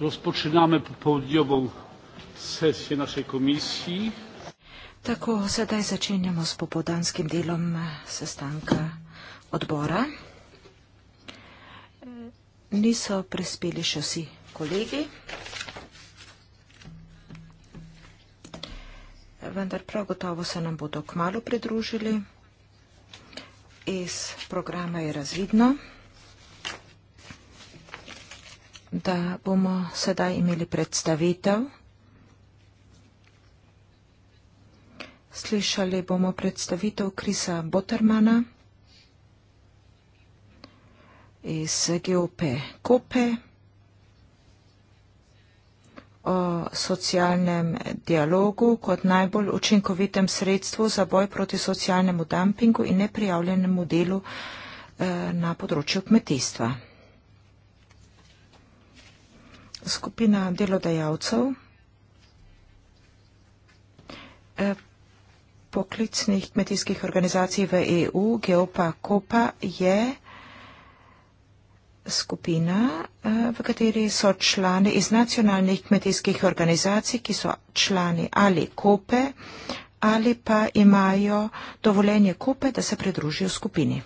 Rozpoczynamy popołudniową sesję naszej komisji. Tak, teraz zaczynamy z popołudanskim dzielem sestanka odbora. Niso prespeli še vsi kolegi. Vendar prav gotovo se nam bodo k malu pridružili. Iz programa je razvidno da bomo sedaj imeli predstavitev. Slišali bomo predstavitev Krisa Botermana iz GOP Kope o socialnem dialogu kot najbolj učinkovitem sredstvu za boj proti socialnemu dumpingu in neprijavljenemu delu eh, na področju kmetijstva skupina delodajalcev, eh, poklicnih kmetijskih organizacij v EU, Geopa Kopa je skupina, eh, v kateri so člani iz nacionalnih kmetijskih organizacij, ki so člani ali Kope ali pa imajo dovoljenje Kope, da se pridružijo skupini.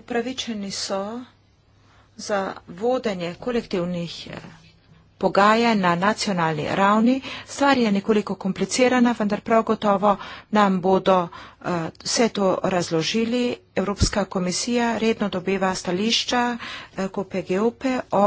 upravičeni so za vodenje kolektivnih eh, pogajanj na nacionalni ravni. Stvar je nekoliko komplicirana, vendar prav gotovo nam bodo eh, vse to razložili. Evropska komisija redno dobiva stališča eh, KPGOP o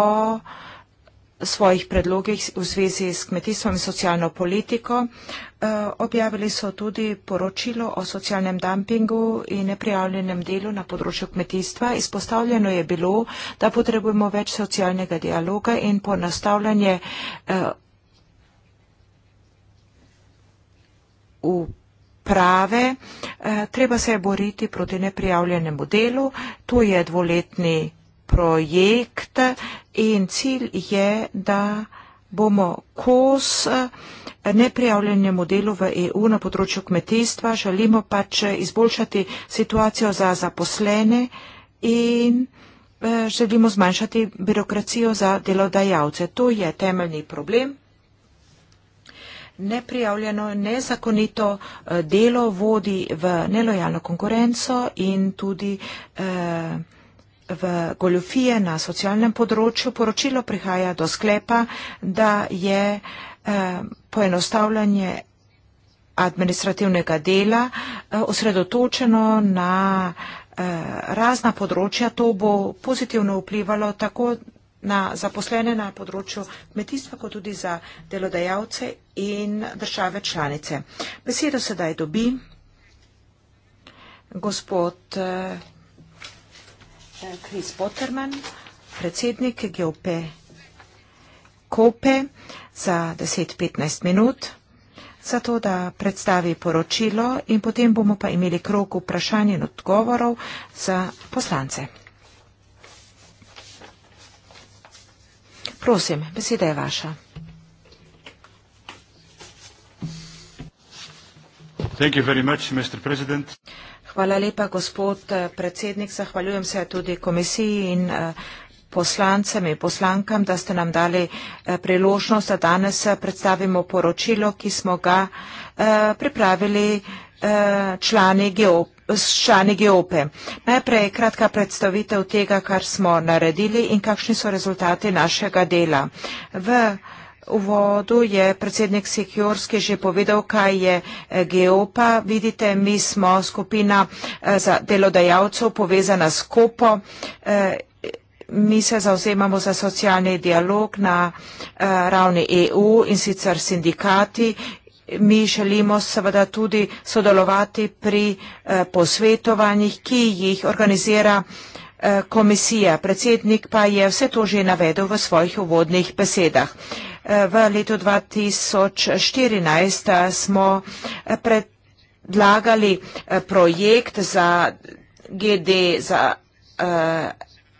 svojih predlogih v zvezi s kmetijstvom in socialno politiko. Eh, objavili so tudi poročilo o socialnem dampingu in neprijavljenem delu na področju kmetijstva. Izpostavljeno je bilo, da potrebujemo več socialnega dialoga in ponastavljanje v eh, prave. Eh, treba se je boriti proti neprijavljenemu delu. To je dvoletni projekt in cilj je, da bomo kos eh, neprijavljenemu delu v EU na področju kmetijstva, želimo pač izboljšati situacijo za zaposlene in eh, želimo zmanjšati birokracijo za delodajalce. To je temeljni problem. Neprijavljeno, nezakonito eh, delo vodi v nelojalno konkurenco in tudi eh, v goljofije na socialnem področju, poročilo prihaja do sklepa, da je eh, poenostavljanje administrativnega dela eh, osredotočeno na eh, razna področja. To bo pozitivno vplivalo tako na zaposlene na področju kmetijstva, kot tudi za delodajalce in države članice. Besedo sedaj dobi gospod Kris Potterman, predsednik GOP Kope za 10-15 minut, zato da predstavi poročilo in potem bomo pa imeli krok vprašanj in odgovorov za poslance. Prosim, beseda je vaša. Thank you very much, Mr. President. Hvala lepa, gospod eh, predsednik. Zahvaljujem se tudi komisiji in eh, poslancem in poslankam, da ste nam dali eh, priložnost, da danes predstavimo poročilo, ki smo ga pripravili člani GOP s člani GOP-e. Najprej kratka predstavitev tega, kar smo naredili in kakšni so rezultati našega dela. V uvodu je predsednik Sikjorski že povedal, kaj je eh, Geopa. Vidite, mi smo skupina eh, za delodajalcev povezana s Kopo. Eh, mi se zauzemamo za socialni dialog na ravni EU in sicer sindikati. Mi želimo seveda tudi sodelovati pri posvetovanjih, ki jih organizira Eh, komisija. Predsednik pa je vse to že navedel v svojih uvodnih besedah. Eh, v letu 2014 eh, smo predlagali projekt za GD za,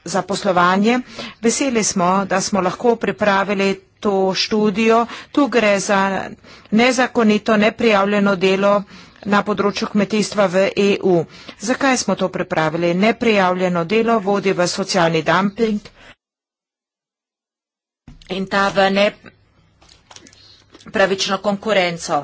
za poslovanje. Veseli smo, da smo lahko pripravili to študijo. Tu gre za nezakonito, neprijavljeno delo na področju kmetijstva v EU. Zakaj smo to pripravili? Neprijavljeno delo vodi v socialni dumping in ta v nepravično konkurenco.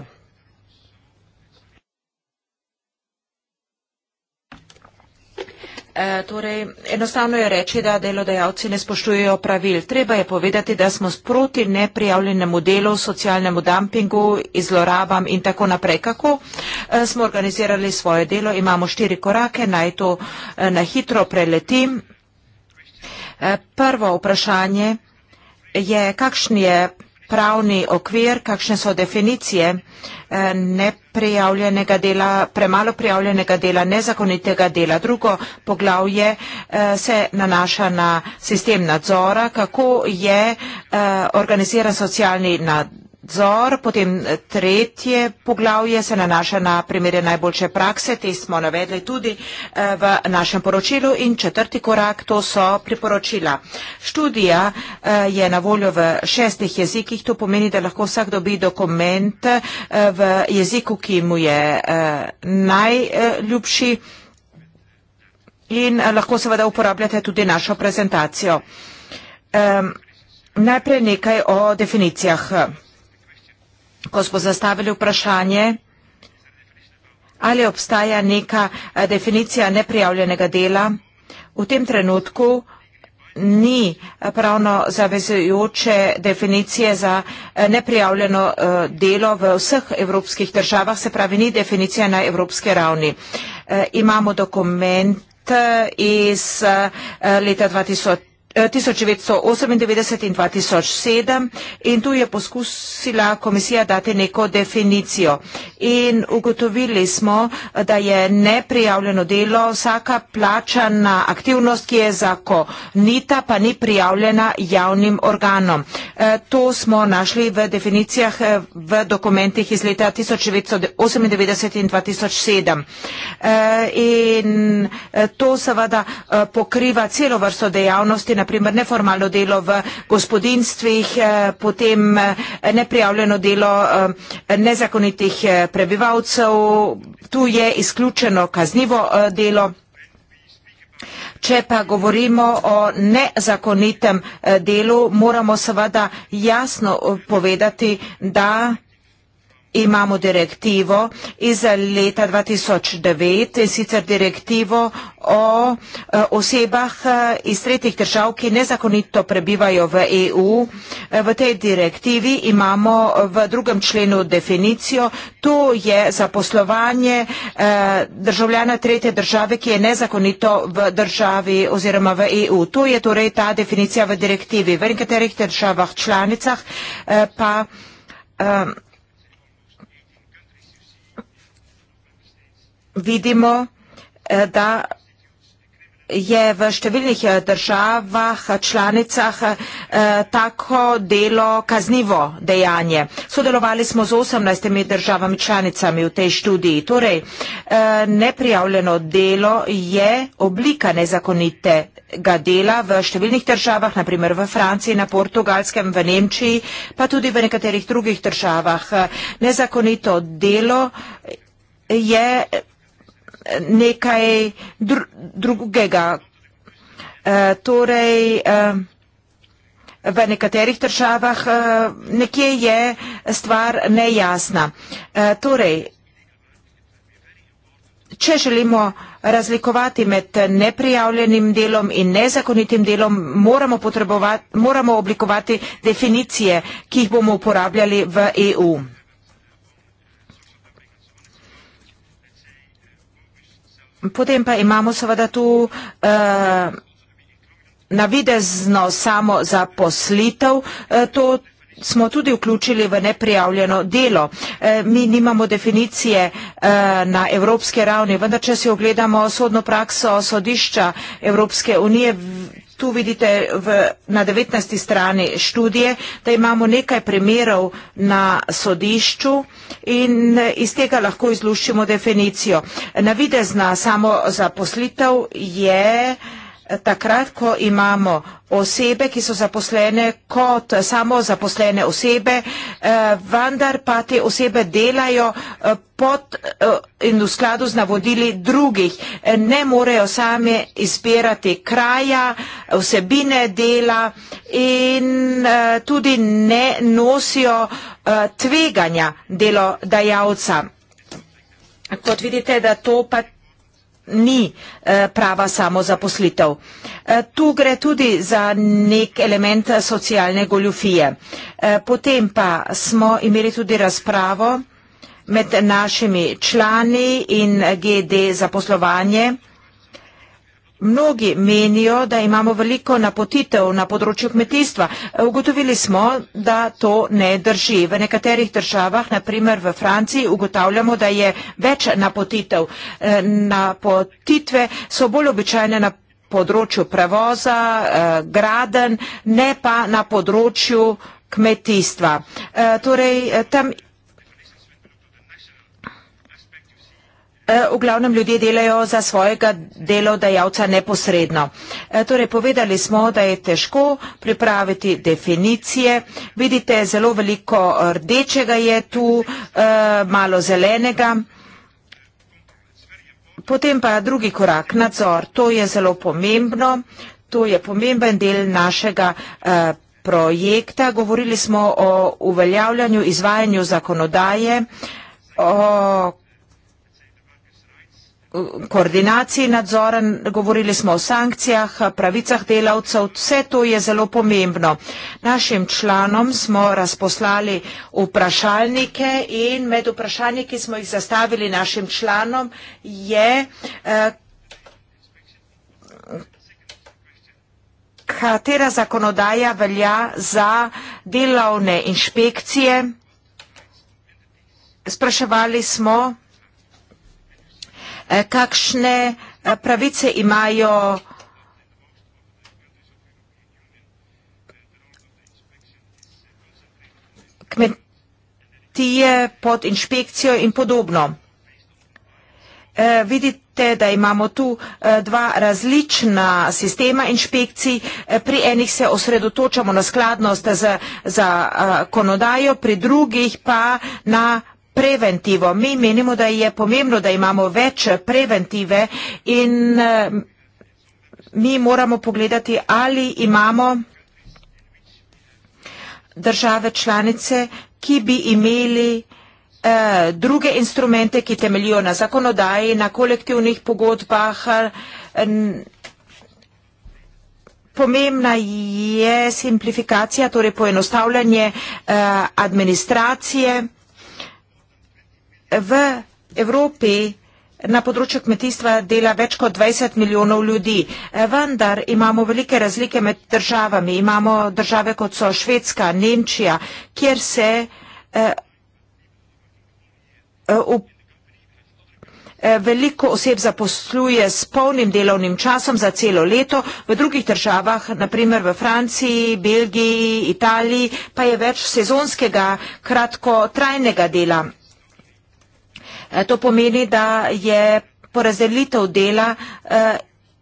Eh, torej, enostavno je reči, da delodajalci ne spoštujejo pravil. Treba je povedati, da smo sproti neprijavljenemu delu, socialnemu dumpingu, izlorabam in tako naprej. Kako eh, smo organizirali svoje delo? Imamo štiri korake, naj to eh, na hitro preletim. Prvo vprašanje je, kakšen je pravni okvir, kakšne so definicije eh, neprijavljenega dela, premalo prijavljenega dela, nezakonitega dela. Drugo poglavje eh, se nanaša na sistem nadzora, kako je eh, organiziran socialni nadzor nadzor, potem eh, tretje poglavje se nanaša na primere najboljše prakse, te smo navedli tudi eh, v našem poročilu in četrti korak, to so priporočila. Študija eh, je na voljo v šestih jezikih, to pomeni, da lahko vsak dobi dokument v jeziku, ki mu je najljubši. In lahko seveda uporabljate tudi našo prezentacijo. Um, najprej nekaj o definicijah ko smo zastavili vprašanje, ali obstaja neka eh, definicija neprijavljenega dela, v tem trenutku ni eh, pravno zavezujoče definicije za eh, neprijavljeno delo v vseh evropskih državah, se pravi, ni definicija na evropske ravni. Imamo dokument iz leta 2000 1998 eh, in 2007 in tu je poskusila komisija dati neko definicijo in ugotovili smo, da je neprijavljeno delo, vsaka plačana aktivnost, ki je zakonita, pa ni prijavljena javnim organom. Eh, to smo našli v definicijah eh, v dokumentih iz leta 1998 in 2007 in to seveda pokriva celo vrsto dejavnosti, naprimer neformalno delo v gospodinstvih, eh, potem eh, neprijavljeno delo eh, nezakonitih prebivalcev, tu je izključeno kaznivo delo. Če pa govorimo o nezakonitem delu, moramo seveda jasno povedati, da imamo direktivo iz leta 2009 in sicer direktivo o eh, osebah eh, iz tretjih držav, ki nezakonito prebivajo v EU. Eh, v tej direktivi imamo v drugem členu definicijo, to je zaposlovanje državljana tretje države, ki je nezakonito v državi oziroma v EU. To je torej ta definicija v direktivi. V nekaterih državah članicah pa vidimo, eh, da je v številnih eh, državah, eh, članicah tako delo kaznivo dejanje. Sodelovali smo z 18 državami članicami v tej študiji. Torej, neprijavljeno delo je oblika nezakonite ga dela v številnih državah, naprimer v Franciji, na Portugalskem, v Nemčiji, pa tudi v nekaterih drugih državah. Nezakonito delo je nekaj dru drugega. E, torej, e, v nekaterih državah e, nekje je stvar nejasna. E, torej, če želimo razlikovati med neprijavljenim delom in nezakonitim delom, moramo, moramo oblikovati definicije, ki jih bomo uporabljali v EU. Potem pa imamo seveda tu uh, navidezno samo za poslitev. Uh, eh, to smo tudi vključili v neprijavljeno delo. Eh, mi nimamo definicije na evropske ravni, vendar če si ogledamo sodno prakso sodišča Evropske unije, tu vidite v, na 19. strani študije, da imamo nekaj primerov na sodišču in iz tega lahko izluščimo definicijo. Navidezna samo zaposlitev je takrat, ko imamo osebe, ki so zaposlene kot samo zaposlene osebe, eh, vendar pa te osebe delajo eh, pod eh, in v skladu z navodili drugih. Ne morejo same izbirati kraja, vsebine dela in tudi ne nosijo tveganja delodajalca. Kot vidite, da to pa ni eh, prava samozaposlitev. Eh, tu gre tudi za nek element socialne goljufije. Eh, potem pa smo imeli tudi razpravo med našimi člani in GD za poslovanje. Mnogi menijo, da imamo veliko napotitev na področju kmetijstva. Ugotovili smo, da to ne drži. V nekaterih državah, naprimer v Franciji, ugotavljamo, da je več napotitev. Eh, napotitve so bolj običajne na področju prevoza, eh, graden, ne pa na področju kmetijstva. Eh, torej, tam E, v glavnem ljudje delajo za svojega delodajalca neposredno. E, torej, povedali smo, da je težko pripraviti definicije. Vidite, zelo veliko rdečega je tu, e, malo zelenega. Potem pa drugi korak, nadzor. To je zelo pomembno. To je pomemben del našega projekta. Govorili smo o uveljavljanju, izvajanju zakonodaje, o koordinaciji nadzora, govorili smo o sankcijah, pravicah delavcev, vse to je zelo pomembno. Našim članom smo razposlali vprašalnike in med vprašalniki smo jih zastavili našim članom je, eh, katera zakonodaja velja za delavne inšpekcije. Spraševali smo, Eh, kakšne eh, pravice imajo kmetije pod inšpekcijo in podobno. Eh, vidite, da imamo tu dva različna sistema inšpekcij, pri enih se osredotočamo na skladnost za konodajo, pri drugih pa na inšpekcijo preventivo. Mi menimo, da je pomembno, da imamo več preventive in eh, mi moramo pogledati, ali imamo države članice, ki bi imeli eh, druge instrumente, ki temeljijo na zakonodaji, na kolektivnih pogodbah. Eh, pomembna je simplifikacija, torej poenostavljanje administracije v Evropi na področju kmetijstva dela več kot 20 milijonov ljudi. Vendar imamo velike razlike med državami. Imamo države kot so Švedska, Nemčija, kjer se eh, eh up, eh, veliko oseb zaposluje s polnim delovnim časom za celo leto. V drugih državah, naprimer v Franciji, Belgiji, Italiji, pa je več sezonskega kratkotrajnega dela. Eh, to pomeni, da je porazdelitev dela eh,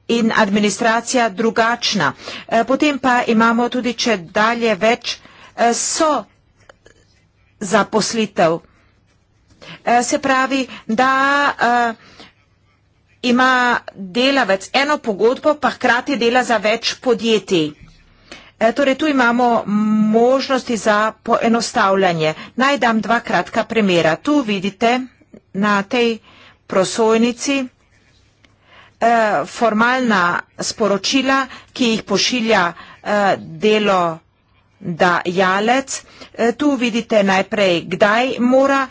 in administracija drugačna. Eh, potem pa imamo tudi, če dalje več so zaposlitev. Se pravi, da ima delavec eno pogodbo, pa hkrati dela za več podjetij. Torej, tu imamo možnosti za poenostavljanje. Naj dam dva kratka primera. Tu vidite, na tej prosojnici eh, formalna sporočila, ki jih pošilja eh, delo dajalec. Eh, tu vidite najprej, kdaj mora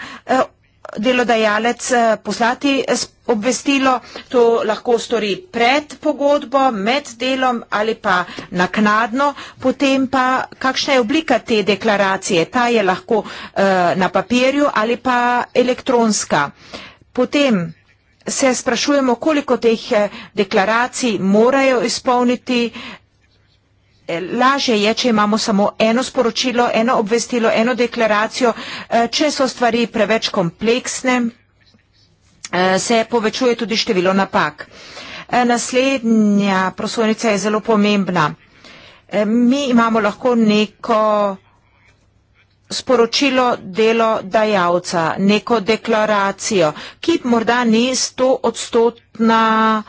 delodajalec poslati sporočila, obvestilo, to lahko stori pred pogodbo, med delom ali pa naknadno, potem pa kakšna je oblika te deklaracije, ta je lahko uh, na papirju ali pa elektronska. Potem se sprašujemo, koliko teh eh, deklaracij morajo izpolniti. Eh, lažje je, če imamo samo eno sporočilo, eno obvestilo, eno deklaracijo, če so stvari preveč kompleksne, Eh, se povečuje tudi število napak. Eh, naslednja prosojnica je zelo pomembna. Eh, mi imamo lahko neko sporočilo delo dajavca, neko deklaracijo, ki morda ni 100 odstotna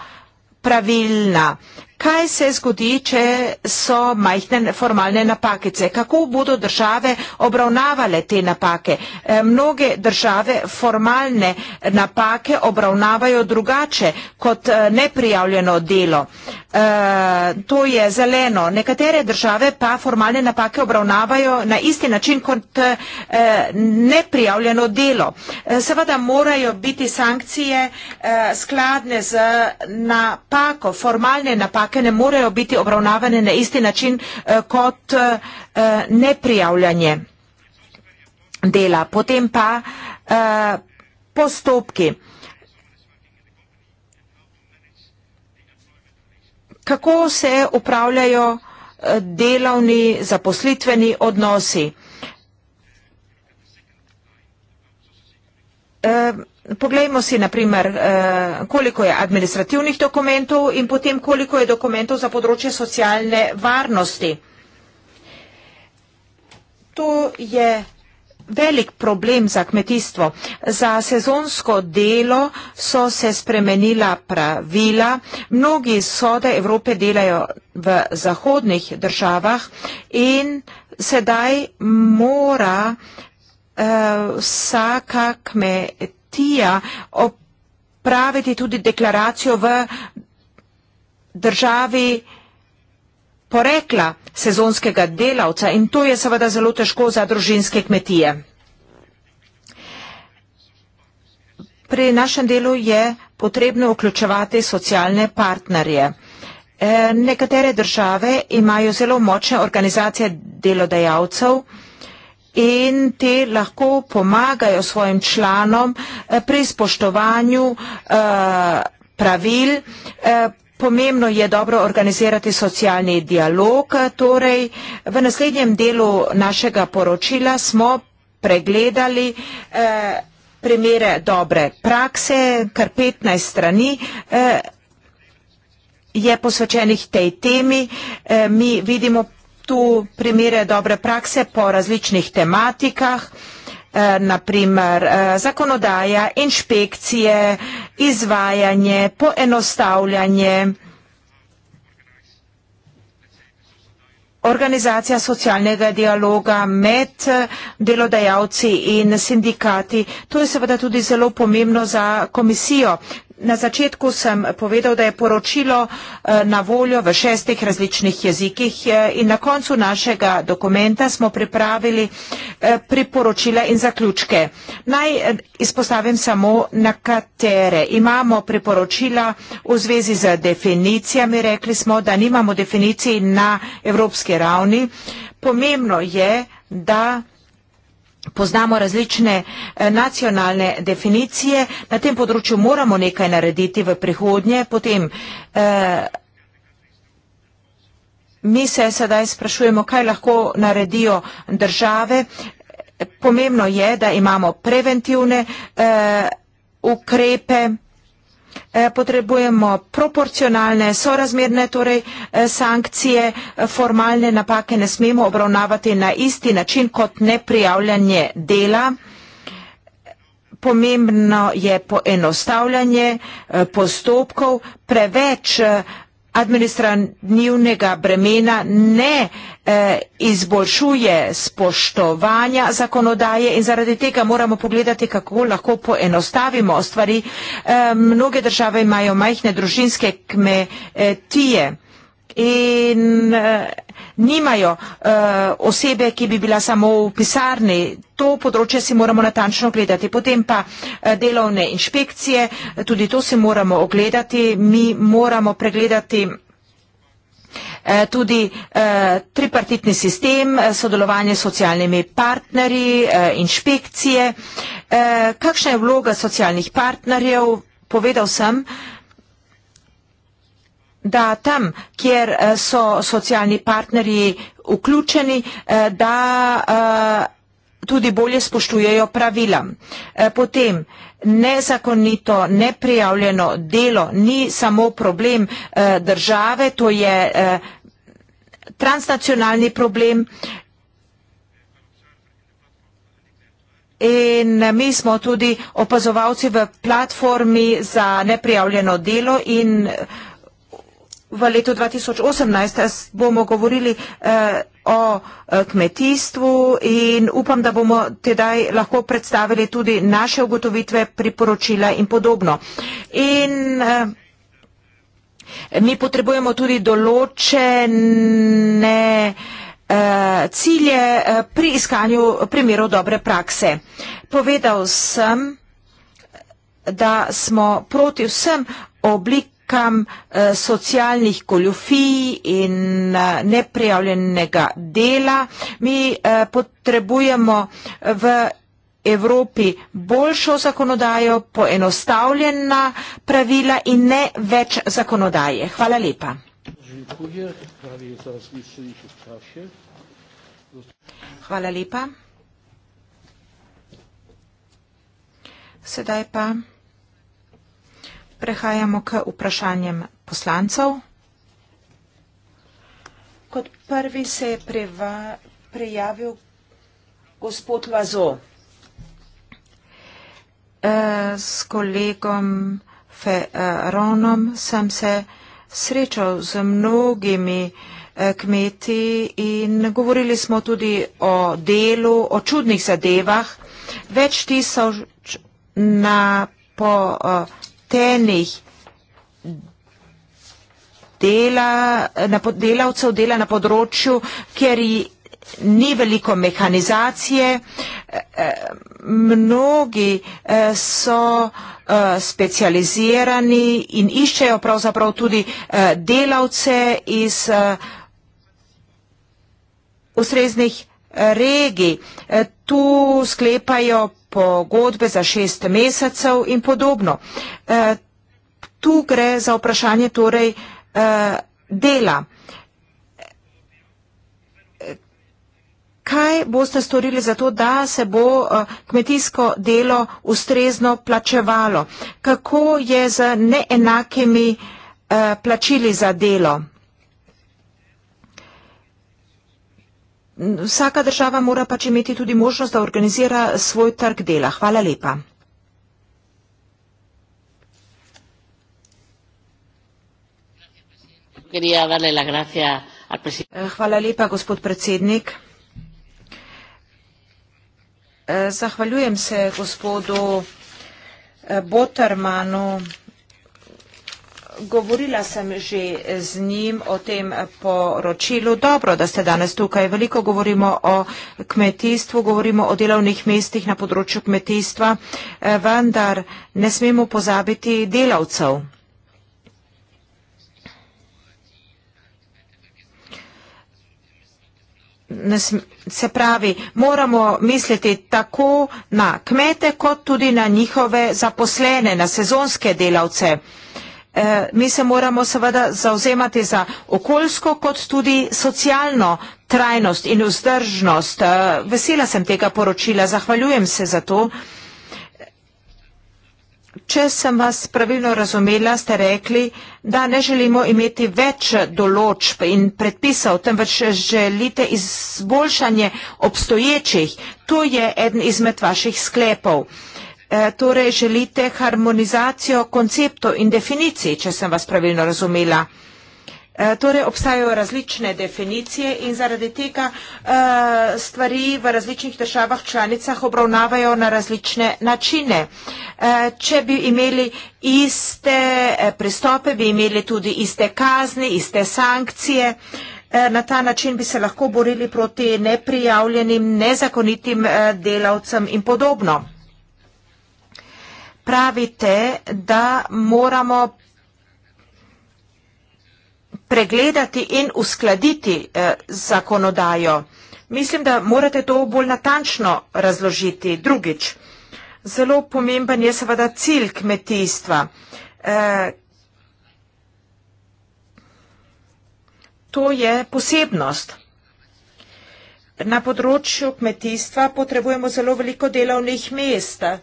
pravilna. Kaj se zgodi, če so majhne formalne napakice? Kako bodo države obravnavale te napake? E, mnoge države formalne napake obravnavajo drugače kot e, neprijavljeno delo. E, to je zeleno. Nekatere države pa formalne napake obravnavajo na isti način kot neprijavljeno delo. Seveda morajo biti sankcije skladne z napako, formalne napake take ne morejo biti obravnavane na isti način eh, kot eh, neprijavljanje dela. Potem pa eh, postopki. Kako se upravljajo delovni zaposlitveni odnosi? Hvala. Poglejmo si, na primer, eh, koliko je administrativnih dokumentov in potem koliko je dokumentov za področje socialne varnosti. To je velik problem za kmetijstvo. Za sezonsko delo so se spremenila pravila. Mnogi sode Evrope delajo v zahodnih državah in sedaj mora uh, vsaka kmetija Matija opraviti tudi deklaracijo v državi porekla sezonskega delavca in to je seveda zelo težko za družinske kmetije. Pri našem delu je potrebno vključevati socialne partnerje. E, nekatere države imajo zelo močne organizacije delodajalcev, in te lahko pomagajo svojim članom eh, pri spoštovanju eh, pravil. Eh, pomembno je dobro organizirati socialni dialog. Torej, v naslednjem delu našega poročila smo pregledali primere dobre prakse, kar 15 strani je posvečenih tej temi. Mi vidimo tu primjere dobre prakse po različnih tematikah, eh, na primer eh, zakonodaja, inšpekcije, izvajanje, poenostavljanje, organizacija socialnega dialoga med eh, delodajalci in sindikati. To je seveda tudi zelo pomembno za komisijo, Na začetku sem povedal, da je poročilo eh, na voljo v šestih različnih jezikih eh, in na koncu našega dokumenta smo pripravili eh, priporočila in zaključke. Naj izpostavim samo na katere. Imamo priporočila v zvezi z definicijami, rekli smo, da nimamo definicij na evropski ravni. Pomembno je, da poznamo različne eh, nacionalne definicije, na tem področju moramo nekaj narediti v prihodnje, potem eh, mi se sedaj sprašujemo, kaj lahko naredijo države, pomembno je, da imamo preventivne eh, ukrepe, Eh, potrebujemo proporcionalne, sorazmerne torej, eh, sankcije, eh, formalne napake ne smemo obravnavati na isti način kot neprijavljanje dela. Pomembno je poenostavljanje postopkov, preveč administrativnega bremena ne eh, izboljšuje spoštovanja zakonodaje in zaradi tega moramo pogledati, kako lahko poenostavimo stvari. Eh, mnoge države imajo majhne družinske kmetije in uh, nimajo uh, osebe, ki bi bila samo v pisarni. To področje si moramo natančno gledati. Potem pa eh, delovne inšpekcije, tudi to si moramo ogledati. Mi moramo pregledati tudi tripartitni sistem, sodelovanje s socialnimi partnerji, inšpekcije. Kakšna je vloga socialnih partnerjev? Povedal sem, da tam, kjer eh, so socialni partnerji vključeni, eh, da eh, tudi bolje spoštujejo pravila. Potem nezakonito, neprijavljeno delo ni samo problem države, to je transnacionalni problem. In mi smo tudi opazovalci v platformi za neprijavljeno delo in uh, v letu 2018 eh, bomo govorili eh, o eh, kmetijstvu in upam, da bomo tedaj lahko predstavili tudi naše ugotovitve, priporočila in podobno. In eh, mi potrebujemo tudi določene eh, cilje eh, pri iskanju primerov dobre prakse. Povedal sem, da smo proti vsem oblikom kam uh, socialnih goljufij in uh, neprijavljenega dela. Mi uh, potrebujemo v Evropi boljšo zakonodajo, poenostavljena pravila in ne več zakonodaje. Hvala lepa. Hvala lepa. Sedaj pa. Prehajamo k vprašanjem poslancev. Kot prvi se je preva, prijavil gospod Lazo. E, s kolegom Feronom e, sem se srečal z mnogimi e, kmeti in govorili smo tudi o delu, o čudnih zadevah. Več tisoč na po. A, e, napotenih dela, napo, delavcev dela na področju, kjer ni veliko mehanizacije. Eh, mnogi eh, so eh, specializirani in iščejo pravzaprav tudi delavce iz ustreznih regij. E, tu sklepajo pogodbe za šest mesecev in podobno. E, tu gre za vprašanje torej e, dela. Kaj boste storili za to, da se bo kmetijsko delo ustrezno plačevalo? Kako je z neenakimi plačili za delo? vsaka država mora pač imeti tudi možnost, da organizira svoj trg dela. Hvala lepa. Eh, hvala lepa, gospod predsednik. Eh, zahvaljujem se gospodu eh, Botarmanu govorila sem že z njim o tem poročilu. Dobro, da ste danes tukaj. Veliko govorimo o kmetijstvu, govorimo o delovnih mestih na področju kmetijstva, eh, vendar ne smemo pozabiti delavcev. Se pravi, moramo misliti tako na kmete, kot tudi na njihove zaposlene, na sezonske delavce. Uh, Eh, mi se moramo seveda zauzemati za okoljsko kot tudi socialno trajnost in vzdržnost. Eh, vesela sem tega poročila, zahvaljujem se za to. Če sem vas pravilno razumela, ste rekli, da ne želimo imeti več določb in predpisov, temveč želite izboljšanje obstoječih. To je eden izmed vaših sklepov. Uh, Eh, torej želite harmonizacijo konceptov in definicij, če sem vas pravilno razumela. Eh, torej obstajajo različne definicije in zaradi tega eh, stvari v različnih državah članicah obravnavajo na različne načine. Če bi imeli iste pristope, bi imeli tudi iste kazni, iste sankcije. Na ta način bi se lahko borili proti neprijavljenim, nezakonitim delavcem in podobno pravite, da moramo pregledati in uskladiti eh, zakonodajo. Mislim, da morate to bolj natančno razložiti. Drugič, zelo pomemben je seveda cilj kmetijstva. Eh, to je posebnost. Na področju kmetijstva potrebujemo zelo veliko delovnih mest. Eh,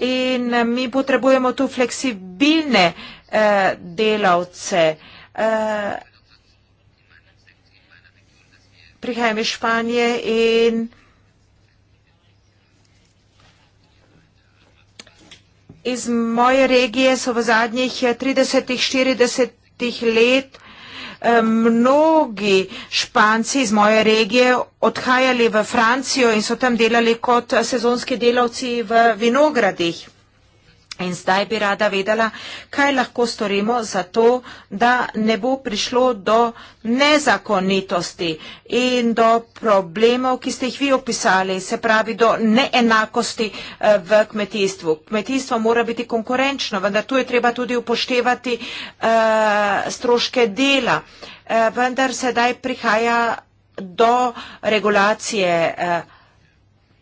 in eh, mi potrebujemo tu fleksibilne eh, delavce. Eh, prihajam iz Španije in iz moje regije so v zadnjih 30-40 eh, let eh, Eh, mnogi španci iz moje regije odhajali v Francijo in so tam delali kot sezonski delavci v vinogradih. In zdaj bi rada vedela, kaj lahko storimo za to, da ne bo prišlo do nezakonitosti in do problemov, ki ste jih vi opisali, se pravi do neenakosti eh, v kmetijstvu. Kmetijstvo mora biti konkurenčno, vendar tu je treba tudi upoštevati uh, stroške dela. Uh, vendar sedaj prihaja do regulacije. Uh,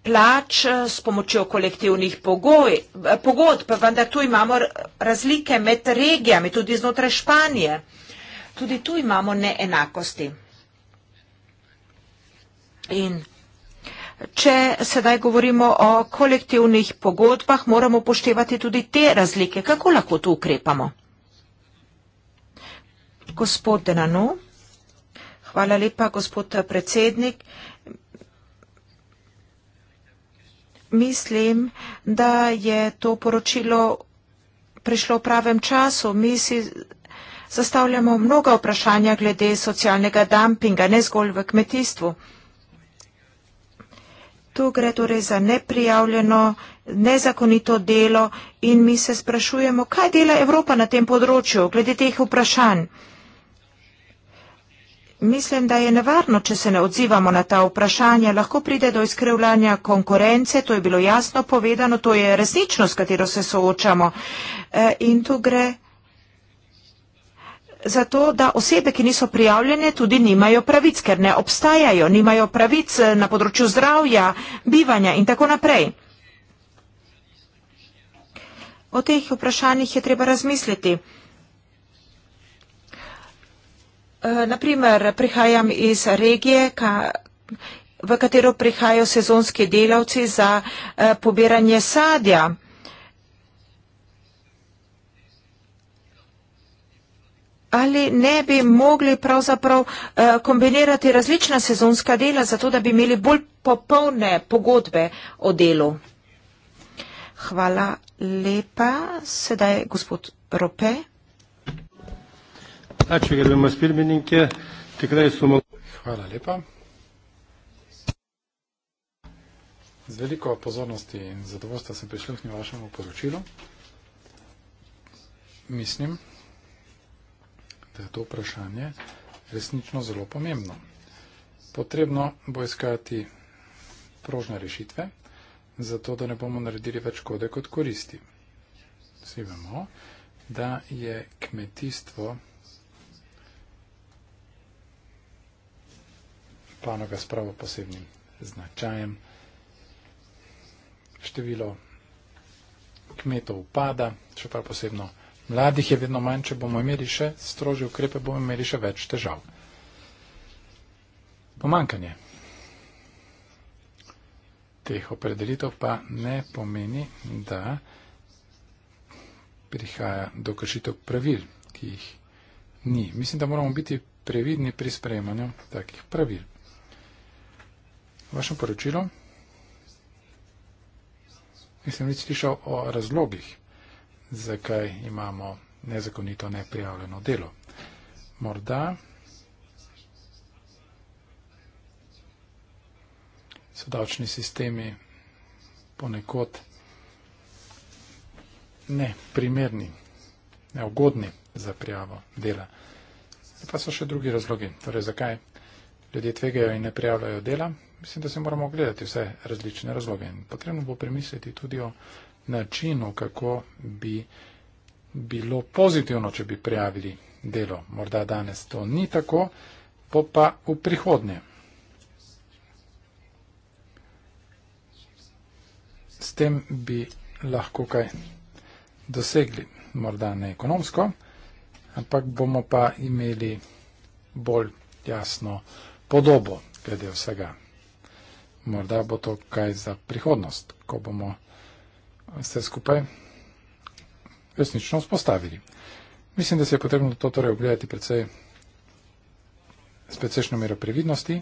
plač eh, s pomočjo kolektivnih pogoj, eh, pogodb, vendar tu imamo razlike med regijami, tudi znotraj Španije. Tudi tu imamo neenakosti. In če sedaj govorimo o kolektivnih pogodbah, moramo poštevati tudi te razlike. Kako lahko tu ukrepamo? Gospod Denanu, hvala lepa, gospod eh, predsednik. mislim, da je to poročilo prišlo v pravem času. Mi si zastavljamo mnoga vprašanja glede socialnega dumpinga, ne zgolj v kmetijstvu. Tu gre torej za neprijavljeno, nezakonito delo in mi se sprašujemo, kaj dela Evropa na tem področju glede teh vprašanj. Mislim, da je nevarno, če se ne odzivamo na ta vprašanja, lahko pride do izkrivljanja konkurence, to je bilo jasno povedano, to je resničnost, s katero se soočamo. E, in tu gre za to, da osebe, ki niso prijavljene, tudi nimajo pravic, ker ne obstajajo, nimajo pravic e, na področju zdravja, bivanja in tako naprej. O teh vprašanjih je treba razmisliti. Eh, Naprimer, prihajam iz regije, ka, v katero prihajajo sezonski delavci za eh, pobiranje sadja. Ali ne bi mogli pravzaprav eh, kombinirati različna sezonska dela, zato da bi imeli bolj popolne pogodbe o delu? Hvala lepa. Sedaj gospod Rope. Ačiū, gerbiamas pirmininkė. Tikrai su mumis. Hvala lepa. Z veliko pozornosti in zadovoljstva sem prišluhnil vašemu poročilu. Mislim, da je to vprašanje resnično zelo pomembno. Potrebno bo iskati prožne rešitve, zato da ne bomo naredili več kode kot koristi. Vsi vemo, da je kmetijstvo panoga s pravo posebnim značajem. Število kmetov upada, še prav posebno mladih je vedno manj, če bomo imeli še strože ukrepe, bomo imeli še več težav. Pomankanje teh opredelitev pa ne pomeni, da prihaja do kršitev pravil, ki jih ni. Mislim, da moramo biti previdni pri sprejemanju takih pravil vašem poročilu. Nisem nič slišal o razlogih, zakaj imamo nezakonito neprijavljeno delo. Morda so davčni sistemi ponekod neprimerni, neugodni za prijavo dela. Pa so še drugi razlogi, torej zakaj ljudje tvegajo in ne prijavljajo dela, mislim, da se moramo gledati vse različne razloge. In potrebno bo premisliti tudi o načinu, kako bi bilo pozitivno, če bi prijavili delo. Morda danes to ni tako, po pa v prihodnje. S tem bi lahko kaj dosegli, morda ne ekonomsko, ampak bomo pa imeli bolj jasno podobo glede vsega morda bo to kaj za prihodnost, ko bomo vse skupaj resnično vzpostavili. Mislim, da se je potrebno to torej ogledati predvsej s precejšno mero previdnosti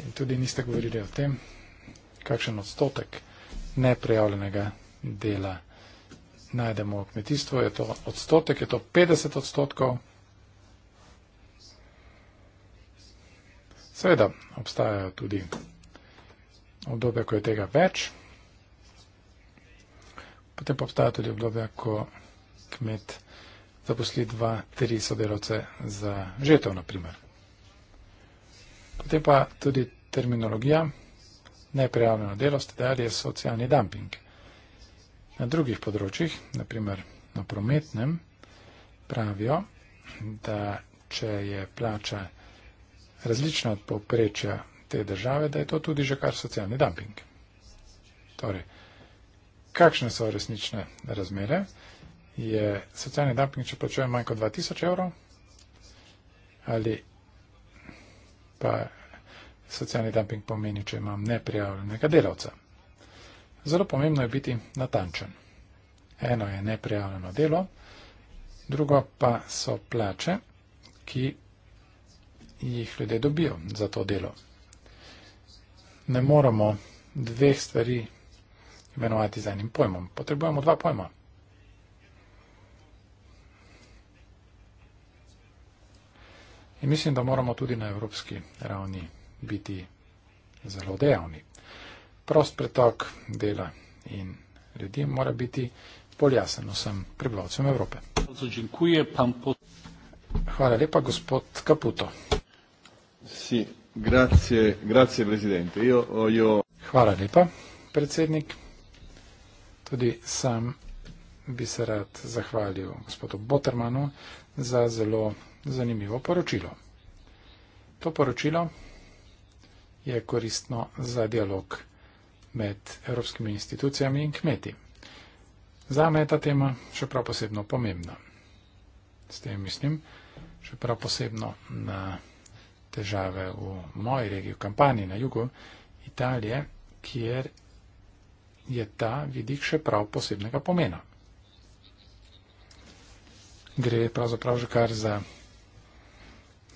in tudi niste govorili o tem, kakšen odstotek neprejavljenega dela najdemo v kmetijstvu. Je to odstotek, je to 50 odstotkov. Seveda obstajajo tudi obdobja, ko je tega več. Potem pa obstaja tudi obdobja, ko kmet zaposli dva, tri sodelavce za žetov, na primer. Potem pa tudi terminologija, neprijavljeno delo, ste dali, je socialni dumping. Na drugih področjih, na primer na prometnem, pravijo, da če je plača različna od povprečja te države, da je to tudi že kar socialni dumping. Torej, kakšne so resnične razmere? Je socialni dumping, če plačuje manj kot 2000 evrov? Ali pa socialni dumping pomeni, če imam neprijavljenega delavca? Zelo pomembno je biti natančen. Eno je neprijavljeno delo, drugo pa so plače, ki jih ljudje dobijo za to delo ne moremo dveh stvari imenovati z enim pojmom. Potrebujemo dva pojma. In mislim, da moramo tudi na evropski ravni biti zelo dejavni. Prost pretok dela in ljudi mora biti bolj jasen vsem prebivalcem Evrope. Hvala lepa, gospod Kaputo. Si. Grazie, grazie predsednik. Io, io... Hvala lepa, predsednik. Tudi sam bi se rad zahvalil gospodu Botermanu za zelo zanimivo poročilo. To poročilo je koristno za dialog med evropskimi institucijami in kmeti. Zame je ta tema še prav posebno pomembna. S tem mislim, še prav posebno na težave v moji regiji, v kampanji na jugu Italije, kjer je ta vidik še prav posebnega pomena. Gre pravzaprav že kar za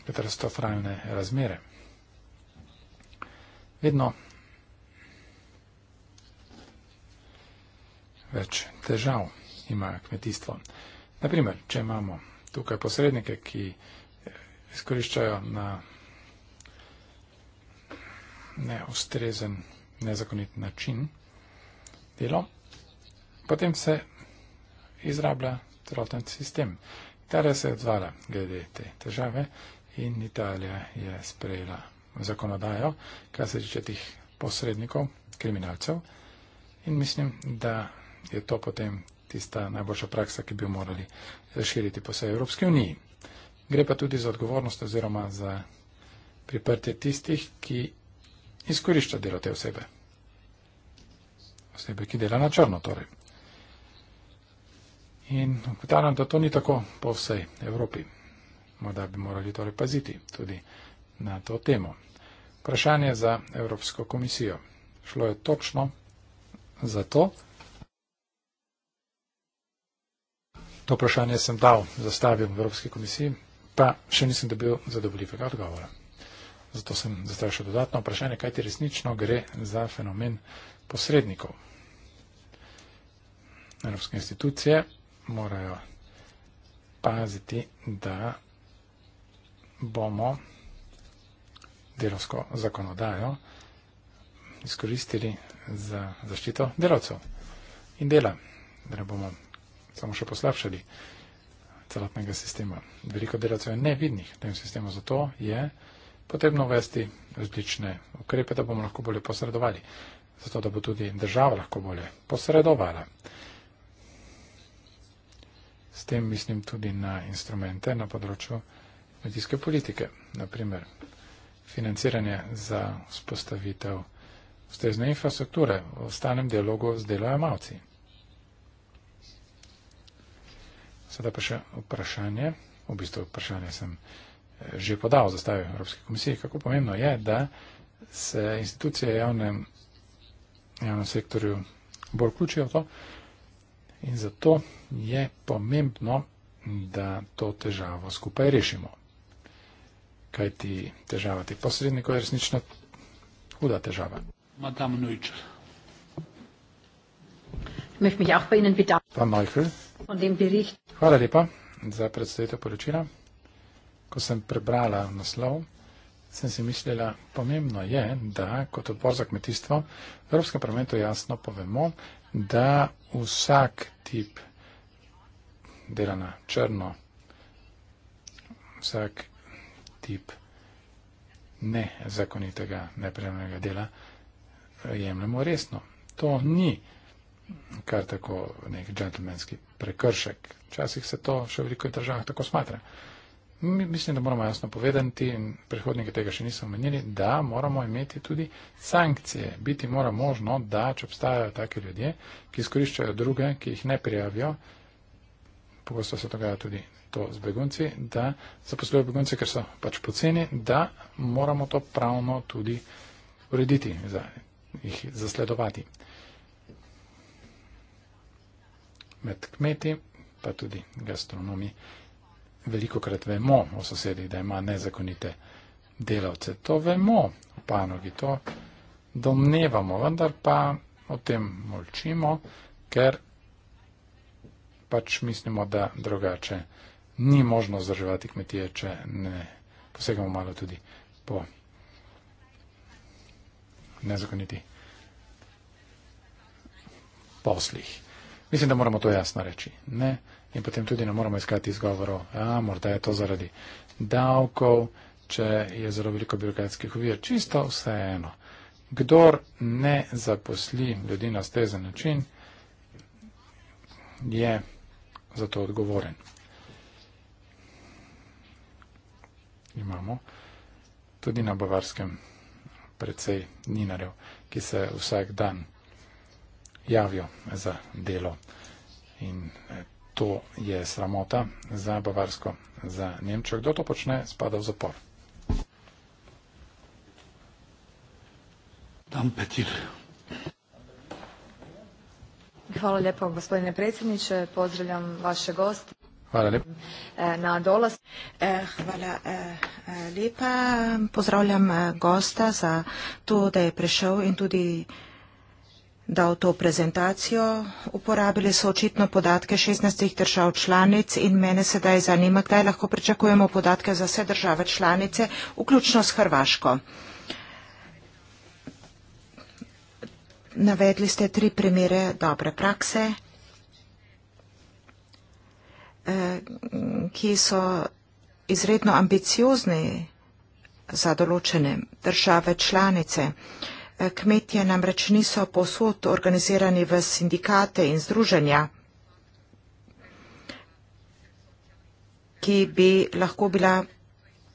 katastrofalne razmere. Vedno več težav ima kmetijstvo. Naprimer, če imamo tukaj posrednike, ki izkoriščajo na neustrezen, nezakonit način delo, potem se izrablja celoten sistem. Italija se je odzvala glede te težave in Italija je sprejela zakonodajo, kar se tiče tih posrednikov, kriminalcev in mislim, da je to potem tista najboljša praksa, ki bi jo morali zaširiti po vsej Evropski uniji. Gre pa tudi za odgovornost oziroma za priprtje tistih, ki izkorišča delo te osebe. Osebe, ki dela na črno, torej. In ugotavljam, da to ni tako po vsej Evropi. Morda bi morali torej paziti tudi na to temo. Vprašanje za Evropsko komisijo. Šlo je točno za to. To vprašanje sem dal, zastavil Evropski komisiji, pa še nisem dobil zadovoljivega odgovora. Zato sem zdaj še dodatno vprašanje, kaj ti resnično gre za fenomen posrednikov. Evropske institucije morajo paziti, da bomo delovsko zakonodajo izkoristili za zaščito delavcev in dela, da ne bomo samo še poslabšali celotnega sistema. Veliko delavcev je nevidnih v tem sistemu, zato je potrebno uvesti različne ukrepe, da bomo lahko bolje posredovali, zato da bo tudi država lahko bolje posredovala. S tem mislim tudi na instrumente na področju medijske politike, naprimer financiranje za spostavitev ustrezne infrastrukture v stalnem dialogu z delojemalci. Sedaj pa še vprašanje, v bistvu vprašanje sem že podal zastavi Evropske komisije, kako pomembno je, da se institucije v javnem, javnem sektorju bolj vključijo v to. In zato je pomembno, da to težavo skupaj rešimo. Kaj ti težava ti posrednikov je resnično huda težava. Madame Neutscher. Hvala lepa za predstavitev poročila ko sem prebrala naslov, sem si mislila, pomembno je, da kot odbor za kmetijstvo v Evropskem parlamentu jasno povemo, da vsak tip dela na črno, vsak tip nezakonitega, neprijemljenega dela jemljemo resno. To ni kar tako nek džentlmenski prekršek. Včasih se to še v veliko državah tako smatra mislim, da moramo jasno povedati in prehodniki tega še niso omenili, da moramo imeti tudi sankcije. Biti mora možno, da če obstajajo take ljudje, ki izkoriščajo druge, ki jih ne prijavijo, pogosto se dogaja tudi to z begunci, da zaposlujejo begunce, ker so pač poceni, da moramo to pravno tudi urediti, za, jih zasledovati. Med kmeti pa tudi gastronomi veliko krat vemo o sosedih, da ima nezakonite delavce. To vemo v panogi, to domnevamo, vendar pa o tem molčimo, ker pač mislimo, da drugače ni možno zdrževati kmetije, če ne posegamo malo tudi po nezakoniti poslih. Mislim, da moramo to jasno reči. Ne in potem tudi ne moramo iskati izgovorov, a morda je to zaradi davkov, če je zelo veliko birokratskih uvir, čisto vseeno. Kdor ne zaposli ljudi na stezen način, je za to odgovoren. Imamo tudi na Bavarskem precej ninarev, ki se vsak dan javijo za delo in eh, to je sramota za Bavarsko, za Nemčijo. Kdo to počne, spada v zapor. Dan petir. Hvala lijepo, gospodine predsjedniče. Pozdravljam vaše goste. Hvala lijepo. E, na dolaz. E, hvala e, lijepa. Pozdravljam gosta za to, da je prišel in tudi dal to prezentacijo. Uporabili so očitno podatke 16 držav članic in mene sedaj zanima, kdaj lahko pričakujemo podatke za vse države članice, vključno s Hrvaško. Navedli ste tri primere dobre prakse, eh, ki so izredno ambiciozni za določene države članice. Kmetje namreč niso posod organizirani v sindikate in združenja, ki bi lahko bila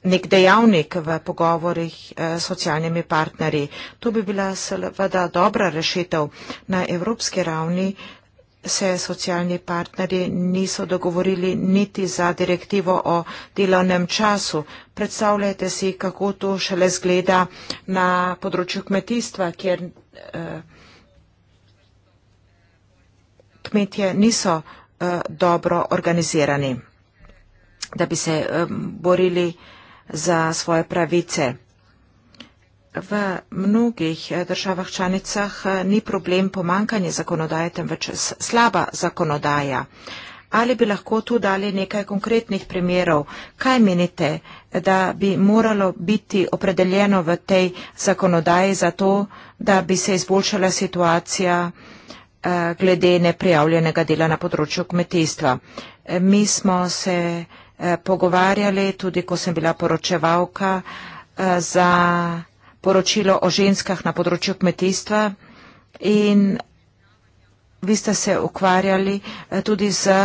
nek dejavnik v pogovorih eh, s socialnimi partnerji. To bi bila seveda dobra rešitev na evropski ravni, se socialni partnerji niso dogovorili niti za direktivo o delovnem času. Predstavljajte si, kako to šele zgleda na področju kmetijstva, kjer eh, kmetje niso eh, dobro organizirani, da bi se eh, borili za svoje pravice v mnogih eh, državah članicah eh, ni problem pomankanje zakonodaje, temveč slaba zakonodaja. Ali bi lahko tu dali nekaj konkretnih primerov? Kaj menite, da bi moralo biti opredeljeno v tej zakonodaji za to, da bi se izboljšala situacija eh, glede neprijavljenega dela na področju kmetijstva? Mi smo se pogovarjali, tudi ko sem bila poročevalka, za poročilo o ženskah na področju kmetijstva in vi ste se ukvarjali eh, tudi z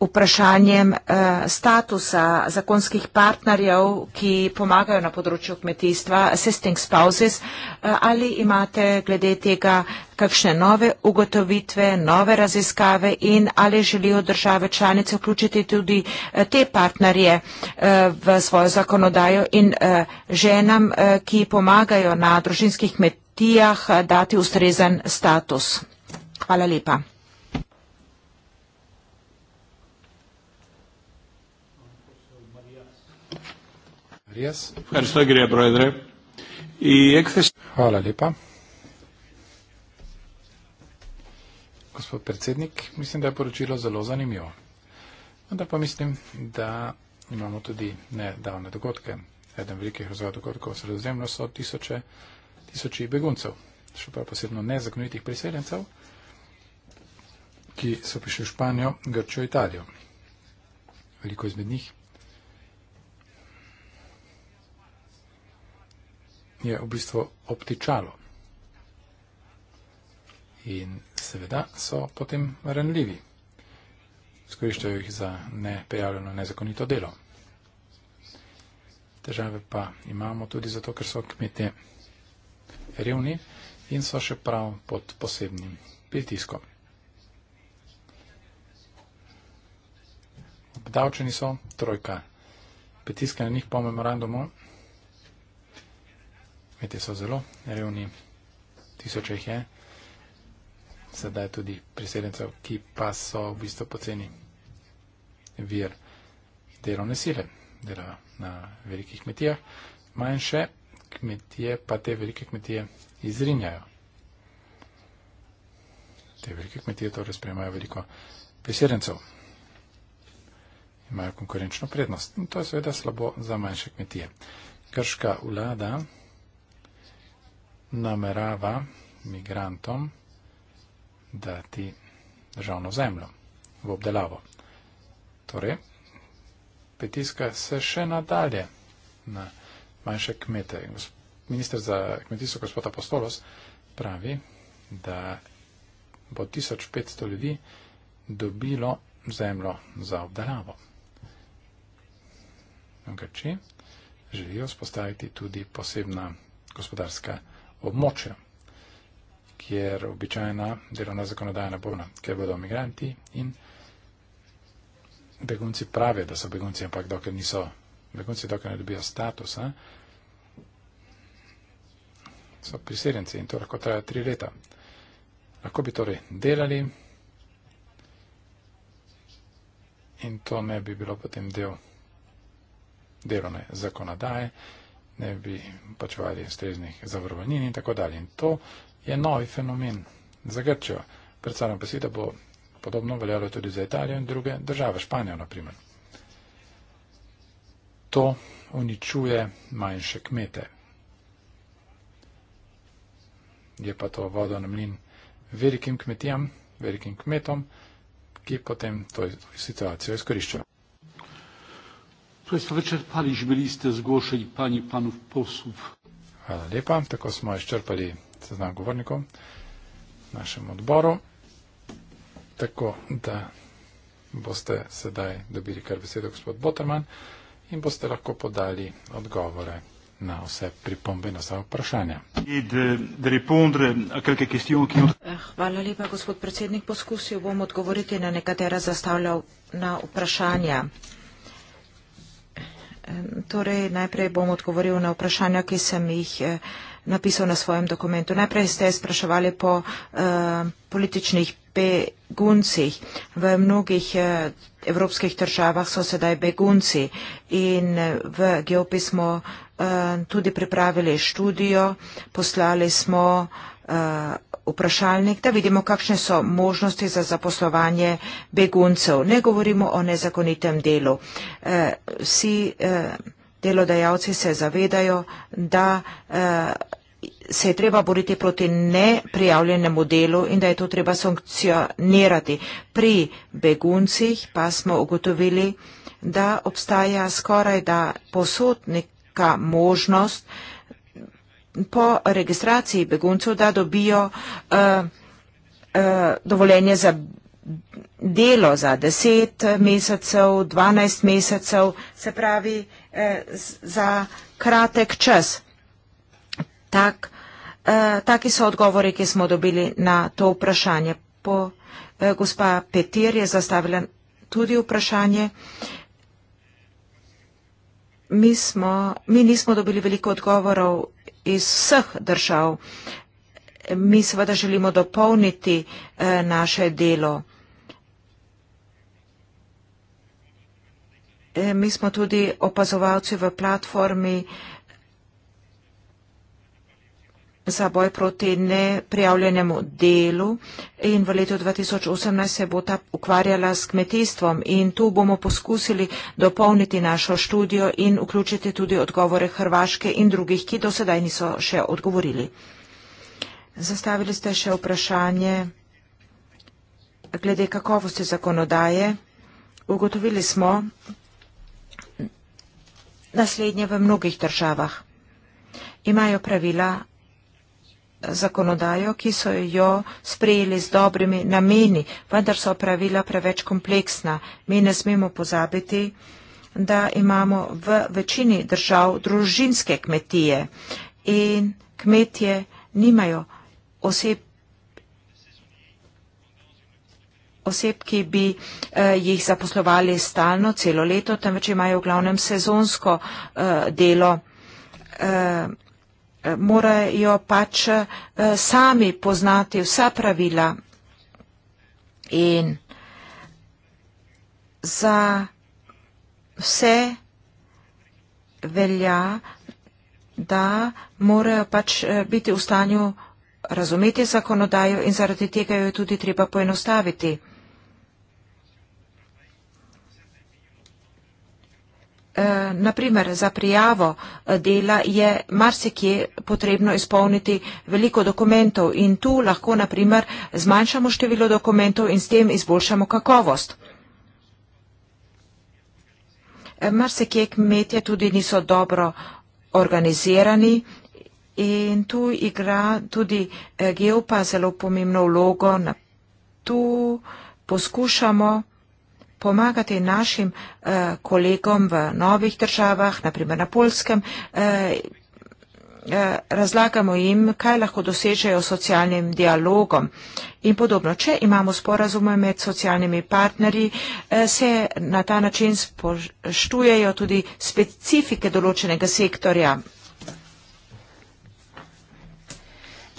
vprašanjem eh, statusa zakonskih partnerjev, ki pomagajo na področju kmetijstva, assisting spouses, eh, ali imate glede tega kakšne nove ugotovitve, nove raziskave in ali želijo države članice vključiti tudi eh, te partnerje v svojo zakonodajo in ženam, ki pomagajo na družinskih kmetijah, dati ustrezen status. Hvala lepa. Res. Kar se gre, brojdre. Ekses... Hvala lepa. Gospod predsednik, mislim, da je poročilo zelo zanimivo. Vendar pa mislim, da imamo tudi nedavne dogodke. Eden velikih razvoj dogodkov v sredozemlju so tisoče, tisoči beguncev, še prav posebno nezakonitih priseljencev, ki so prišli v Španijo, Grčo, Italijo. Veliko izmed njih je v bistvu obtičalo. In seveda so potem renljivi. Skoriščajo jih za neprijavljeno nezakonito delo. Težave pa imamo tudi zato, ker so kmete revni in so še prav pod posebnim pritiskom. Obdavčeni so trojka. Pritiska na njih po memorandumu kmetje so zelo revni, tisoče jih je, sedaj tudi priseljencev, ki pa so v bistvu poceni vir delovne sile, delajo na velikih kmetijah, manjše kmetije pa te velike kmetije izrinjajo. Te velike kmetije torej sprejemajo veliko priseljencev, imajo konkurenčno prednost in to je seveda slabo za manjše kmetije. Krška vlada namerava migrantom dati državno zemljo v obdelavo. Torej, pritiska se še nadalje na manjše kmete. Ministr za kmetijstvo, gospod Apostolos, pravi, da bo 1500 ljudi dobilo zemljo za obdelavo. Grči želijo spostaviti tudi posebna gospodarska zemlja območja, kjer običajna delovna zakonodaja ne bo, no, ker bodo migranti in begunci pravijo, da so begunci, ampak dokler niso begunci, dokler ne dobijo statusa, so priseljenci in to lahko traja tri leta. Lahko bi torej delali in to ne bi bilo potem del delovne zakonodaje ne bi plačevali streznih zavarovanin in tako dalje. In to je novi fenomen za Grčijo. Predstavljam pa si, da bo podobno veljalo tudi za Italijo in druge države, Španijo naprimer. To uničuje manjše kmete. Je pa to vodo na mlin velikim kmetijam, velikim kmetom, ki potem to situacijo izkoriščajo. Proste, vyčerpali sme liste zgošeň pani panov posúv. Hvala lepa, tako smo izčrpali seznam govornikov našem odboru. Tako da boste sedaj dobili kar besedo gospod Botrman in boste lahko podali odgovore na vse pripombe, na vsa vprašanja. Eh, hvala lepa, gospod predsednik. Poskusil bom odgovoriti na nekatera zastavljena vprašanja. Torej, najprej bom odgovoril na vprašanja, ki sem jih eh, napisal na svojem dokumentu. Najprej ste spraševali po eh, političnih beguncih. V mnogih eh, evropskih državah so sedaj begunci in eh, v Geopi smo eh, tudi pripravili študijo, poslali smo eh, Eh, vprašalnik, da vidimo, kakšne so možnosti za zaposlovanje beguncev. Ne govorimo o nezakonitem delu. Eh, vsi eh, delodajalci se zavedajo, da se je treba boriti proti neprijavljenemu delu in da je to treba sankcionirati. Pri beguncih pa smo ugotovili, da obstaja skoraj da posotnika možnost, po registraciji beguncev, da dobijo uh, uh, dovoljenje za delo za 10 mesecev, 12 mesecev, se pravi eh, za kratek čas. Tak, eh, taki so odgovori, ki smo dobili na to vprašanje. Po, eh, gospa Petir je zastavila tudi vprašanje. Mi, smo, mi nismo dobili veliko odgovorov iz vseh držav. Mi seveda želimo dopolniti eh, naše delo. Eh, mi smo tudi opazovalci v platformi, za boj proti neprijavljenemu delu in v letu 2018 se bo ta ukvarjala s kmetijstvom in tu bomo poskusili dopolniti našo študijo in vključiti tudi odgovore Hrvaške in drugih, ki do sedaj niso še odgovorili. Zastavili ste še vprašanje glede kakovosti zakonodaje. Ugotovili smo naslednje v mnogih državah. Imajo pravila zakonodajo, ki so jo sprejeli z dobrimi nameni, vendar so pravila preveč kompleksna. Mi ne smemo pozabiti, da imamo v večini držav družinske kmetije in kmetje nimajo oseb, oseb ki bi eh, jih zaposlovali stalno celo leto, temveč imajo v glavnem sezonsko eh, delo. Eh, morajo pač eh, sami poznati vsa pravila in za vse velja, da morajo pač eh, biti v stanju razumeti zakonodajo in zaradi tega jo je tudi treba poenostaviti. Eh, naprimer za prijavo eh, dela je marsikje potrebno izpolniti veliko dokumentov in tu lahko naprimer zmanjšamo število dokumentov in s tem izboljšamo kakovost. Eh, marsikje kmetje tudi niso dobro organizirani. In tu igra tudi geopa zelo pomembno vlogo. Tu poskušamo pomagati našim eh, kolegom v novih državah, naprimer na Polskem. Eh, eh, razlagamo jim, kaj lahko dosežejo s socialnim dialogom in podobno. Če imamo sporazume med socialnimi partnerji, eh, se na ta način spoštujejo tudi specifike določenega sektorja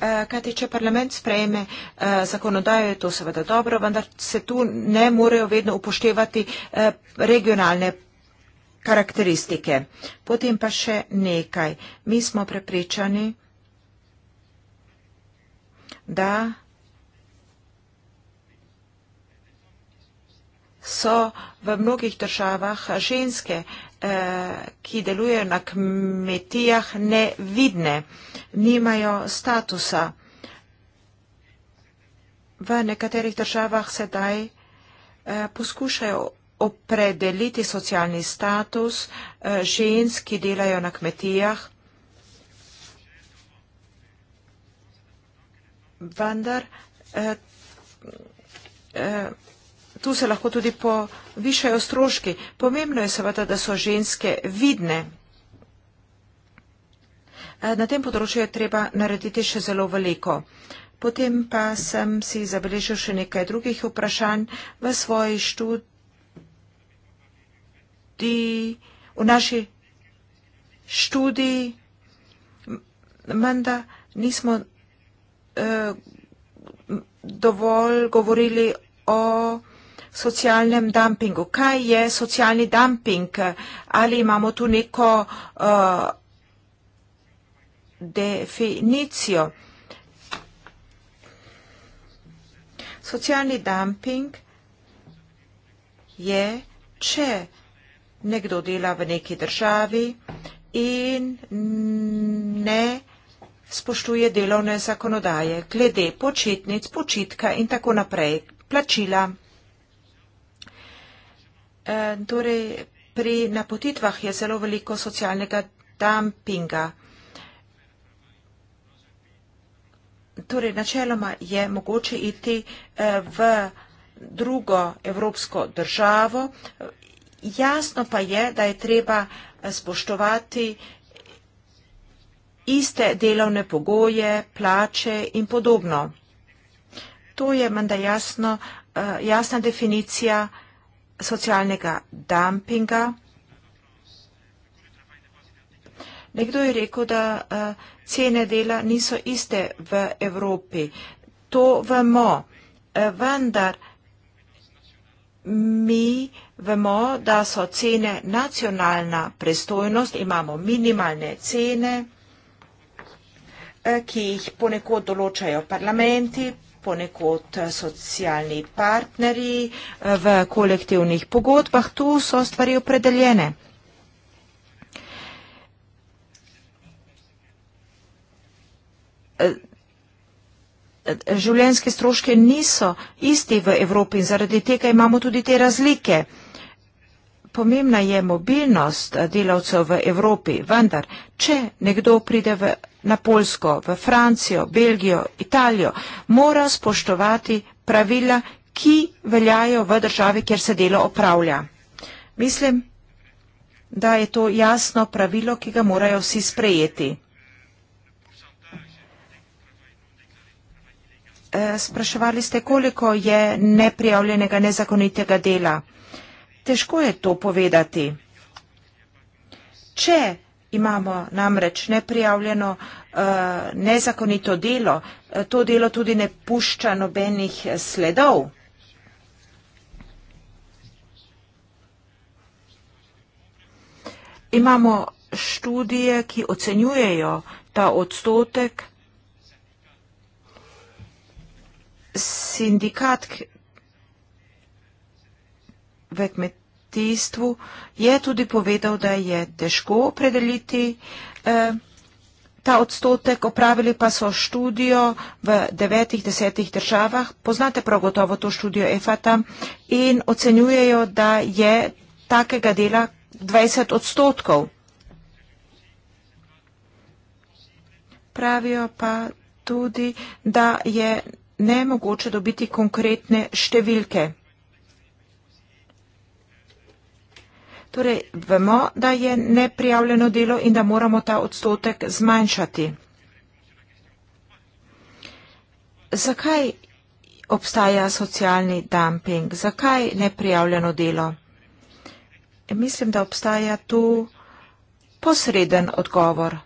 Eh, kajti če parlament sprejme eh, zakonodajo, je to seveda dobro, vendar se tu ne morejo vedno upoštevati eh, regionalne karakteristike. Potem pa še nekaj. Mi smo prepričani, da so v mnogih državah ženske Eh, ki delujejo na kmetijah, ne vidne, nimajo statusa. V nekaterih državah sedaj eh, poskušajo opredeliti socialni status eh, žensk, ki delajo na kmetijah, vendar tu se lahko tudi povišajo stroški. Pomembno je seveda, da so ženske vidne. Eh, na tem področju je treba narediti še zelo veliko. Potem pa sem si zabeležil še nekaj drugih vprašanj v svoji študiji, v naši študiji, menda nismo eh, dovolj govorili o socialnem dumpingu. Kaj je socialni dumping? Ali imamo tu neko uh, definicijo? Socialni dumping je, če nekdo dela v neki državi in ne spoštuje delovne zakonodaje glede počitnic, počitka in tako naprej, plačila. Eh, torej, pri napotitvah je zelo veliko socialnega dumpinga. Torej, načeloma je mogoče iti eh, v drugo evropsko državo. Jasno pa je, da je treba eh, spoštovati iste delovne pogoje, plače in podobno. To je menda jasno, jasna definicija socialnega dumpinga. Nekdo je rekel, da uh, cene dela niso iste v Evropi. To vemo, uh, vendar mi vemo, da so cene nacionalna prestojnost, imamo minimalne cene, uh, ki jih ponekod določajo parlamenti, ponekod socialni partneri eh, v kolektivnih pogodbah, tu so stvari opredeljene. Eh, življenjske stroške niso isti v Evropi in zaradi tega imamo tudi te razlike. Pomembna je mobilnost eh, delavcev v Evropi, vendar, če nekdo pride v Evropi, na Polsko, v Francijo, Belgijo, Italijo, mora spoštovati pravila, ki veljajo v državi, kjer se delo opravlja. Mislim, da je to jasno pravilo, ki ga morajo vsi sprejeti. Eh, spraševali ste, koliko je neprijavljenega nezakonitega dela. Težko je to povedati. Če Imamo namreč neprijavljeno, eh, nezakonito delo. Eh, to delo tudi ne pušča nobenih eh, sledov. Imamo študije, ki ocenjujejo ta odstotek. Sindikat v kmetijstvu kmetijstvu, je tudi povedal, da je težko opredeliti eh, ta odstotek. Opravili pa so študijo v devetih, desetih državah. Poznate prav gotovo to študijo EFATA in ocenjujejo, da je takega dela 20 odstotkov. Pravijo pa tudi, da je nemogoče dobiti konkretne številke. Torej, vemo, da je neprijavljeno delo in da moramo ta odstotek zmanjšati. Zakaj obstaja socialni dumping? Zakaj neprijavljeno delo? Mislim, da obstaja tu posreden odgovor.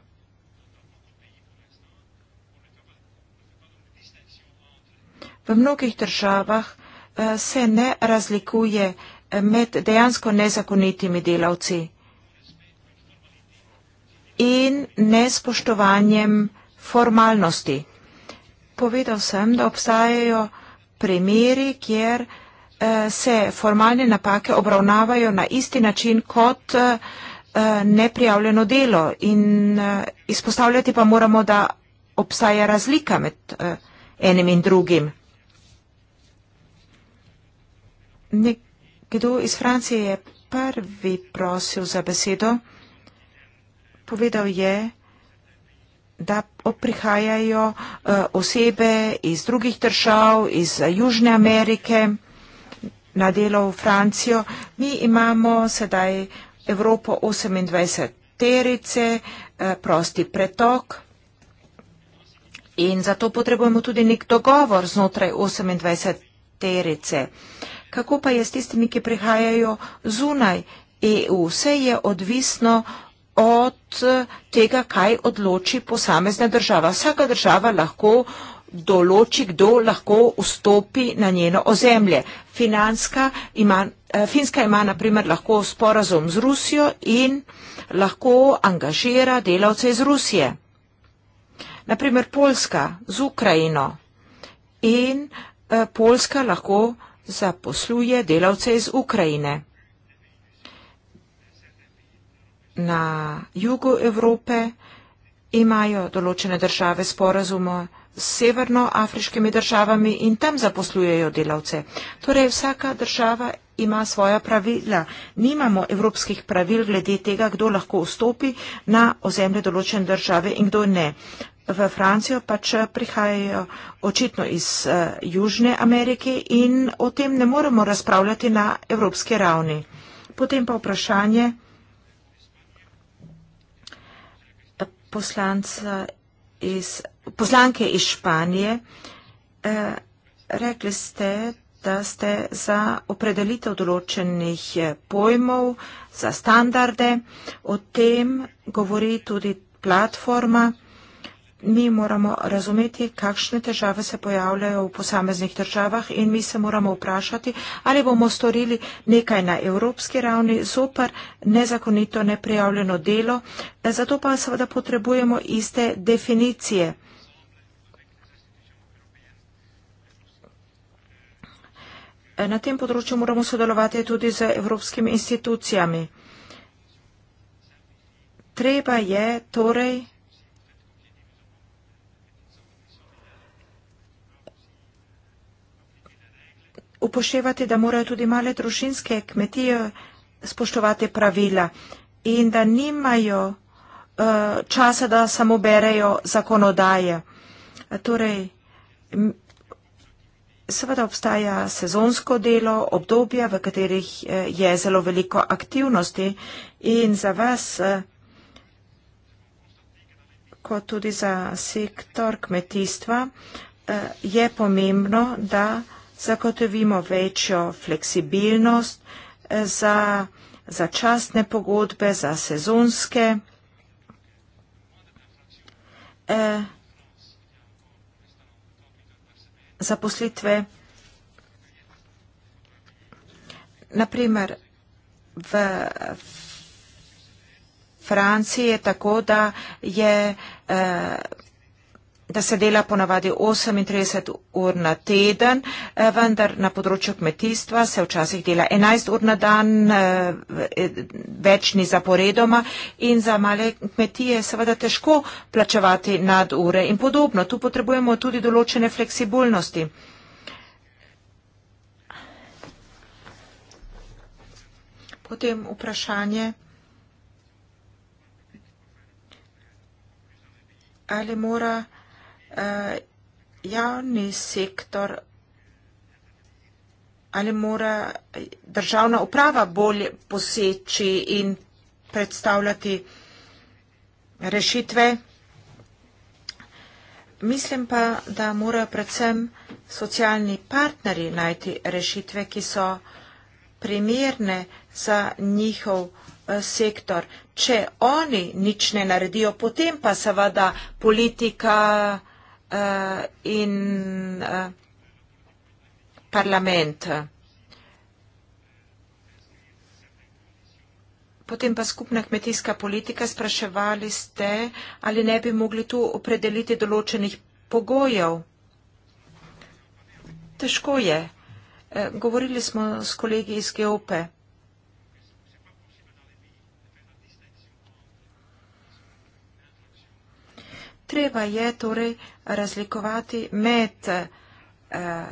V mnogih državah eh, se ne razlikuje med dejansko nezakonitimi delavci in nespoštovanjem formalnosti. Povedal sem, da obstajajo primeri, kjer eh, se formalne napake obravnavajo na isti način kot eh, neprijavljeno delo in eh, izpostavljati pa moramo, da obstaja razlika med enim in drugim. Nek Kdo iz Francije je prvi prosil za besedo? Povedal je, da prihajajo eh, osebe iz drugih držav, iz Južne Amerike na delo v Francijo. Mi imamo sedaj Evropo 28 terice, eh, prosti pretok in zato potrebujemo tudi nek dogovor znotraj 28 terice kako pa je s tistimi, ki prihajajo zunaj EU. Vse je odvisno od tega, kaj odloči posamezna država. Vsaka država lahko določi, kdo lahko vstopi na njeno ozemlje. Ima, eh, Finska ima naprimer lahko sporazum z Rusijo in lahko angažira delavce iz Rusije. Naprimer Poljska z Ukrajino in eh, Poljska lahko zaposluje delavce iz Ukrajine. Na jugu Evrope imajo določene države sporazumo s severnoafriškimi državami in tam zaposlujejo delavce. Torej vsaka država ima svoja pravila. Nimamo evropskih pravil glede tega, kdo lahko vstopi na ozemlje določene države in kdo ne v Francijo pač eh, prihajajo očitno iz uh, Južne Amerike in o tem ne moremo razpravljati na evropski ravni. Potem pa vprašanje eh, iz, poslanke iz Španije. Uh, rekli ste, da ste za opredelitev določenih pojmov, za standarde. O tem govori tudi platforma mi moramo razumeti, kakšne težave se pojavljajo v posameznih državah in mi se moramo vprašati, ali bomo storili nekaj na evropski ravni zoper nezakonito neprijavljeno delo. Zato pa seveda potrebujemo iste definicije. Na tem področju moramo sodelovati tudi z evropskimi institucijami. Treba je torej upoštevati, da morajo tudi male družinske kmetije spoštovati pravila in da nimajo uh, časa, da samo berejo zakonodaje. Torej, seveda obstaja sezonsko delo, obdobja, v katerih eh, je zelo veliko aktivnosti in za vas, eh, kot tudi za sektor kmetijstva, je pomembno, da zagotovimo večjo fleksibilnost eh, za začasne pogodbe, za sezonske. Eh, zaposlitve, naprimer v Franciji je tako, da je eh, da se dela ponavadi 38 ur na teden, eh, vendar na področju kmetijstva se včasih dela 11 ur na dan, eh, eh, večni zaporedoma in za male kmetije je seveda težko plačevati nad ure in podobno. Tu potrebujemo tudi določene fleksibilnosti. Potem vprašanje. Ali mora Eh, javni sektor ali mora eh, državna uprava bolje poseči in predstavljati rešitve. Mislim pa, da morajo predvsem socialni partnerji najti rešitve, ki so primerne za njihov eh, sektor. Če oni nič ne naredijo, potem pa seveda politika Eh, in eh, parlament. Potem pa skupna kmetijska politika, spraševali ste, ali ne bi mogli tu opredeliti določenih pogojev. Težko je. Eh, govorili smo s kolegi iz Geope. treba je torej razlikovati med eh,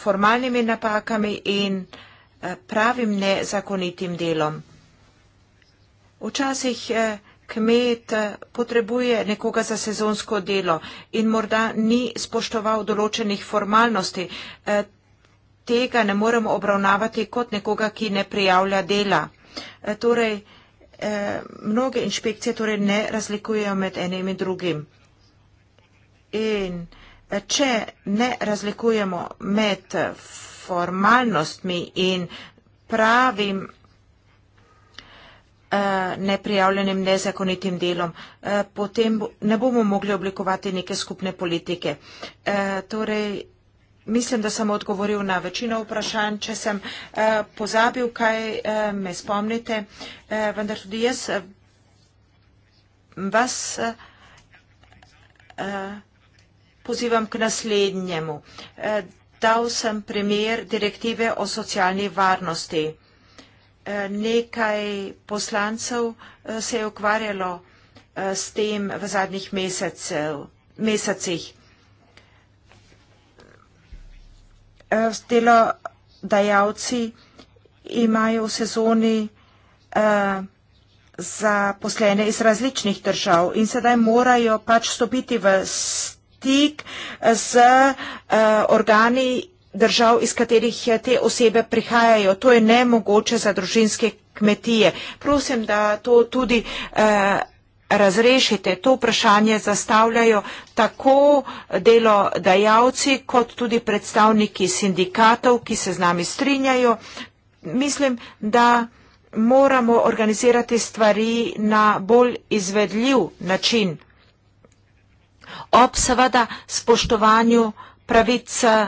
formalnimi napakami in eh, pravim nezakonitim delom. Včasih eh, kmet eh, potrebuje nekoga za sezonsko delo in morda ni spoštoval določenih formalnosti. Eh, tega ne moremo obravnavati kot nekoga, ki ne prijavlja dela. Eh, torej, eh, Eh, mnoge inšpekcije torej ne razlikujejo med enim in drugim. In eh, če ne razlikujemo med formalnostmi in pravim eh, neprijavljenim nezakonitim delom, potem ne bomo mogli oblikovati neke skupne politike. Torej, Mislim, da sem odgovoril na večino vprašanj. Če sem eh, pozabil, kaj eh, me spomnite, eh, vendar tudi jaz vas pozivam k naslednjemu. Dal sem primer direktive o socialni varnosti. Nekaj poslancev se je ukvarjalo s tem v zadnjih mesecev, mesecih. Eh, delodajalci imajo v sezoni eh, za poslene iz različnih držav in sedaj morajo pač stopiti v stik z eh, organi držav, iz katerih te osebe prihajajo. To je nemogoče za družinske kmetije. Prosim, da to tudi razrešite. To vprašanje zastavljajo tako delodajalci kot tudi predstavniki sindikatov, ki se z nami strinjajo. Mislim, da moramo organizirati stvari na bolj izvedljiv način. Ob seveda spoštovanju pravice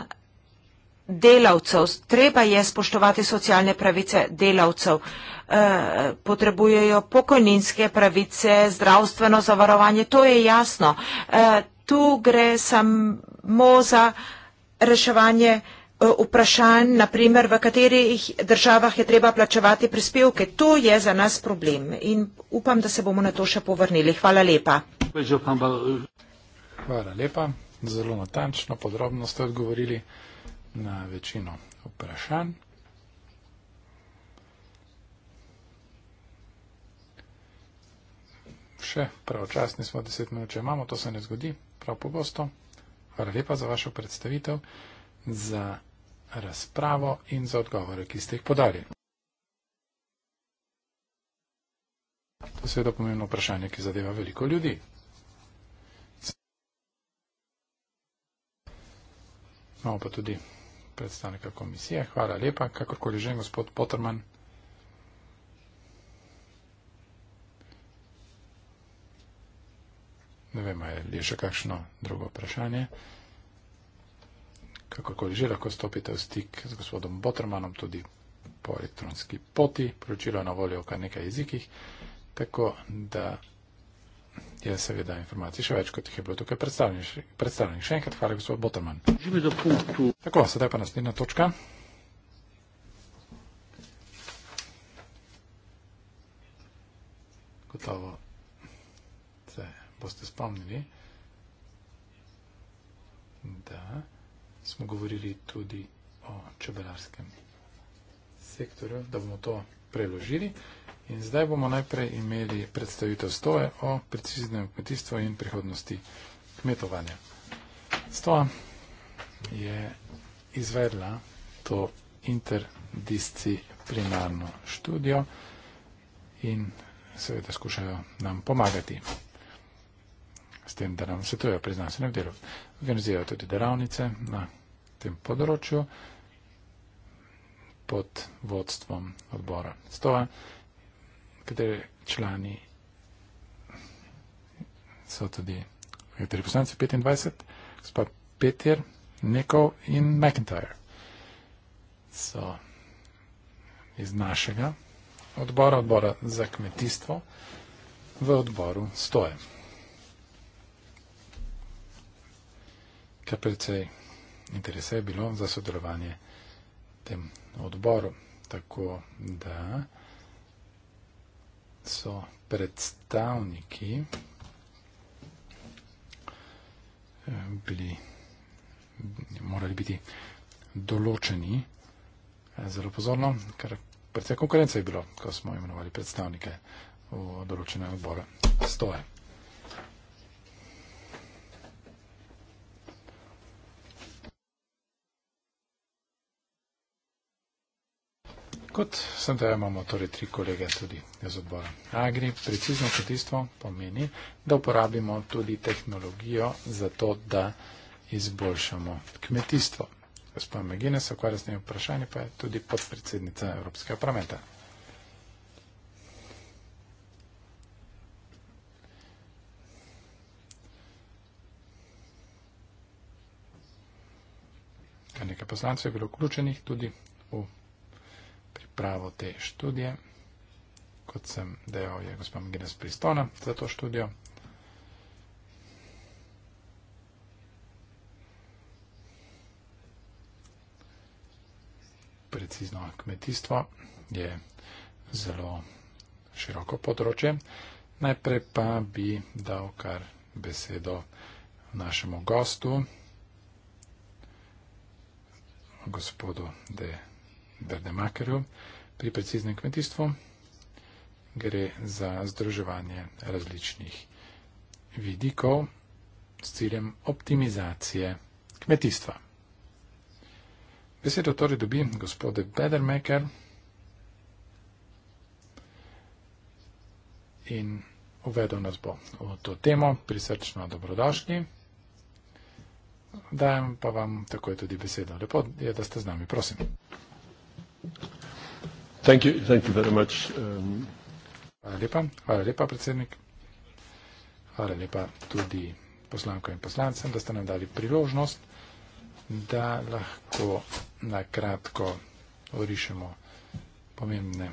delavcev. Treba je spoštovati socialne pravice delavcev. Uh, Eh, potrebujejo pokojninske pravice, zdravstveno zavarovanje, to je jasno. Eh, tu gre samo za reševanje eh, vprašanj, naprimer, v katerih državah je treba plačevati prispevke. To je za nas problem in upam, da se bomo na to še povrnili. Hvala lepa. Hvala lepa. Zelo natančno, podrobno ste odgovorili na večino vprašanj. še pravočasni smo, deset minut, če imamo, to se ne zgodi prav pogosto. Hvala lepa za vašo predstavitev, za razpravo in za odgovore, ki ste jih podali. To je seveda pomembno vprašanje, ki zadeva veliko ljudi. Imamo pa tudi predstavnika komisije. Hvala lepa, kakorkoli že, gospod Potrman. Ne vem, ali je še kakšno drugo vprašanje. Kakorkoli že lahko stopite v stik z gospodom Botromanom tudi po elektronski poti, poročilo je na voljo v kar nekaj jezikih, tako da je seveda informacij še več, kot jih je bilo tukaj predstavljenih. Še enkrat hvala, gospod Botroman. Tako, sedaj pa naslednja točka. Gotovo boste spomnili, da smo govorili tudi o čebelarskem sektorju, da bomo to preložili. In zdaj bomo najprej imeli predstavitev stoje o preciznem kmetijstvu in prihodnosti kmetovanja. Stoja je izvedla to interdisciplinarno študijo in seveda skušajo nam pomagati s tem, da nam svetujejo pri znanstvenem delu. Organizirajo tudi delavnice na tem področju pod vodstvom odbora Stoa, kateri člani so tudi kateri poslanci 25, gospod Peter, Nekov in McIntyre so iz našega odbora, odbora za kmetijstvo, v odboru stoje. kar precej interese je bilo za sodelovanje tem odboru. Tako da so predstavniki eh, bili, morali biti določeni eh, zelo pozorno, kar precej konkurence je bilo, ko smo imenovali predstavnike v določene odbore stoje. Kot sem da imamo torej tri kolege tudi iz odbora Agri, precizno kmetijstvo pomeni, da uporabimo tudi tehnologijo za to, da izboljšamo kmetijstvo. Gospod Megine, se ukvarja s tem vprašanjem, pa je tudi podpredsednica Evropskega parlamenta. Kar nekaj poslancev je bilo vključenih tudi v pripravo te študije. Kot sem dejal, je gospod Mgines pristona za to študijo. Precizno kmetijstvo je zelo široko področje. Najprej pa bi dal kar besedo našemu gostu, gospodu De Berdemakerju pri preciznem kmetijstvu. Gre za združevanje različnih vidikov s ciljem optimizacije kmetijstva. Besedo torej dobi gospode Bedermaker in uvedel nas bo v to temo. Prisrčno dobrodošli. Dajem pa vam takoj tudi besedo. Lepo je, da ste z nami. Prosim. Thank you. Thank you very much. Um. Hvala lepa. Hvala lepa, predsednik. Hvala lepa tudi poslankam in poslancem, da ste nam dali priložnost, da lahko nakratko orišemo pomembne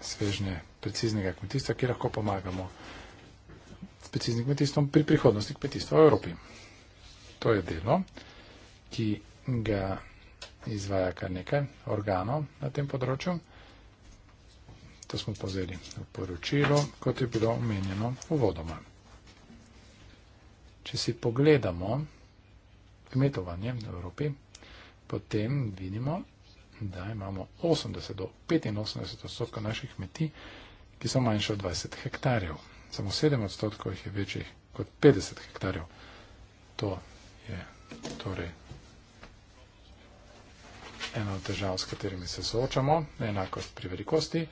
svežne preciznega kmetijstva, ki lahko pomagamo s preciznim kmetijstvom pri prihodnosti kmetijstva v Evropi. To je delo, ki ga izvaja kar nekaj organov na tem področju. To smo povzeli v poročilu, kot je bilo omenjeno v vodoma. Če si pogledamo kmetovanje v Evropi, potem vidimo, da imamo 80 do 85 odstotkov naših kmetij, ki so manjše od 20 hektarjev. Samo 7 odstotkov jih je večjih kot 50 hektarjev. To je torej ena od težav, s katerimi se soočamo, neenakost pri velikosti,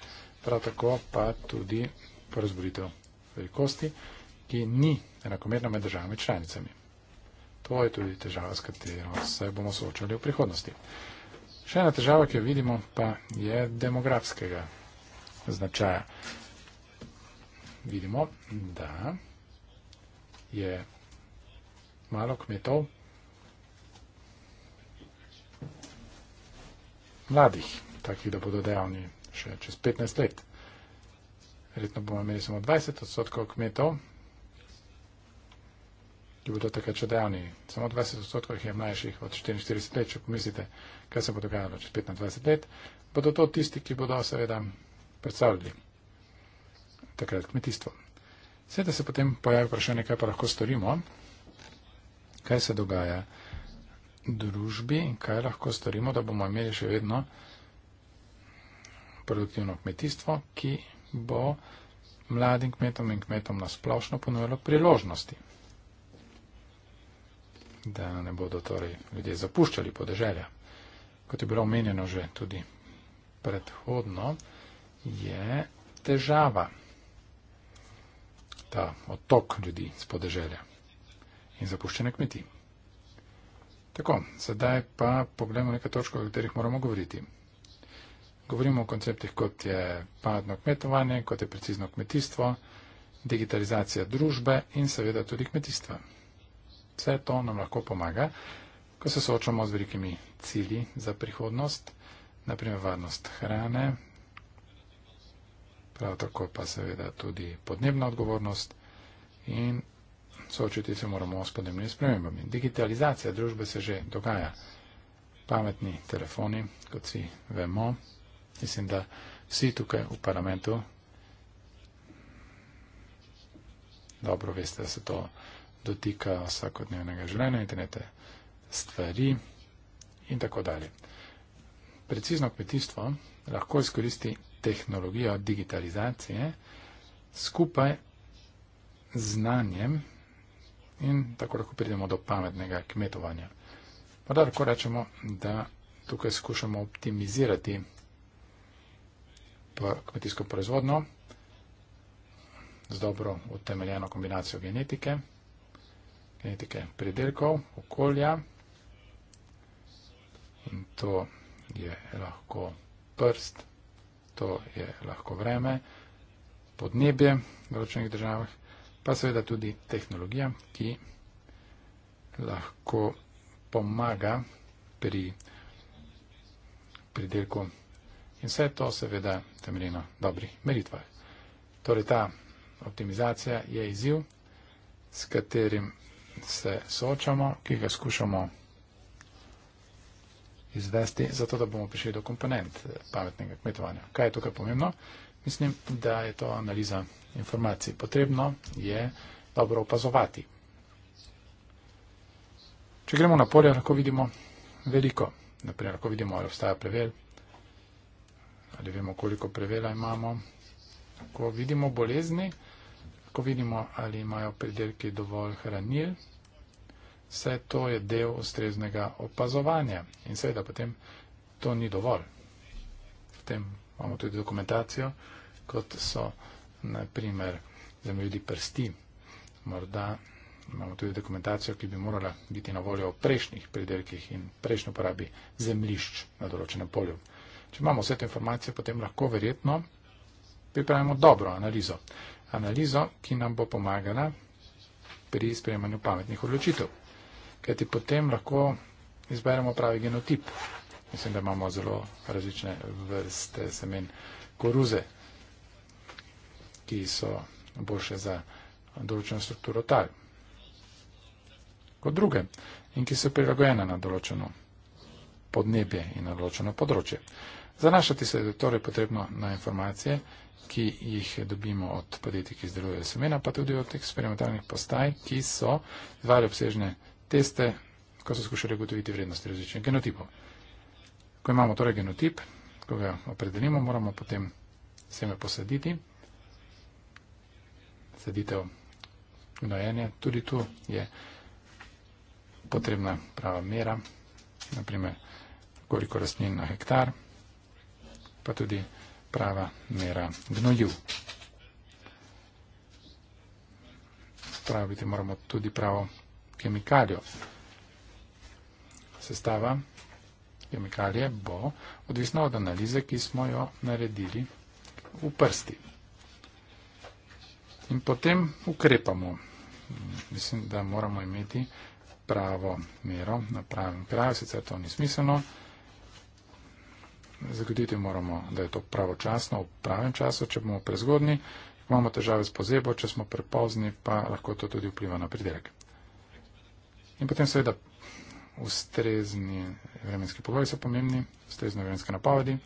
prav tako pa tudi porazboritev velikosti, ki ni enakomerna med državami članicami. To je tudi težava, s katero se bomo soočali v prihodnosti. Še ena težava, ki jo vidimo, pa je demografskega značaja. Vidimo, da je malo kmetov mladih, takih, da bodo dejavni še čez 15 let. Verjetno bomo imeli samo 20 odstotkov kmetov, ki bodo takrat še dejavni. Samo 20 odstotkov jih je mlajših od 44 let, če pomislite, kaj se bo dogajalo čez 25 let, bodo to tisti, ki bodo seveda predstavljali takrat kmetijstvo. Sedaj se potem pojavi vprašanje, kaj pa lahko storimo, kaj se dogaja družbi in kaj lahko storimo, da bomo imeli še vedno produktivno kmetijstvo, ki bo mladim kmetom in kmetom nasplošno ponujalo priložnosti. Da ne bodo torej ljudje zapuščali podeželja. Kot je bilo omenjeno že tudi predhodno, je težava ta otok ljudi z podeželja in zapuščene kmetije. Tako, sedaj pa pogledamo nekaj točk, o katerih moramo govoriti. Govorimo o konceptih, kot je padno kmetovanje, kot je precizno kmetijstvo, digitalizacija družbe in seveda tudi kmetijstva. Vse to nam lahko pomaga, ko se soočamo z velikimi cilji za prihodnost, naprimer varnost hrane, prav tako pa seveda tudi podnebna odgovornost in soočiti se moramo s podnebnimi spremembami. Digitalizacija družbe se že dogaja. Pametni telefoni, kot si vemo, mislim, da vsi tukaj v parlamentu dobro veste, da se to dotika vsakodnevnega življenja, internete, stvari in tako dalje. Precizno kmetijstvo lahko izkoristi tehnologijo digitalizacije skupaj z znanjem in tako lahko pridemo do pametnega kmetovanja. Pa da lahko rečemo, da tukaj skušamo optimizirati kmetijsko proizvodno z dobro utemeljeno kombinacijo genetike, genetike pridelkov, okolja in to je lahko prst, to je lahko vreme, podnebje v določenih državah pa seveda tudi tehnologija, ki lahko pomaga pri pridelku in vse to seveda temelji na dobrih meritvah. Torej ta optimizacija je izziv, s katerim se soočamo, ki ga skušamo izvesti, zato da bomo prišli do komponent pametnega kmetovanja. Kaj je tukaj pomembno? Mislim, da je to analiza informacij. Potrebno je dobro opazovati. Če gremo na polje, lahko vidimo veliko. Naprej lahko vidimo, ali obstaja prevel, ali vemo, koliko prevela imamo. Lahko vidimo bolezni, lahko vidimo, ali imajo predelki dovolj hranil. Vse to je del ustreznega opazovanja in seveda potem to ni dovolj. Potem imamo tudi dokumentacijo, kot so naprimer zamejili prsti. Morda imamo tudi dokumentacijo, ki bi morala biti na voljo v prejšnjih pridelkih in prejšnjo porabi zemlišč na določenem polju. Če imamo vse te informacije, potem lahko verjetno pripravimo dobro analizo. Analizo, ki nam bo pomagala pri sprejemanju pametnih odločitev. Ker ti potem lahko izberemo pravi genotip. Mislim, da imamo zelo različne vrste semen koruze ki so boljše za določeno strukturo tal. Kot druge in ki so prilagojene na določeno podnebje in na določeno področje. Zanašati se je torej potrebno na informacije, ki jih dobimo od podjetij, ki izdelujejo semena, pa tudi od eksperimentalnih postaj, ki so izvali obsežne teste, ko so skušali ugotoviti vrednosti različnih genotipov. Ko imamo torej genotip, ko ga opredelimo, moramo potem seme posaditi zaditev gnojenje. Tudi tu je potrebna prava mera, naprimer koliko rastlin na hektar, pa tudi prava mera gnojiv. Praviti moramo tudi pravo kemikalijo. Sestava kemikalije bo odvisna od analize, ki smo jo naredili v prsti. In potem ukrepamo. Mislim, da moramo imeti pravo mero na pravem kraju, sicer to ni smiselno. Zagotoviti moramo, da je to pravočasno, v pravem času, če bomo prezgodni, imamo težave s pozebo, če smo prepozni, pa lahko to tudi vpliva na pridelek. In potem seveda ustrezni vremenski pogoji so pomembni, ustrezne vremenske napovedi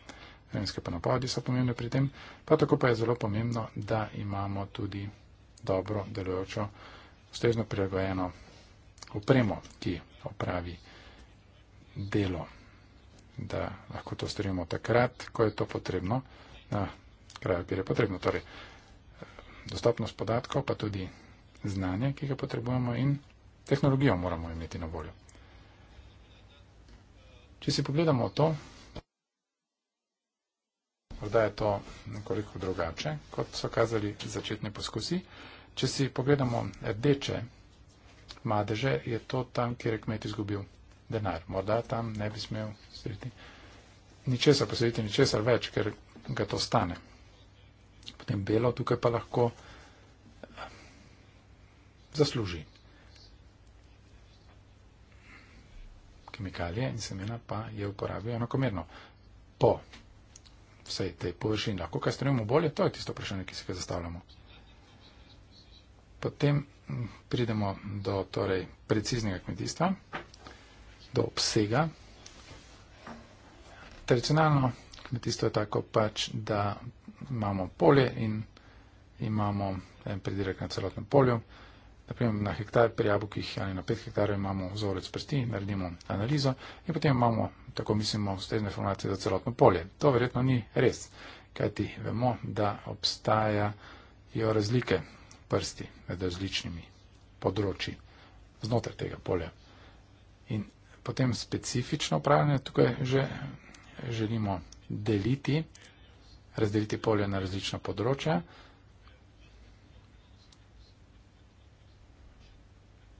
ženske pa napovedi so pomembne pri tem, pa tako pa je zelo pomembno, da imamo tudi dobro delujočo, ustrezno prilagojeno opremo, ki opravi delo, da lahko to storimo takrat, ko je to potrebno, na kraju, kjer je potrebno. Torej, dostopnost podatkov, pa tudi znanje, ki ga potrebujemo in tehnologijo moramo imeti na voljo. Če si pogledamo to, morda je to nekoliko drugače, kot so kazali začetni poskusi. Če si pogledamo rdeče madeže, je to tam, kjer je kmet izgubil denar. Morda tam ne bi smel sreti ničesar posvetiti, ničesar več, ker ga to stane. Potem belo tukaj pa lahko eh, zasluži. Kemikalije in semena pa je uporabil enakomerno. Po vsej tej površini lahko kaj storimo bolje, to je tisto vprašanje, ki si ga zastavljamo. Potem pridemo do torej, preciznega kmetijstva, do obsega. Tradicionalno kmetijstvo je tako pač, da imamo polje in imamo en pridirek na celotnem polju. Naprimer, na hektar pri jabukih ali na 5 hektarjev imamo vzorec prsti, naredimo analizo in potem imamo tako mislimo, ustrezne formulacije za celotno polje. To verjetno ni res, kajti vemo, da obstajajo razlike prsti med različnimi področji znotraj tega polja. In potem specifično upravljanje, tukaj že želimo deliti, razdeliti polje na različna področja.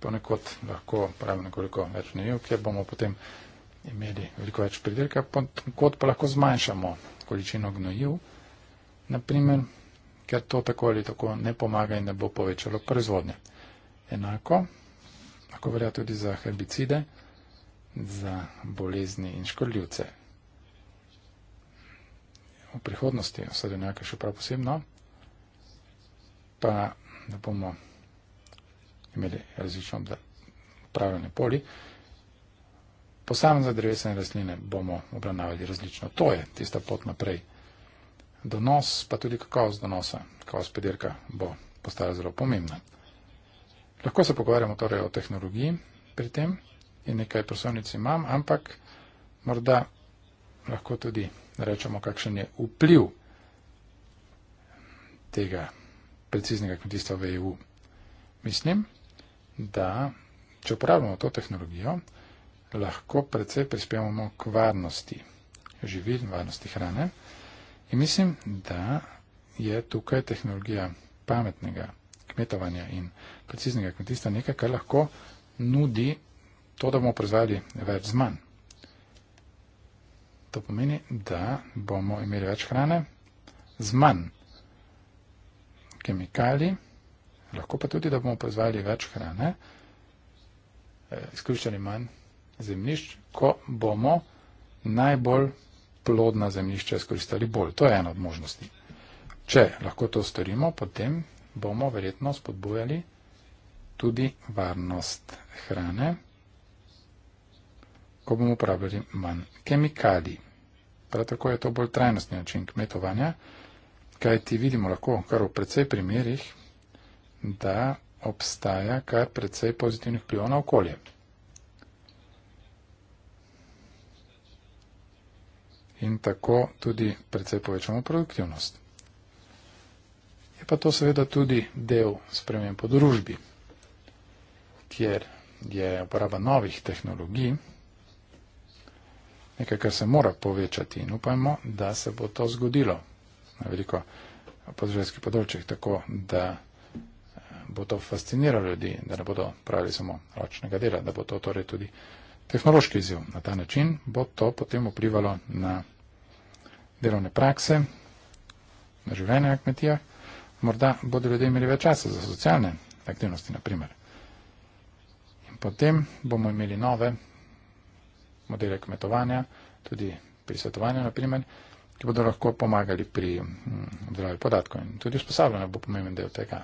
Ponekod lahko pravim nekoliko več nejev, kjer bomo potem imeli veliko več pridelka, kot pa lahko zmanjšamo količino gnojiv, naprimer, ker to tako ali tako ne pomaga in ne bo povečalo proizvodnje. Enako, lahko velja tudi za herbicide, za bolezni in škodljivce. V prihodnosti, vse do nekaj še prav posebno, pa da bomo imeli različno upravljanje poli, posamezne drevesa in rastline bomo obravnavali različno. To je tista pot naprej. Donos, pa tudi kakovost donosa, kakovost pedirka bo postala zelo pomembna. Lahko se pogovarjamo torej o tehnologiji pri tem in nekaj prosovnic imam, ampak morda lahko tudi rečemo, kakšen je vpliv tega preciznega kmetijstva v EU. Mislim, da če uporabljamo to tehnologijo, lahko precej prispevamo k varnosti živil, varnosti hrane. In mislim, da je tukaj tehnologija pametnega kmetovanja in preciznega kmetijstva nekaj, kar lahko nudi to, da bomo proizvajali več z manj. To pomeni, da bomo imeli več hrane z manj kemikali, lahko pa tudi, da bomo proizvajali več hrane, eh, izključili manj zemljišč, ko bomo najbolj plodna zemljišča izkoristili bolj. To je ena od možnosti. Če lahko to storimo, potem bomo verjetno spodbujali tudi varnost hrane, ko bomo uporabljali manj kemikalij. Prav tako je to bolj trajnostni način kmetovanja, kaj ti vidimo lahko kar v precej primerih, da obstaja kar precej pozitivnih vplivov na okolje. in tako tudi predvsej povečamo produktivnost. Je pa to seveda tudi del spremenj po družbi, kjer je uporaba novih tehnologij nekaj, kar se mora povečati in upajmo, da se bo to zgodilo na veliko podželjskih področjih, tako da eh, bo to fasciniralo ljudi, da ne bodo pravili samo ročnega dela, da bo to torej tudi tehnološki izjiv. Na ta način bo to potem vplivalo na delovne prakse, na življenje na kmetijah, morda bodo ljudje imeli več časa za socialne aktivnosti, naprimer. In potem bomo imeli nove modele kmetovanja, tudi pri svetovanju, naprimer, ki bodo lahko pomagali pri hm, obdelavi podatkov in tudi usposabljanje bo pomemben del tega.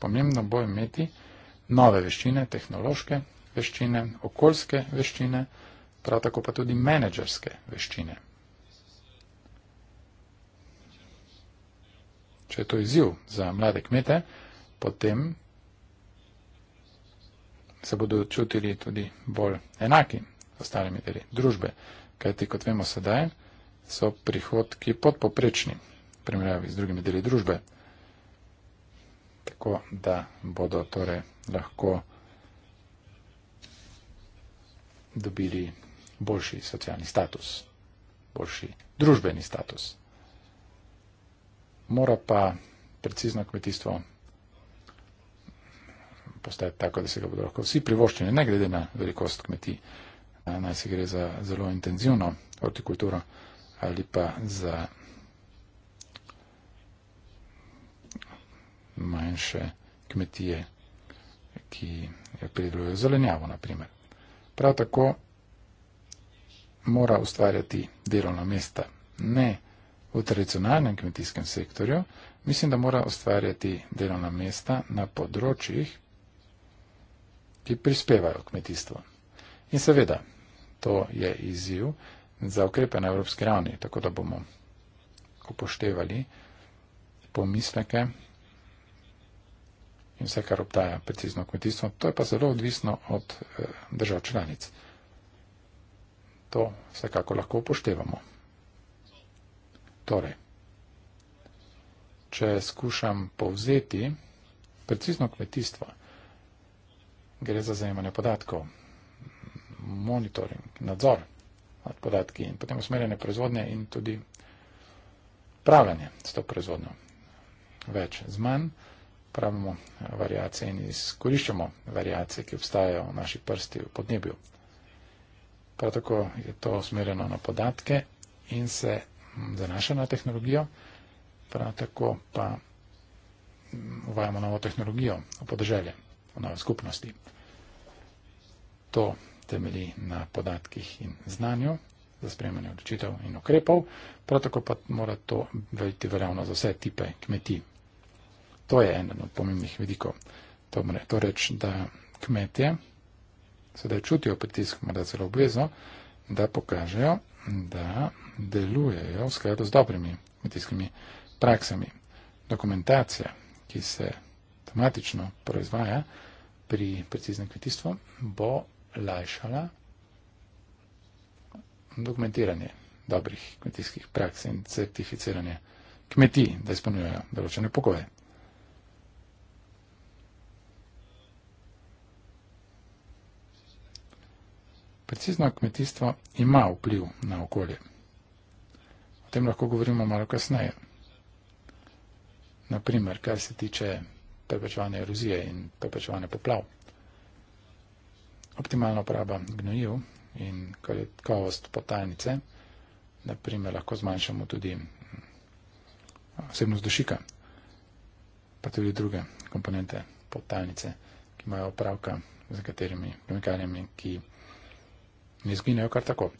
Pomembno bo imeti nove veščine, tehnološke veščine, okoljske veščine, prav tako pa tudi menedžerske veščine. Če je to izziv za mlade kmete, potem se bodo čutili tudi bolj enaki z ostalimi deli družbe, kajti kot vemo sedaj, so prihodki podpoprečni, primerjavi z drugimi deli družbe, tako da bodo torej lahko dobili boljši socialni status, boljši družbeni status. Mora pa precizno kmetijstvo postati tako, da se ga bodo lahko vsi privoščili, ne glede na velikost kmetij, naj se gre za zelo intenzivno hortikulturo ali pa za manjše kmetije, ki pridelujejo zelenjavo, naprimer. Prav tako mora ustvarjati delovna mesta. Ne v tradicionalnem kmetijskem sektorju, mislim, da mora ustvarjati delovna mesta na področjih, ki prispevajo kmetijstvo. In seveda, to je izziv za ukrepe na evropski ravni, tako da bomo upoštevali pomisleke in vse, kar obdaja precizno kmetijstvo. To je pa zelo odvisno od eh, držav članic to vsekako lahko upoštevamo. Torej, če skušam povzeti precizno kmetijstvo, gre za zajemanje podatkov, monitoring, nadzor nad podatki in potem usmerjanje proizvodnje in tudi upravljanje s to proizvodnjo. Več z manj pravimo variacije in izkoriščamo variacije, ki obstajajo v naši prsti v podnebju prav tako je to usmerjeno na podatke in se zanaša na tehnologijo, prav tako pa mm, uvajamo novo tehnologijo v podeželje, v nove skupnosti. To temelji na podatkih in znanju za sprejemanje odločitev in ukrepov, prav tako pa mora to veljiti veljavno za vse tipe kmetij. To je eden od pomembnih vidikov. To, to reč, da kmetje sedaj čutijo pritisk, morda celo obvezno, da pokažejo, da delujejo v skladu z dobrimi kmetijskimi praksami. Dokumentacija, ki se tematično proizvaja pri preciznem kmetijstvu, bo lajšala dokumentiranje dobrih kmetijskih praks in certificiranje kmetij, da izpolnjujejo določene pogoje. precizno kmetijstvo ima vpliv na okolje. O tem lahko govorimo malo kasneje. Naprimer, kar se tiče prepečevanja erozije in prepečevanja poplav. Optimalna uporaba gnojiv in kakovost potajnice, naprimer, lahko zmanjšamo tudi vsebnost dušika, pa tudi druge komponente potajnice, ki imajo opravka z nekaterimi kemikalijami, ki ne zginejo kar tako.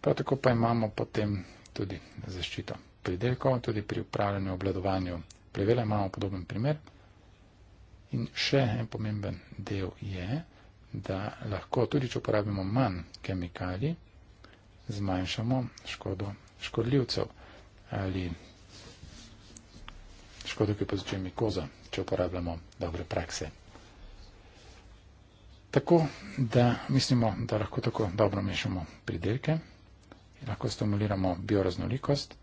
Prav tako pa imamo potem tudi zaščito pridelkov, tudi pri upravljanju, obladovanju plevela imamo podoben primer. In še en pomemben del je, da lahko tudi, če uporabimo manj kemikalij, zmanjšamo škodo škodljivcev ali škodo, ki pozičuje mikoza, če uporabljamo dobre prakse tako, da mislimo, da lahko tako dobro mešamo pridelke, lahko stimuliramo bioraznolikost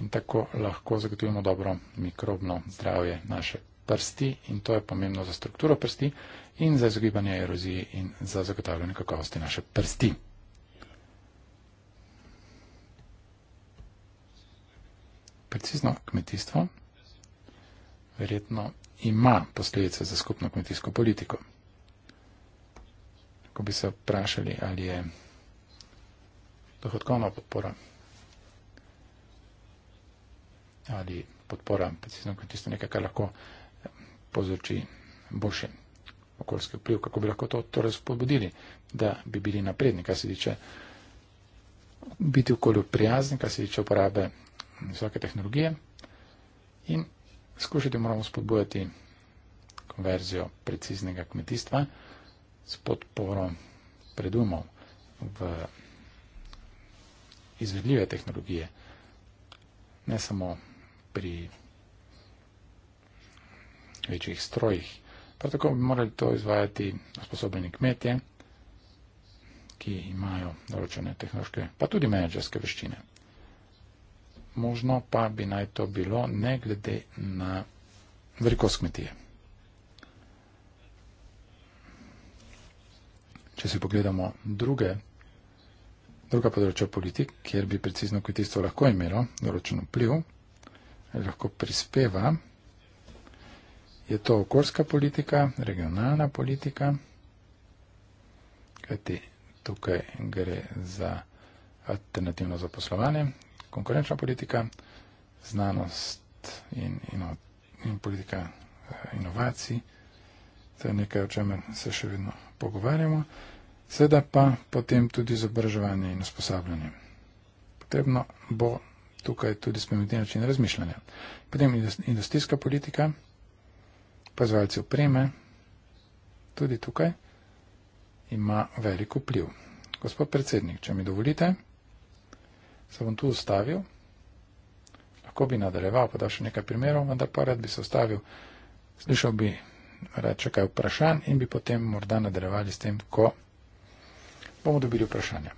in tako lahko zagotovimo dobro mikrobno zdravje naše prsti in to je pomembno za strukturo prsti in za izogibanje erozije in za zagotavljanje kakovosti naše prsti. Precizno kmetijstvo verjetno ima posledice za skupno kmetijsko politiko ko bi se vprašali, ali je dohodkovna podpora ali podpora, predvsem kot tisto nekaj, kar lahko eh, povzroči boljši okoljski vpliv, kako bi lahko to torej spodbudili, da bi bili napredni, kar se tiče biti okolju prijazni, kar se tiče uporabe vsake tehnologije in skušati moramo spodbujati konverzijo preciznega kmetijstva s podporo predumov v izvedljive tehnologije, ne samo pri večjih strojih. Prav tako bi morali to izvajati usposobljeni kmetje, ki imajo določene tehnološke, pa tudi menedžerske veščine. Možno pa bi naj to bilo ne glede na velikost kmetije. Če si pogledamo druge, druga področja politik, kjer bi precizno kmetijstvo lahko imelo določen vpliv, lahko prispeva, je to okoljska politika, regionalna politika, kajti tukaj gre za alternativno zaposlovanje, konkurenčna politika, znanost in, in, in politika eh, inovacij. To je nekaj, o čemer se še vedno pogovarjamo. Seveda pa potem tudi izobraževanje in usposabljanje. Potrebno bo tukaj tudi spremeniti način razmišljanja. Potem industrijska politika, proizvajalci opreme, tudi tukaj ima velik vpliv. Gospod predsednik, če mi dovolite, se bom tu ustavil. Lahko bi nadaljeval, pa da še nekaj primerov, vendar pa rad bi se ustavil. Slišal bi reče kaj vprašanj in bi potem morda nadaljevali s tem, ko bomo dobili vprašanja.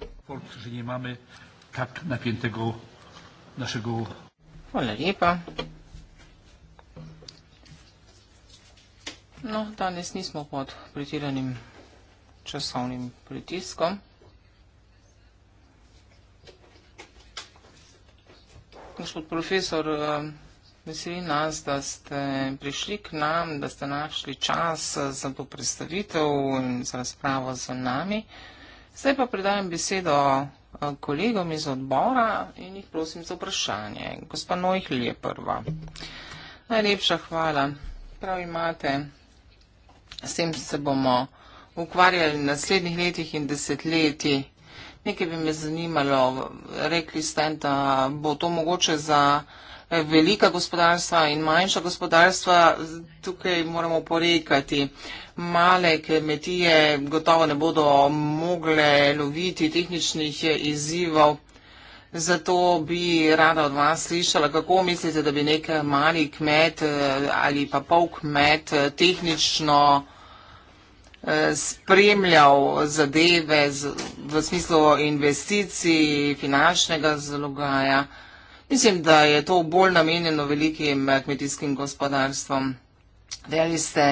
Hvala lepa. No, danes nismo pod pretiranim časovnim pritiskom. Gospod profesor, eh, Veseli nas, da ste prišli k nam, da ste našli čas za to predstavitev in za razpravo z nami. Zdaj pa predajam besedo eh, kolegom iz odbora in jih prosim za vprašanje. Gospa Nojhli je prva. Najlepša hvala. Prav imate. S tem se bomo ukvarjali v naslednjih letih in desetletji. Nekaj bi me zanimalo. Rekli ste, da bo to mogoče za velika gospodarstva in manjša gospodarstva, tukaj moramo porekati. Male kmetije gotovo ne bodo mogle loviti tehničnih izzivov. Zato bi rada od vas slišala, kako mislite, da bi nek mali kmet eh, ali pa pol kmet eh, tehnično eh, spremljal zadeve v smislu investicij, finančnega zalogaja. Mislim, da je to bolj namenjeno velikim eh, kmetijskim gospodarstvom. Dejali ste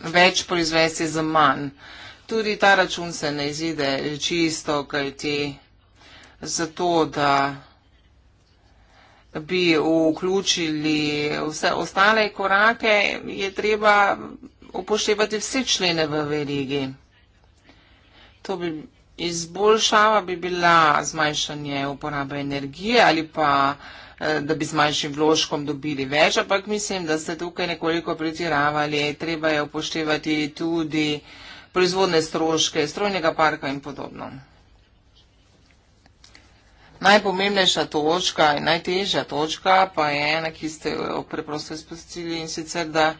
več proizvesti za manj. Tudi ta račun se ne izide čisto, kaj ti zato, da bi vključili vse ostale korake, je treba upoštevati vse člene v verigi. To bi izboljšava bi bila zmanjšanje uporabe energije ali pa eh, da bi z manjšim vložkom dobili več, ampak mislim, da ste tukaj nekoliko pretiravali, treba je upoštevati tudi proizvodne stroške, strojnega parka in podobno. Najpomembnejša točka in najtežja točka pa je ena, ki ste jo preprosto izpustili in sicer, da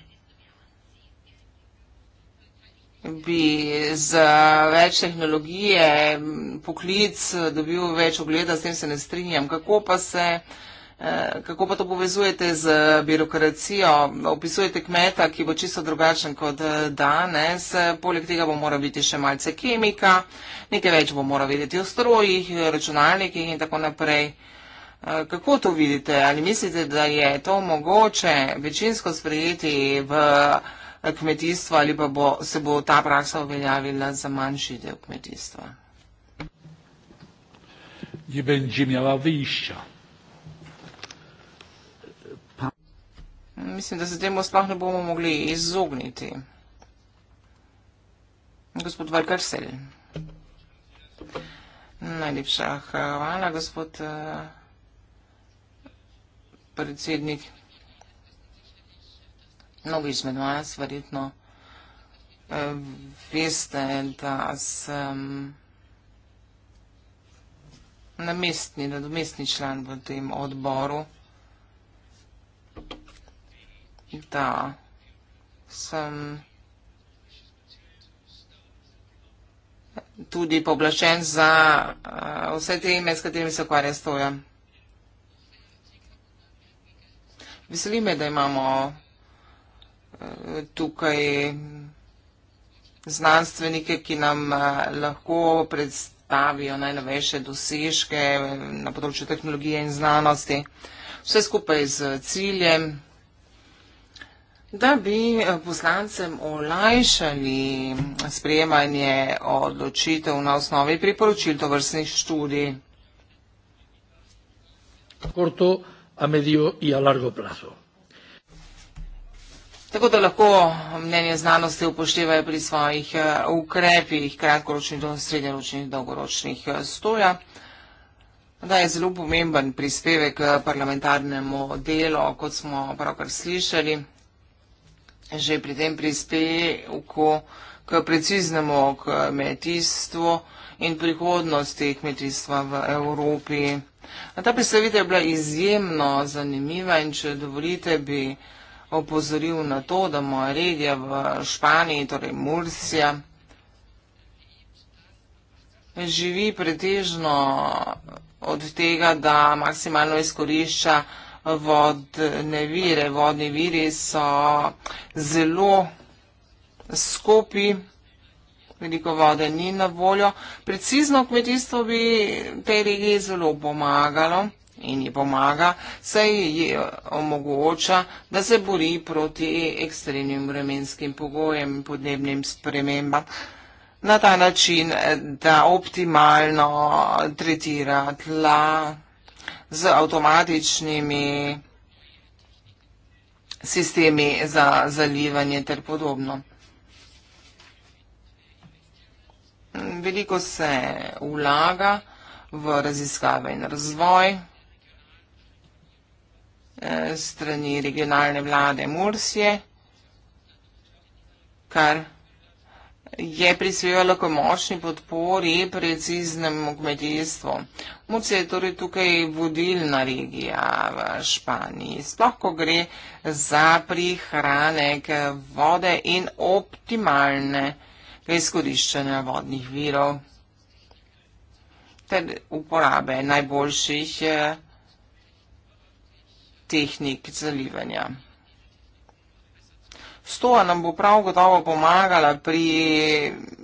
bi z več tehnologije poklic dobil več ogleda, s tem se ne strinjam. Kako pa, se, eh, kako pa to povezujete z birokracijo? Opisujete kmeta, ki bo čisto drugačen kot eh, danes. Poleg tega bo moral biti še malce kemika, nekaj več bo moral vedeti o strojih, računalnikih in tako naprej. Eh, kako to vidite? Ali mislite, da je to mogoče večinsko sprejeti v kmetijstvo ali pa bo, se bo ta praksa uveljavila za manjši del kmetijstva? Je benži imela višja. Pa... Mislim, da se temu sploh ne bomo mogli izogniti. Gospod Valkarsel. Najlepša hvala, gospod eh, predsednik mnogi izmed vas verjetno eh, veste, da sem namestni, nadomestni član v tem odboru, da sem tudi poblašen za eh, vse te ime, s katerimi se ukvarja stoja. Veseli me, da imamo tukaj znanstvenike, ki nam eh, lahko predstavijo najnovejše dosežke eh, na področju tehnologije in znanosti. Vse skupaj z ciljem, da bi eh, poslancem olajšali sprejemanje odločitev na osnovi priporočil tovrstnih študij. Korto, a medio in a largo plazo tako da lahko mnenje znanosti upoštevajo pri svojih eh, ukrepih kratkoročnih do srednjeročnih dolgoročnih eh, stoja. Da je zelo pomemben prispevek eh, parlamentarnemu delu, kot smo pravkar slišali, že pri tem prispevku k preciznemu kmetijstvu in prihodnosti kmetijstva v Evropi. Ta predstavitev je bila izjemno zanimiva in če dovolite bi opozoril na to, da moja regija v Španiji, torej Mursija, živi pretežno od tega, da maksimalno izkorišča vodne vire. Vodni viri so zelo skopi, veliko vode ni na voljo. Precizno kmetijstvo bi tej regiji zelo pomagalo in ji pomaga, saj ji omogoča, da se bori proti ekstremnim vremenskim pogojem in podnebnim spremembam na ta način, da optimalno tretira tla z avtomatičnimi sistemi za zalivanje ter podobno. Veliko se vlaga v raziskave in razvoj. Eh, strani regionalne vlade Mursije, kar je prispevalo k močni podpori preciznemu kmetijstvu. Murcija je torej tukaj vodilna regija v Španiji, sploh ko gre za prihranek vode in optimalne izkoriščanja vodnih virov ter uporabe najboljših eh, tehnik zalivanja. Stoa nam bo prav gotovo pomagala pri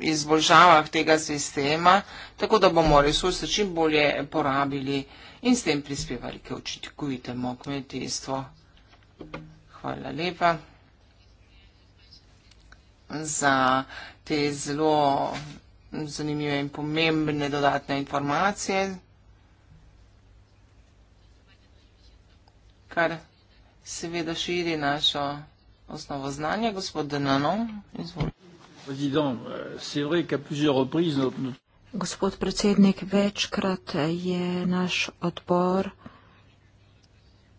izboljšavah tega sistema, tako da bomo resurse čim bolje porabili in s tem prispevali k učinkovitemu kmetijstvu. Hvala lepa za te zelo zanimive in pomembne dodatne informacije. kar seveda širi našo osnovo znanja. Gospod Denanon, izvolite. Euh, Gospod predsednik, večkrat je naš odbor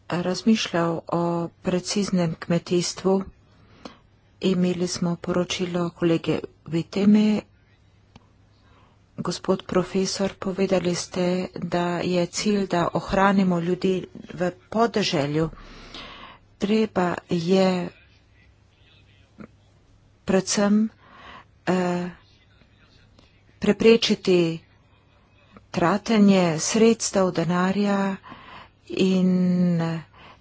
razmišljal o preciznem kmetijstvu. Imeli smo poročilo kolege Viteme gospod profesor, povedali ste, da je cilj, da ohranimo ljudi v podeželju. Treba je predvsem eh, preprečiti tratenje sredstev denarja in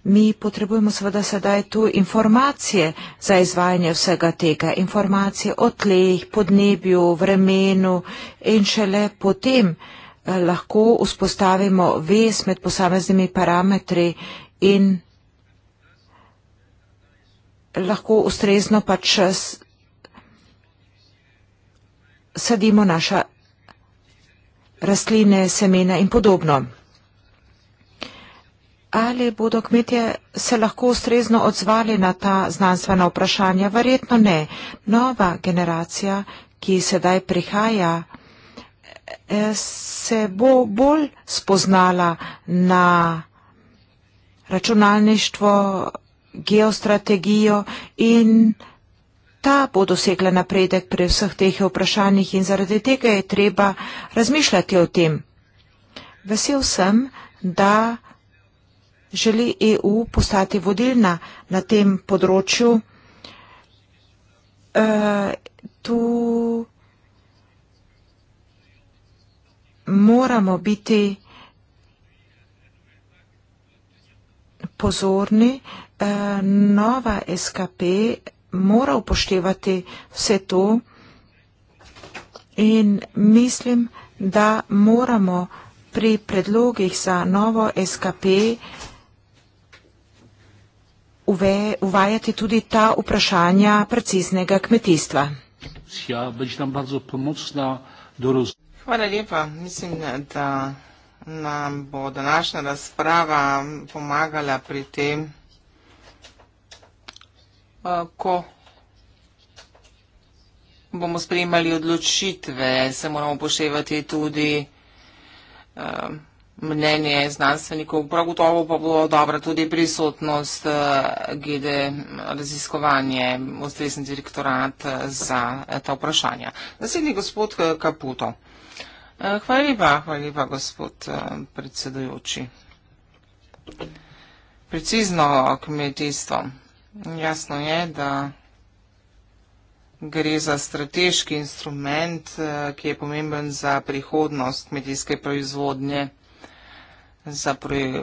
mi potrebujemo seveda sedaj tu informacije za izvajanje vsega tega, informacije o tleh, podnebju, vremenu in šele potem eh, lahko vzpostavimo vez med posameznimi parametri in lahko ustrezno pač sadimo naša rastline, semena in podobno. Ali bodo kmetje se lahko ustrezno odzvali na ta znanstvena vprašanja? Verjetno ne. Nova generacija, ki sedaj prihaja, eh, se bo bolj spoznala na računalništvo, geostrategijo in ta bo dosegla napredek pri vseh teh vprašanjih in zaradi tega je treba razmišljati o tem. Vesel sem, da želi EU postati vodilna na tem področju. Eh, tu moramo biti pozorni. Eh, nova SKP mora upoštevati vse to in mislim, da moramo pri predlogih za novo SKP eh, uve, uvajati tudi ta vprašanja preciznega kmetijstva. Ja, Hvala lepa. Mislim, da nam bo današnja razprava pomagala pri tem, eh, ko bomo sprejemali odločitve, se moramo upoštevati tudi eh, mnenje znanstvenikov, prav gotovo pa bo dobra tudi prisotnost eh, glede raziskovanje ustrezni direktorat eh, za eh, ta vprašanja. Naslednji gospod Kaputo. Hvala lepa, hvala lepa, gospod predsedujoči. Precizno kmetijstvo. Jasno je, da gre za strateški instrument, ki je pomemben za prihodnost kmetijske proizvodnje za pre,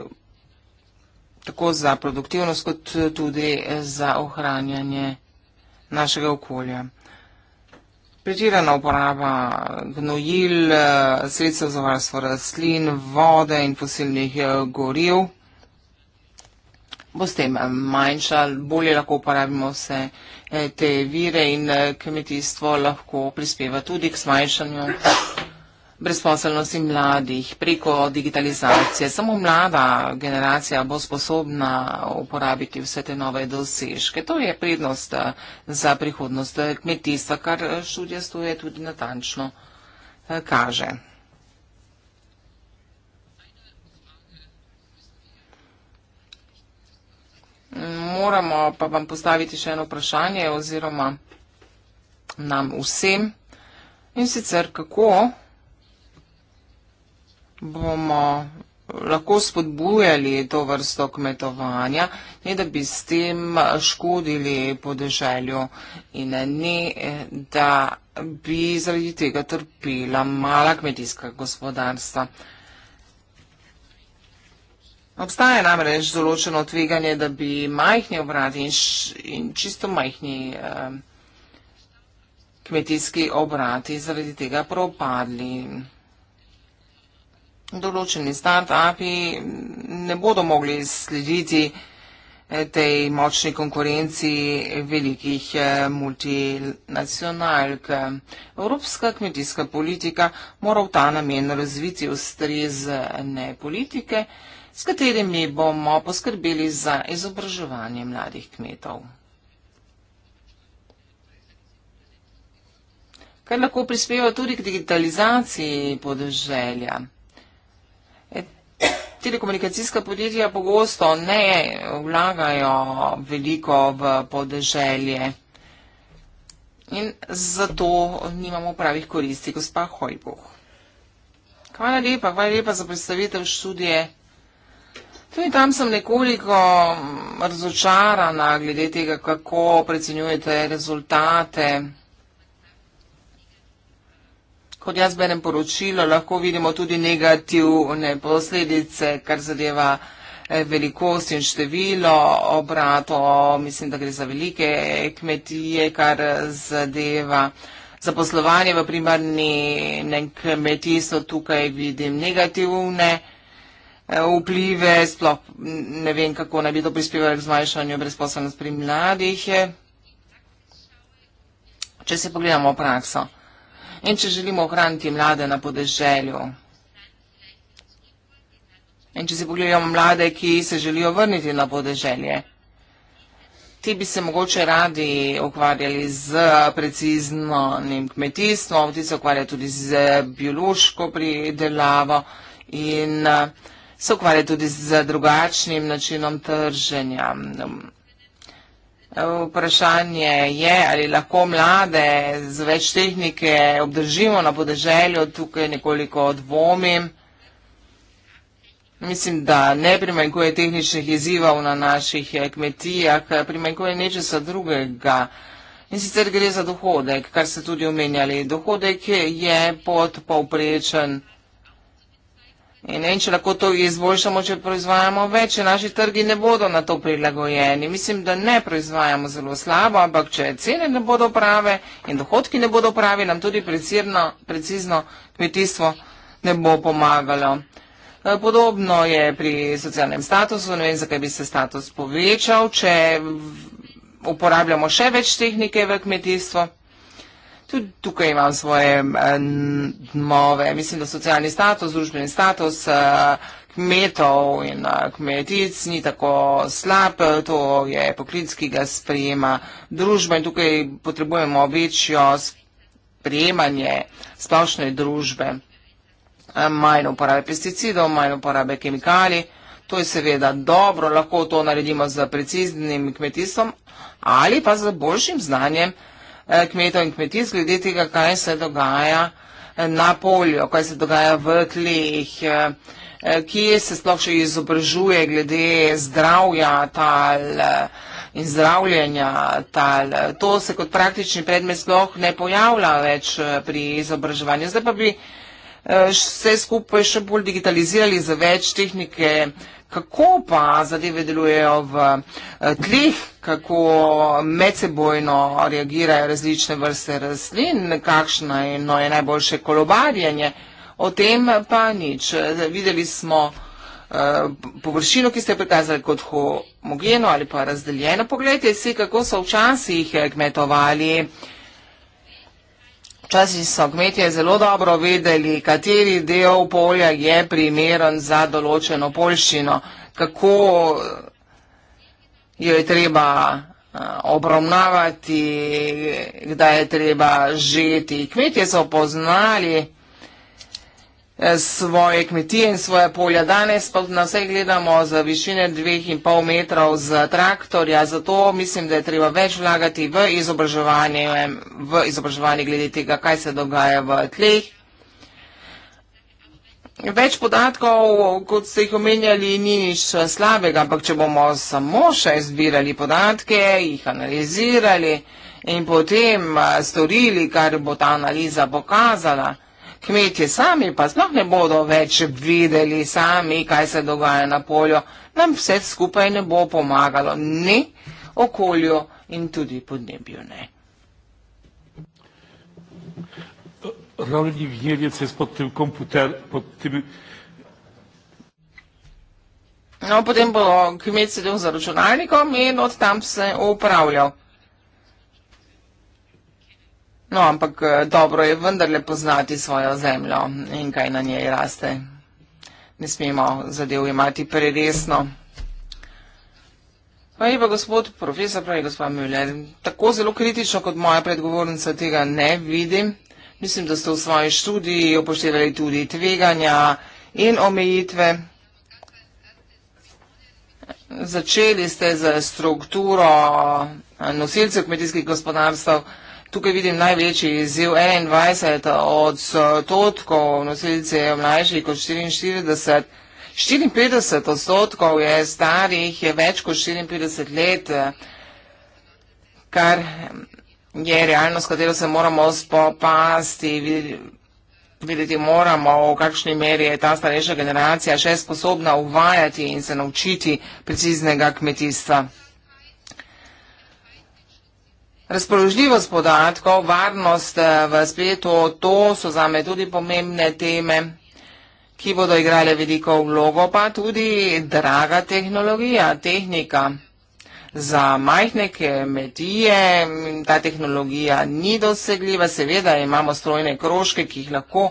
tako za produktivnost, kot tudi za ohranjanje našega okolja. Pretirana uporaba gnojil, sredstev za varstvo rastlin, vode in posilnih eh, goriv bo s tem manjša, bolje lahko uporabimo vse eh, te vire in eh, kmetijstvo lahko prispeva tudi k zmanjšanju brezposelnosti mladih, preko digitalizacije. Samo mlada generacija bo sposobna uporabiti vse te nove dosežke. To je prednost eh, za prihodnost eh, kmetijstva, kar eh, študija stoje tudi natančno kaže. Moramo pa vam postaviti še eno vprašanje oziroma nam vsem in sicer kako bomo lahko spodbujali to vrsto kmetovanja, ne da bi s tem škodili podeželju in ne da bi zaradi tega trpela mala kmetijska gospodarstva. Obstaja namreč določeno tveganje, da bi majhni obrati in, š, in čisto majhni eh, kmetijski obrati zaradi tega propadli določeni start-upi ne bodo mogli slediti eh, tej močni konkurenci velikih eh, multinacionalk. Evropska kmetijska politika mora v ta namen razviti ustrezne politike, s katerimi bomo poskrbeli za izobraževanje mladih kmetov. Kar lahko prispeva tudi k digitalizaciji podeželja. Telekomunikacijska podjetja pogosto ne vlagajo veliko v podeželje in zato nimamo pravih koristi, gospa Hojboh. Hvala lepa, hvala lepa za predstavitev študije. Tudi tam sem nekoliko razočarana glede tega, kako predsenjujete rezultate. Kot jaz berem poročilo, lahko vidimo tudi negativne posledice, kar zadeva eh, velikost in število obrato, mislim, da gre za velike kmetije, kar zadeva zaposlovanje v primarnem kmetijstvu. Tukaj vidim negativne eh, vplive, sploh ne vem, kako naj bi to prispevalo k zmanjšanju brezposobnosti pri mladih. Eh. Če se pogledamo prakso. In če želimo ohraniti mlade na podeželju, in če si pogledamo mlade, ki se želijo vrniti na podeželje, ti bi se mogoče radi ukvarjali z preciznim kmetijstvom, ti se ukvarjajo tudi z biološko pridelavo in eh, se ukvarjajo tudi z drugačnim načinom trženja. Vprašanje je, ali lahko mlade z več tehnike obdržimo na podeželju, tukaj nekoliko odvomim. Mislim, da ne primanjkuje tehničnih izzivov na naših eh, kmetijah, eh, primanjkuje nečesa drugega. In sicer gre za dohodek, kar ste tudi omenjali. Dohodek je pod povprečen. In ne vem, če lahko to izboljšamo, če proizvajamo več, če naši trgi ne bodo na to prilagojeni. Mislim, da ne proizvajamo zelo slabo, ampak če cene ne bodo prave in dohodki ne bodo pravi, nam tudi precirno, precizno kmetijstvo ne bo pomagalo. E, podobno je pri socialnem statusu, ne vem, zakaj bi se status povečal, če uporabljamo še več tehnike v kmetijstvo. Tudi tukaj imam svoje nove, mislim, da socialni status, družbeni status eh, kmetov in eh, kmetic ni tako slab, to je poklic, ki ga sprejema družba in tukaj potrebujemo večjo sprejemanje splošne družbe, eh, manj uporabe pesticidov, manj uporabe kemikalij. To je seveda dobro, lahko to naredimo z preciznim kmetijstvom ali pa z boljšim znanjem kmetijstva. Eh, kmetov in kmetic, glede tega, kaj se dogaja eh, na polju, kaj se dogaja v tleh, eh, kje se sploh še izobražuje glede zdravja tal in zdravljenja tal. To se kot praktični predmet sploh ne pojavlja več pri izobraževanju. Zdaj pa bi Eh, vse skupaj še bolj digitalizirali za več tehnike. Kako pa zadeve delujejo v eh, tleh, kako medsebojno reagirajo različne vrste rastlin, kakšno je, no, je najboljše kolobarjanje, o tem pa nič. Eh, videli smo površino, ki ste jo prikazali kot homogeno ali pa razdeljeno. Poglejte si, kako so včasih kmetovali. Včasih so kmetje zelo dobro vedeli, kateri del polja je primeren za določeno polščino, kako eh, jo je treba eh, obravnavati, kdaj je treba žeti. Kmetje so poznali. Eh, svoje kmetije in svoje polja. Danes pa na vse gledamo za višine dveh in pol metrov z traktorja, zato mislim, da je treba več vlagati v izobraževanje, v izobraževanje glede tega, kaj se dogaja v tleh. Več podatkov, kot ste jih omenjali, ni nič eh, slabega, ampak če bomo samo še izbirali podatke, jih analizirali in potem eh, storili, kar bo ta analiza pokazala, kmetje sami pa sploh ne bodo več videli sami, kaj se dogaja na polju, nam vse skupaj ne bo pomagalo, ne okolju in tudi podnebju ne. Ravni vjerjec je pod tem komputer, pod tem. No, potem bo kmet sedel za računalnikom in od tam se upravljal. No, ampak eh, dobro je vendarle poznati svojo zemljo in kaj na njej raste. Ne smemo zadev imati preresno. Pa je pa gospod profesor, pravi gospod Müller, tako zelo kritično kot moja predgovornica tega ne vidi. Mislim, da ste v svoji študiji upoštevali tudi tveganja in omejitve. Začeli ste z strukturo eh, nosilcev kmetijskih gospodarstv. Tukaj vidim največji izziv 21 odstotkov nosilcev mlajših kot 44. 54 odstotkov je starih več kot 54 let, kar je realnost, katero se moramo spopasti, videti moramo, v kakšni meri je ta starejša generacija še sposobna uvajati in se naučiti preciznega kmetijstva razpoložljivost podatkov, varnost eh, v spletu, to so zame tudi pomembne teme, ki bodo igrale veliko vlogo, pa tudi draga tehnologija, tehnika. Za majhne kmetije mm, ta tehnologija ni dosegljiva, seveda imamo strojne krožke, ki jih lahko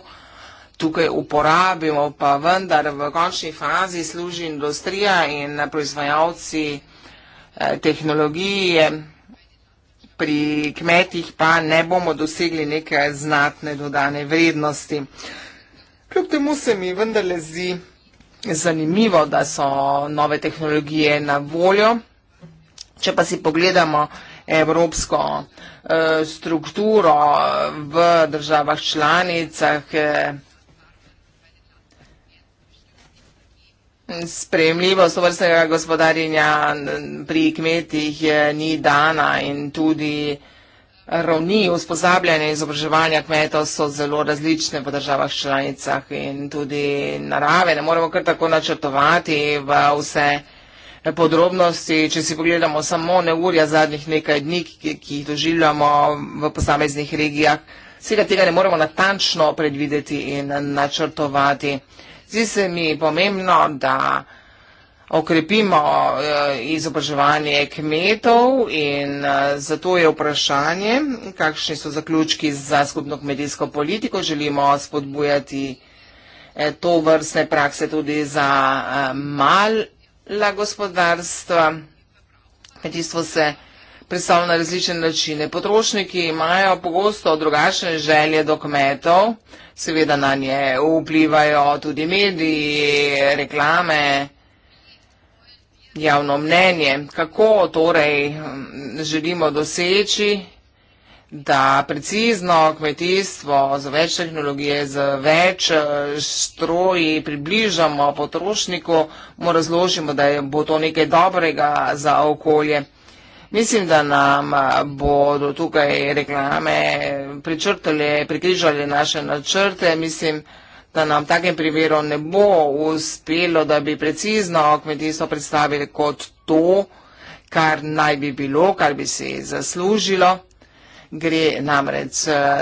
tukaj uporabimo, pa vendar v končni fazi služi industrija in proizvajalci eh, tehnologije pri kmetih pa ne bomo dosegli neke znatne dodane vrednosti. Kljub temu se mi vendarle zdi zanimivo, da so nove tehnologije na voljo. Če pa si pogledamo evropsko eh, strukturo v državah članicah, eh, Spremljivo sovrstnega gospodarjenja pri kmetih eh, ni dana in tudi ravni usposabljanja in izobraževanja kmetov so zelo različne v državah članicah in tudi narave. Ne moremo kar tako načrtovati v vse podrobnosti, če si pogledamo samo neurja zadnjih nekaj dni, ki jih doživljamo v posameznih regijah. Vsega tega ne moremo natančno predvideti in načrtovati. Zdi se mi pomembno, da okrepimo eh, izobraževanje kmetov in eh, zato je vprašanje, kakšni so zaključki za skupno kmetijsko politiko. Želimo spodbujati eh, to vrstne prakse tudi za mala gospodarstva. Kmetijstvo se predstavljeno na različne načine. Potrošniki imajo pogosto drugačne želje do kmetov, seveda na nje vplivajo tudi mediji, reklame, javno mnenje. Kako torej hm, želimo doseči, da precizno kmetijstvo z več tehnologije, z več eh, stroji približamo potrošniku, mu razložimo, da bo to nekaj dobrega za okolje. Mislim, da nam bodo tukaj reklame pričrtali, prikrižali naše načrte. Mislim, da nam v takem primeru ne bo uspelo, da bi precizno kmetijstvo predstavili kot to, kar naj bi bilo, kar bi se zaslužilo. Gre namreč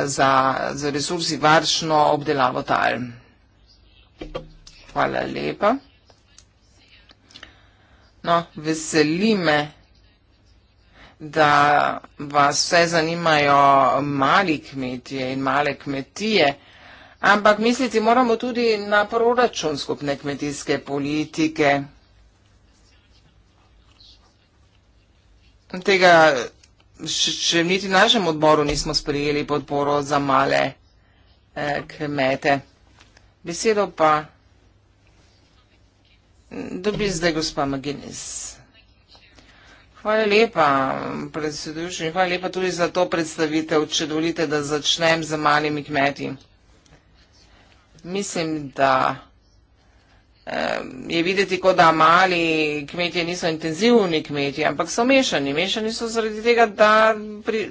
za, za resursi varšno obdelavo tal. Hvala lepa. No, veseli me da vas vse zanimajo mali kmetije in male kmetije, ampak misliti moramo tudi na proračun skupne kmetijske politike. Tega še niti našem odboru nismo sprejeli podporo za male eh, kmete. Besedo pa dobi zdaj gospa Maginis. Hvala lepa, predsedujoči, hvala lepa tudi za to predstavitev. Če dovolite, da začnem z malimi kmeti. Mislim, da eh, je videti, kot da mali kmetje niso intenzivni kmetje, ampak so mešani. Mešani so zaradi tega, da pri,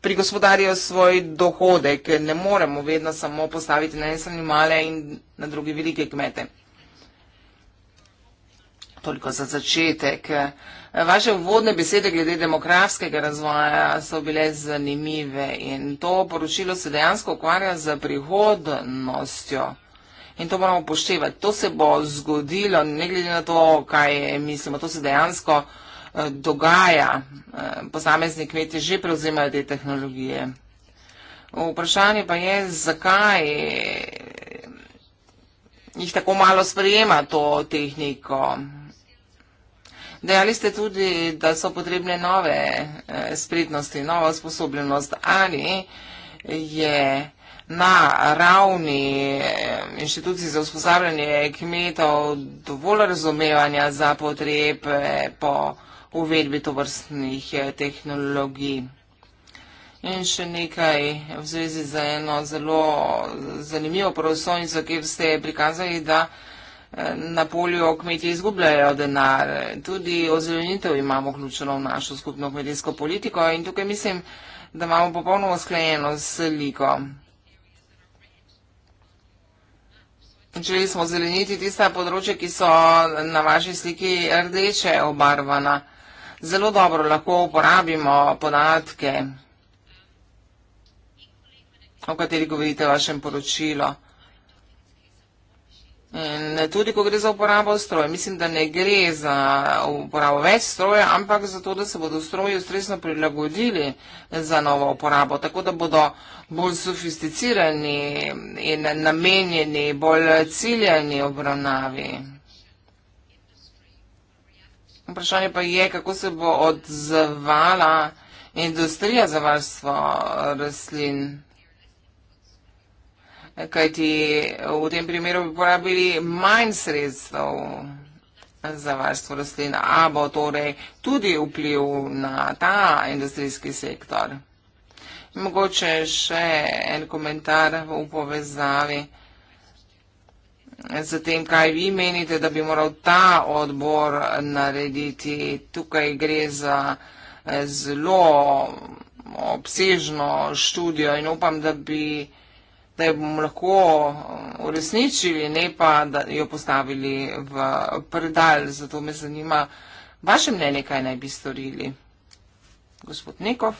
prigospodarijo svoj dohodek. Ne moremo vedno samo postaviti na ene strani male in na druge velike kmete. Toliko za začetek. Vaše uvodne besede glede demografskega razvoja so bile zanimive in to poročilo se dejansko ukvarja z prihodnostjo. In to moramo upoštevati. To se bo zgodilo, ne glede na to, kaj mislimo. To se dejansko eh, dogaja. Eh, posamezni kmeti že prevzemajo te tehnologije. Vprašanje pa je, zakaj eh, jih tako malo sprejema to tehniko. Dejali ste tudi, da so potrebne nove eh, spretnosti, nova sposobljenost. Ali je na ravni eh, inštitucij za usposabljanje kmetov dovolj razumevanja za potrebe po uvedbi tovrstnih eh, tehnologij? In še nekaj v zvezi za eno zelo zanimivo prosojnico, kjer ste prikazali, da na polju kmetje izgubljajo denar. Tudi ozelenitev imamo vključeno v našo skupno kmetijsko politiko in tukaj mislim, da imamo popolno usklajeno sliko. Želi smo zeleniti tista področja, ki so na vaši sliki rdeče obarvana. Zelo dobro lahko uporabimo podatke, o kateri govorite v vašem poročilu. In mm, tudi, ko gre za uporabo stroja, mislim, da ne gre za uporabo več stroja, ampak za to, da se bodo stroji ustresno prilagodili za novo uporabo, tako da bodo bolj sofisticirani in namenjeni, bolj ciljeni obravnavi. Vprašanje pa je, kako se bo odzvala industrija za varstvo rastlin kajti v tem primeru bi porabili manj sredstev za varstvo rastlin, a bo torej tudi vpliv na ta industrijski sektor. Mogoče še en komentar v povezavi z tem, kaj vi menite, da bi moral ta odbor narediti. Tukaj gre za eh, zelo obsežno študijo in upam, da bi da jo bomo lahko eh, uresničili, ne pa, da jo postavili v predal. Zato me zanima vaše mnenje, kaj naj bi storili. Gospod Nekov.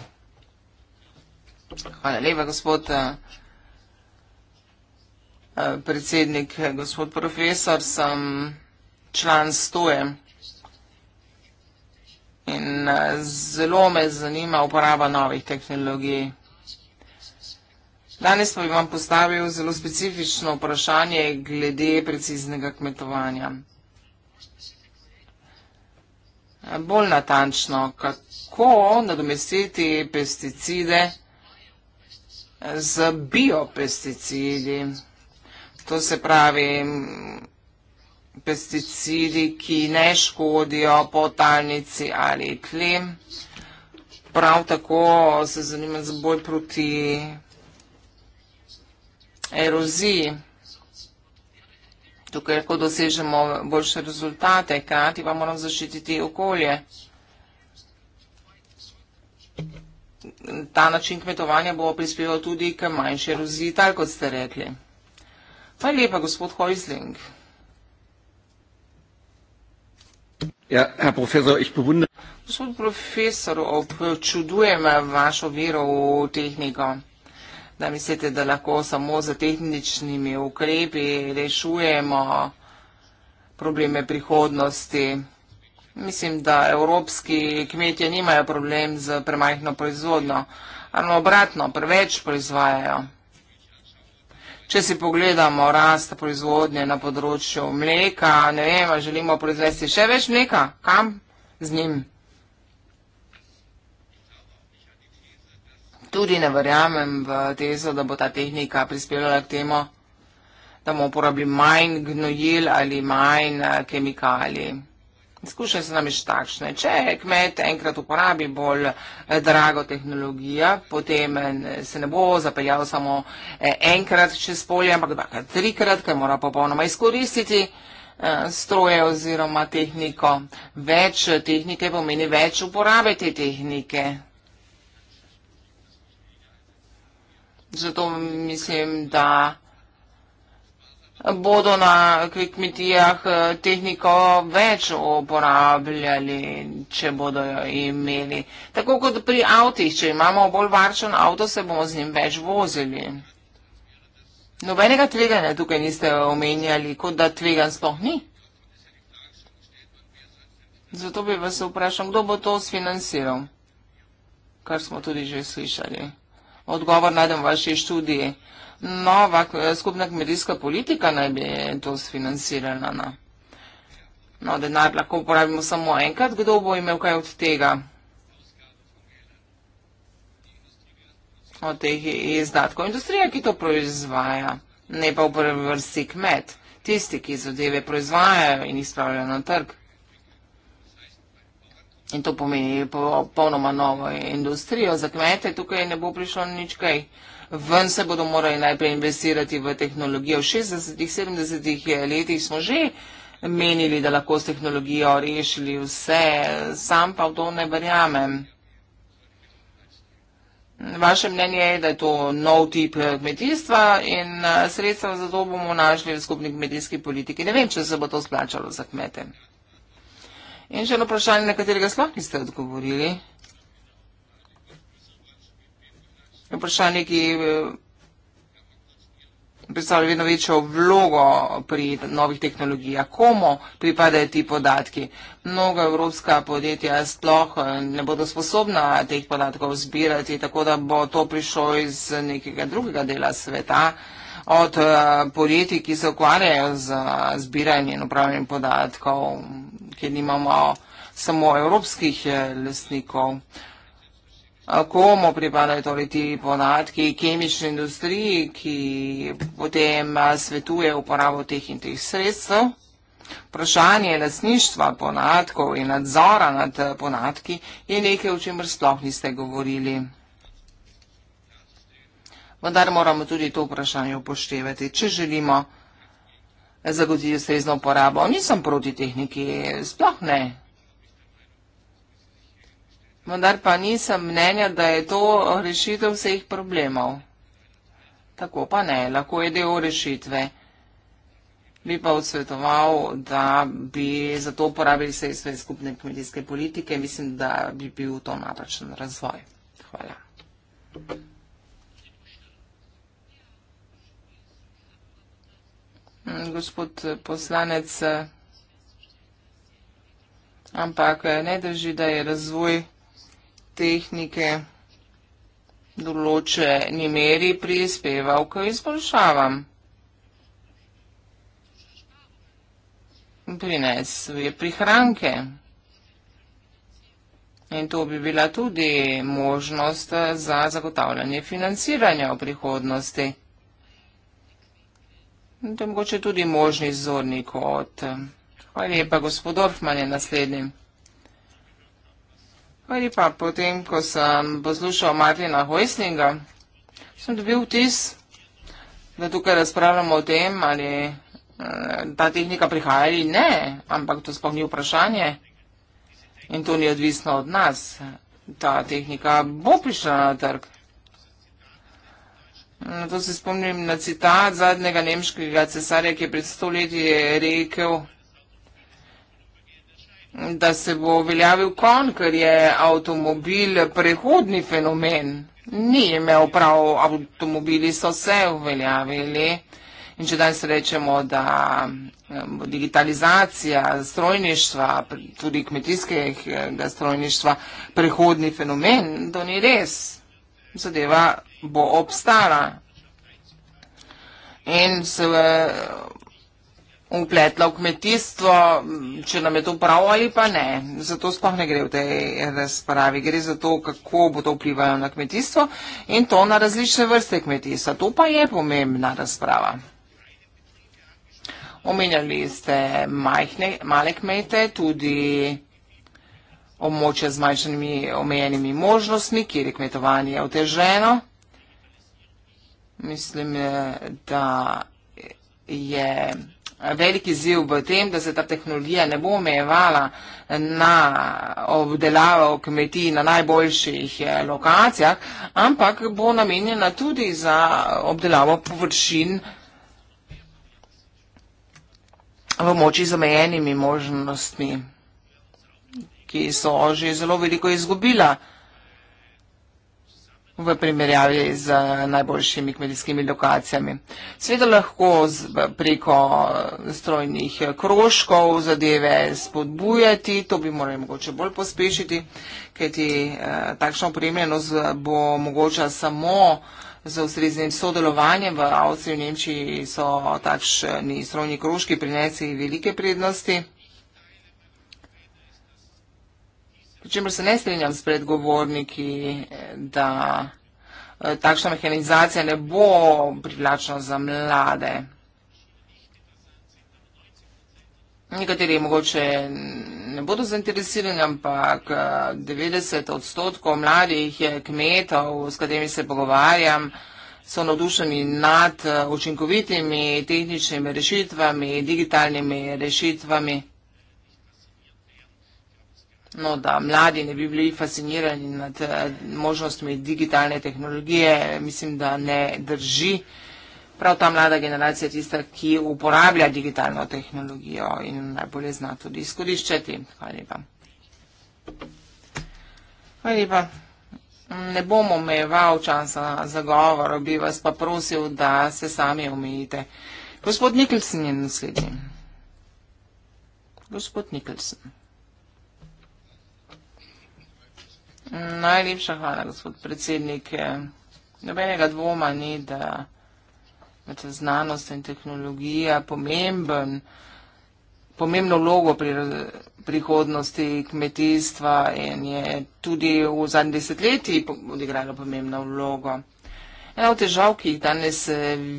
Hvala lepa, gospod eh, eh, predsednik, gospod profesor, sem član stoje. In zelo me zanima uporaba novih tehnologij. Danes pa bi vam postavil zelo specifično vprašanje glede preciznega kmetovanja. Bolj natančno, kako nadomestiti pesticide z biopesticidi, to se pravi pesticidi, ki ne škodijo po talnici ali tlem, prav tako se zanima z bolj proti pesticidi eroziji. Tukaj lahko dosežemo boljše rezultate, krati pa moram zaščititi okolje. Ta način kmetovanja bo prispeval tudi k manjši eroziji, tako kot ste rekli. Pa je lepa, gospod Heusling. Ja, herr profesor, ich bewundere. Gospod profesor, občudujem vašo vero v tehniko da mislite, da lahko samo z tehničnimi ukrepi rešujemo probleme prihodnosti. Mislim, da evropski kmetje nimajo problem z premajhno proizvodno, ali obratno, preveč proizvajajo. Če si pogledamo rast proizvodnje na področju mleka, ne vem, želimo proizvesti še več mleka, kam z njim? tudi ne verjamem v tezo, da bo ta tehnika prispevala k temu, da bomo uporabili manj gnojil ali manj eh, kemikalij. Izkušnje so namreč takšne. Če kmet enkrat uporabi bolj eh, drago tehnologijo, potem eh, se ne bo zapeljal samo enkrat čez polje, ampak dvakrat, trikrat, ker mora popolnoma izkoristiti stroje oziroma tehniko. Več tehnike pomeni več uporabe te tehnike. Zato mislim, da bodo na kmetijah eh, tehniko več uporabljali, če bodo jo imeli. Tako kot pri avtih, če imamo bolj varčen avto, se bomo z njim več vozili. Nobenega tveganja tukaj niste omenjali, kot da tvegan sploh ni. Zato bi vas vprašal, kdo bo to sfinansiral, kar smo tudi že slišali odgovor najdem v vaši študiji. No, ovak, eh, skupna kmetijska politika naj bi to sfinansirala. No, no denar lahko uporabimo samo enkrat. Kdo bo imel kaj od tega? Od teh izdatkov. Industrija, ki to proizvaja, ne pa v prvi vrsti kmet. Tisti, ki zadeve proizvajajo in izpravljajo na trg. In to pomeni popolnoma novo industrijo za kmete, tukaj ne bo prišlo nič kaj. Ven se bodo morali najprej investirati v tehnologijo. V 60-70-ih letih smo že menili, da lahko s tehnologijo rešili vse, sam pa v to ne verjamem. Vaše mnenje je, da je to nov tip eh, kmetijstva in eh, sredstva za to bomo našli v skupni kmetijski politiki. Ne vem, če se bo to splačalo za kmete. In še eno vprašanje, na katerega sploh niste odgovorili. Vprašanje, ki eh, predstavlja vedno večjo vlogo pri novih tehnologijah. Komu pripadajo ti podatki? Mnoga evropska podjetja sploh eh, ne bodo sposobna teh podatkov zbirati, tako da bo to prišlo iz nekega drugega dela sveta od eh, podjetij, ki se ukvarjajo z zbiranjem in upravljanjem podatkov ki nimamo samo evropskih eh, lesnikov. Komu pripadajo torej ti podatki? Kemični industriji, ki potem eh, svetuje uporabo teh in teh sredstev. Vprašanje lasništva podatkov in nadzora nad eh, podatki je nekaj, o čemer sploh niste govorili. Vendar moramo tudi to vprašanje upoštevati, če želimo zagotoviti ustrezno uporabo. Nisem proti tehniki, sploh ne. Vendar pa nisem mnenja, da je to rešitev vseh problemov. Tako pa ne, lahko je del rešitve. Bi pa odsvetoval, da bi za to uporabili sredstva skupne kmetijske politike. Mislim, da bi bil to napačen razvoj. Hvala. Thank you. Gospod poslanec, ampak ne drži, da je razvoj tehnike določeni meri prispeval k izboljšavam. Prinesel je prihranke. In to bi bila tudi možnost za zagotavljanje financiranja v prihodnosti. In to je mogoče tudi možni zorni kot. Hvala lepa, gospod Orfman je naslednji. Hvala lepa, potem, ko sem poslušal Martina Hoislinga, sem dobil vtis, da tukaj razpravljamo o tem, ali eh, ta tehnika prihaja ali ne, ampak to sploh ni vprašanje in to ni odvisno od nas. Ta tehnika bo prišla na trg. Na mm, to se spomnim na citat zadnjega nemškega cesarja, ki je pred stoletji rekel, da se bo uveljavil kon, ker je avtomobil prehodni fenomen. Ni imel prav, avtomobili so se uveljavili. In če danes rečemo, da mm, bo digitalizacija strojništva, tudi kmetijskega strojništva, prehodni fenomen, to ni res. Zadeva bo obstala in se v eh, upletla v kmetijstvo, če nam je to prav ali pa ne. Zato sploh ne gre v tej razpravi. Gre za to, kako bo to vplivalo na kmetijstvo in to na različne vrste kmetijstva. To pa je pomembna razprava. Omenjali ste majhne, male kmete, tudi območje z manjšanimi omejenimi možnostmi, kjer je kmetovanje oteženo mislim, eh, da je veliki ziv v tem, da se ta tehnologija ne bo omejevala na obdelavo v kmetiji na najboljših eh, lokacijah, ampak bo namenjena tudi za obdelavo površin v moči z omejenimi možnostmi, ki so že zelo veliko izgubila v primerjavi z najboljšimi kmetijskimi lokacijami. Sveda lahko z, preko eh, strojnih eh, kroškov zadeve spodbujati, to bi morali mogoče bolj pospešiti, kajti eh, takšna opremljenost bo mogoča samo z ustreznim sodelovanjem. V Avstriji in Nemčiji so takšni strojni kroški prinesli velike prednosti. čemer se ne strinjam s predgovorniki, da eh, takšna mehanizacija ne bo privlačna za mlade. Nekateri mogoče ne bodo zainteresirani, ampak 90 eh, odstotkov mladih eh, kmetov, s katerimi se pogovarjam, so navdušeni nad učinkovitimi tehničnimi rešitvami, digitalnimi rešitvami no, da mladi ne bi bili fascinirani nad eh, možnostmi digitalne tehnologije, mislim, da ne drži. Prav ta mlada generacija je tista, ki uporablja digitalno tehnologijo in najbolje zna tudi izkoriščati. Hvala lepa. Hvala lepa. Ne bom omejeval časa za govor, bi vas pa prosil, da se sami omejite. Gospod Nikelsen je naslednji. Gospod Nikelsen. Najlepša hvala, gospod predsednik. Nobenega dvoma ni, da je znanost in tehnologija pomemben, pomembno vlogo pri prihodnosti kmetijstva in je tudi v zadnjih desetletjih odigrala pomembno vlogo. Ena od težav, ki jih danes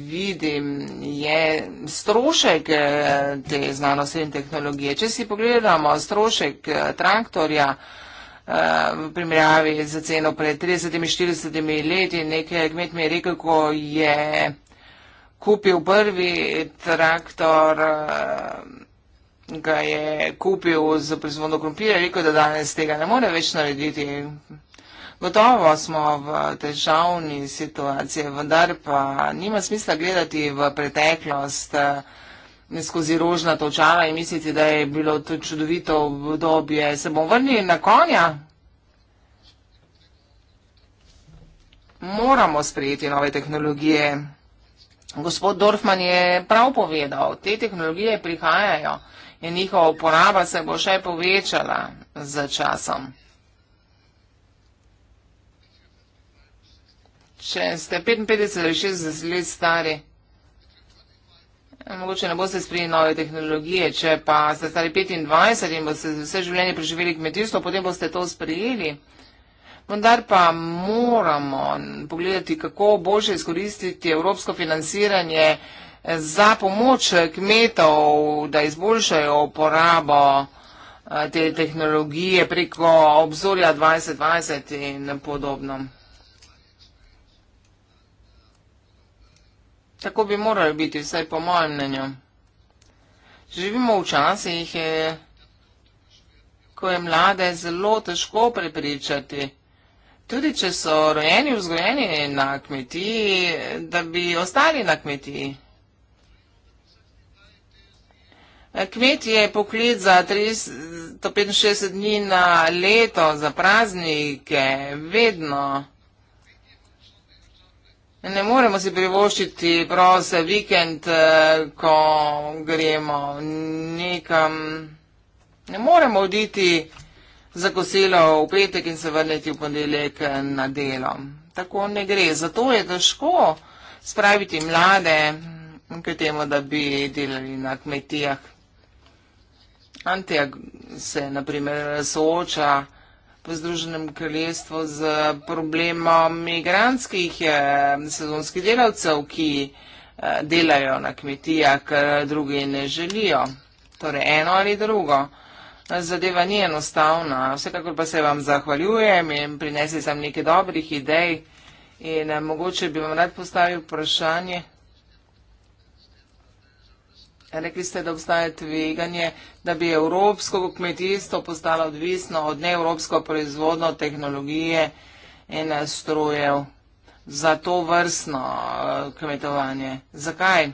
vidim, je strošek eh, te znanosti in tehnologije. Če si pogledamo strošek eh, traktorja, Eh, v primerjavi za ceno pred 30-40 leti. Nekaj kmet mi je rekel, ko je kupil prvi traktor, eh, ga je kupil za prizvodno krompirja, rekel, da danes tega ne more več narediti. Gotovo smo v težavni situaciji, vendar pa nima smisla gledati v preteklost. Uh, skozi rožna točava in misliti, da je bilo to čudovito obdobje. Se bom vrnil na konja? Moramo sprejeti nove tehnologije. Gospod Dorfman je prav povedal, te tehnologije prihajajo in njihova uporaba se bo še povečala za časom. Če ste 55 ali 60 let stari, mogoče ne boste sprejeli nove tehnologije, če pa ste stari 25 in boste vse življenje preživeli kmetijstvo, potem boste to sprejeli. Vendar pa moramo pogledati, kako boljše izkoristiti evropsko financiranje za pomoč kmetov, da izboljšajo uporabo eh, te tehnologije preko obzorja 2020 in podobno. Tako bi moralo biti, vsaj po mojem mnenju. Živimo v časih, eh, ko je mlade zelo težko prepričati, tudi če so rojeni vzgojeni na kmetiji, da bi ostali na kmetiji. Eh, Kmet je poklic za 365 dni na leto, za praznike, vedno. Ne moremo si privoščiti prosti vikend, eh, ko gremo nekam. Ne moremo oditi za kosilo v petek in se vrniti v ponedeljek eh, na delo. Tako ne gre. Zato je težko spraviti mlade k temu, da bi delali na kmetijah. Antijak se naprimer sooča v Združenem kraljestvu z problemom migranskih eh, sezonskih delavcev, ki eh, delajo na kmetijah, ker drugi ne želijo. Torej, eno ali drugo. Zadeva ni enostavna. Vsekakor pa se vam zahvaljujem in prinesel sem nekaj dobrih idej. In eh, mogoče bi vam rad postavil vprašanje. Rekli ste, da obstaja tveganje, da bi evropsko kmetijstvo postalo odvisno od neevropsko proizvodno tehnologije in strojev za to vrstno eh, kmetovanje. Zakaj?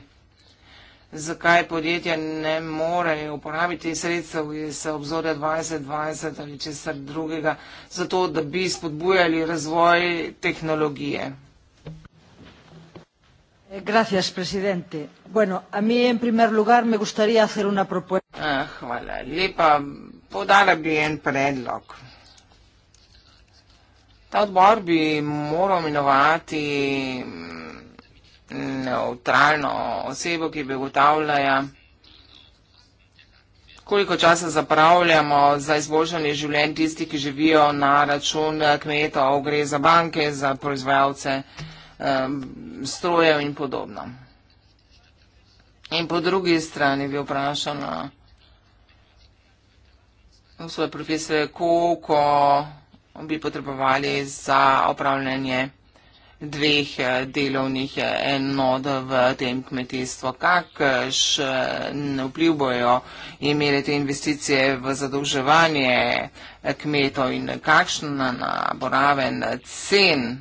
Zakaj podjetja ne morejo uporabiti sredstev iz obzorja 2020 ali česar drugega, zato da bi spodbujali razvoj tehnologije? Eh, gracias, presidente. Bueno, a mí en primer lugar me gustaría hacer una propuesta. Eh, hvala lepa. Podala bi en predlog. Ta odbor bi moral imenovati mm, neutralno osebo, ki bi ugotavljala, koliko časa zapravljamo za izboljšanje življenj tistih, ki živijo na račun kmetov, gre za banke, za proizvajalce. Eh, um, strojev in podobno. In po drugi strani bi vprašala svoje profesore, koliko bi potrebovali za opravljanje dveh eh, delovnih enod v tem kmetijstvu. Kakšen vpliv bojo imele te investicije v zadolževanje kmetov in kakšna naboraven cen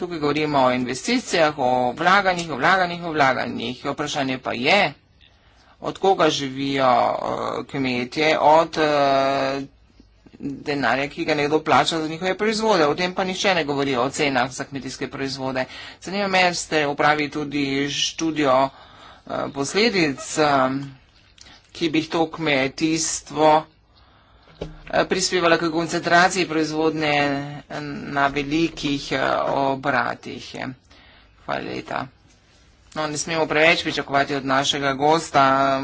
Tukaj govorimo o investicijah, o vlaganjih, o vlaganjih, o vlaganjih. Vprašanje pa je, od koga živijo uh, kmetje, od uh, denarja, ki ga nekdo plača za njihove proizvode. O tem pa nišče ne govori o cenah za kmetijske proizvode. Zanima me, ste upravili tudi študijo uh, posledic, um, ki bi to kmetijstvo uh, Eh, prispevala k koncentraciji proizvodnje eh, na velikih eh, obratih. Hvala leta. No, ne smemo preveč pričakovati od našega gosta,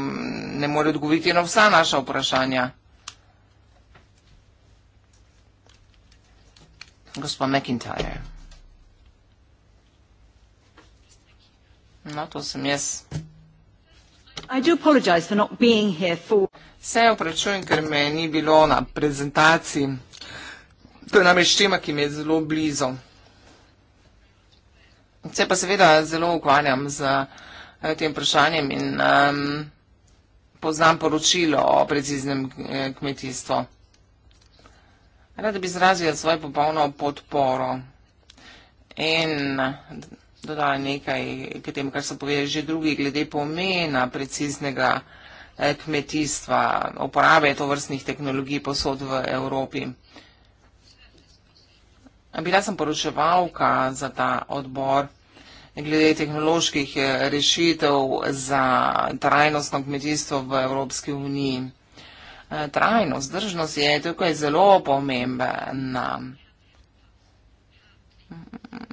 ne more odgovoriti na vsa naša vprašanja. Gospa McIntyre. No, to sem jaz. Se opravičujem, ker me ni bilo na prezentaciji. To je namreč tema, ki mi je zelo blizu. Se pa seveda zelo ukvarjam z eh, tem vprašanjem in um, poznam poročilo o preciznem eh, kmetijstvu. Rada bi izrazila svojo popolno podporo in dodala nekaj k tem, kar so povedali že drugi, glede pomena preciznega eh, kmetijstva, uporabe tovrstnih tehnologij posod v Evropi. Bila sem poročevalka za ta odbor glede tehnoloških eh, rešitev za trajnostno kmetijstvo v Evropski uniji. Eh, trajnost, držnost je tukaj zelo pomembna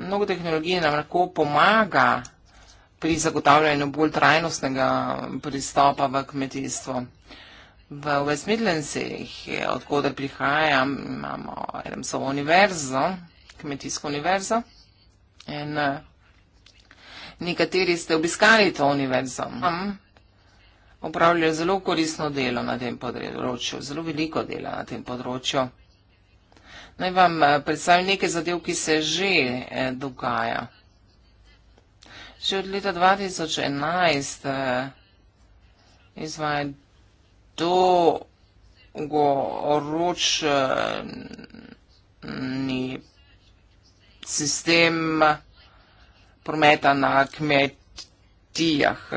mnogo tehnologij nam lahko pomaga pri zagotavljanju bolj trajnostnega pristopa v kmetijstvo. V West Midlandsih, odkuder prihajam, imamo RMSO univerzo, kmetijsko univerzo. In eh, nekateri ste obiskali to univerzo. Tam opravljajo zelo koristno delo na tem področju, zelo veliko dela na tem področju. Naj vam eh, predstavim nekaj zadev, ki se že eh, dogaja. Že od leta 2011 eh, izvaja dolgoročni sistem prometa na kmetijah.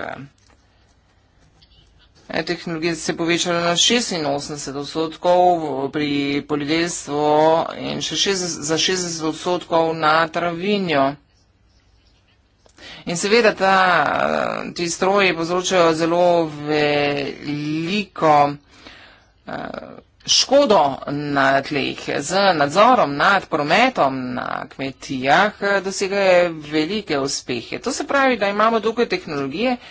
E, tehnologije se je povečala na 86 odstotkov, pri poljedelstvu in še za 60 odstotkov na travinjo. In seveda ti stroji povzročajo zelo veliko e, škodo na tleh. Z nadzorom nad prometom na kmetijah dosegajo velike uspehe. To se pravi, da imamo tukaj tehnologije, ki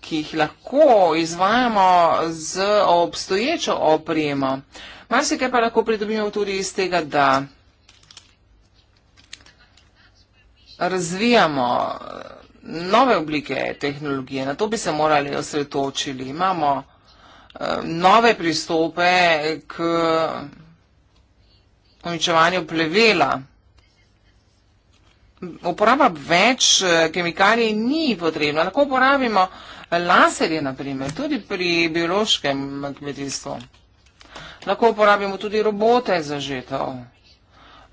ki jih lahko izvajamo z obstoječo opremo. Marsikaj pa lahko pridobimo tudi iz tega, da razvijamo eh, nove oblike tehnologije. Na to bi se morali osredotočili. Imamo eh, nove pristope k uničevanju plevela. Uporaba več eh, kemikalij ni potrebna. Lahko uporabimo uh, laserje, naprimer, tudi pri biološkem kmetijstvu. Lahko uporabimo tudi robote za žetev.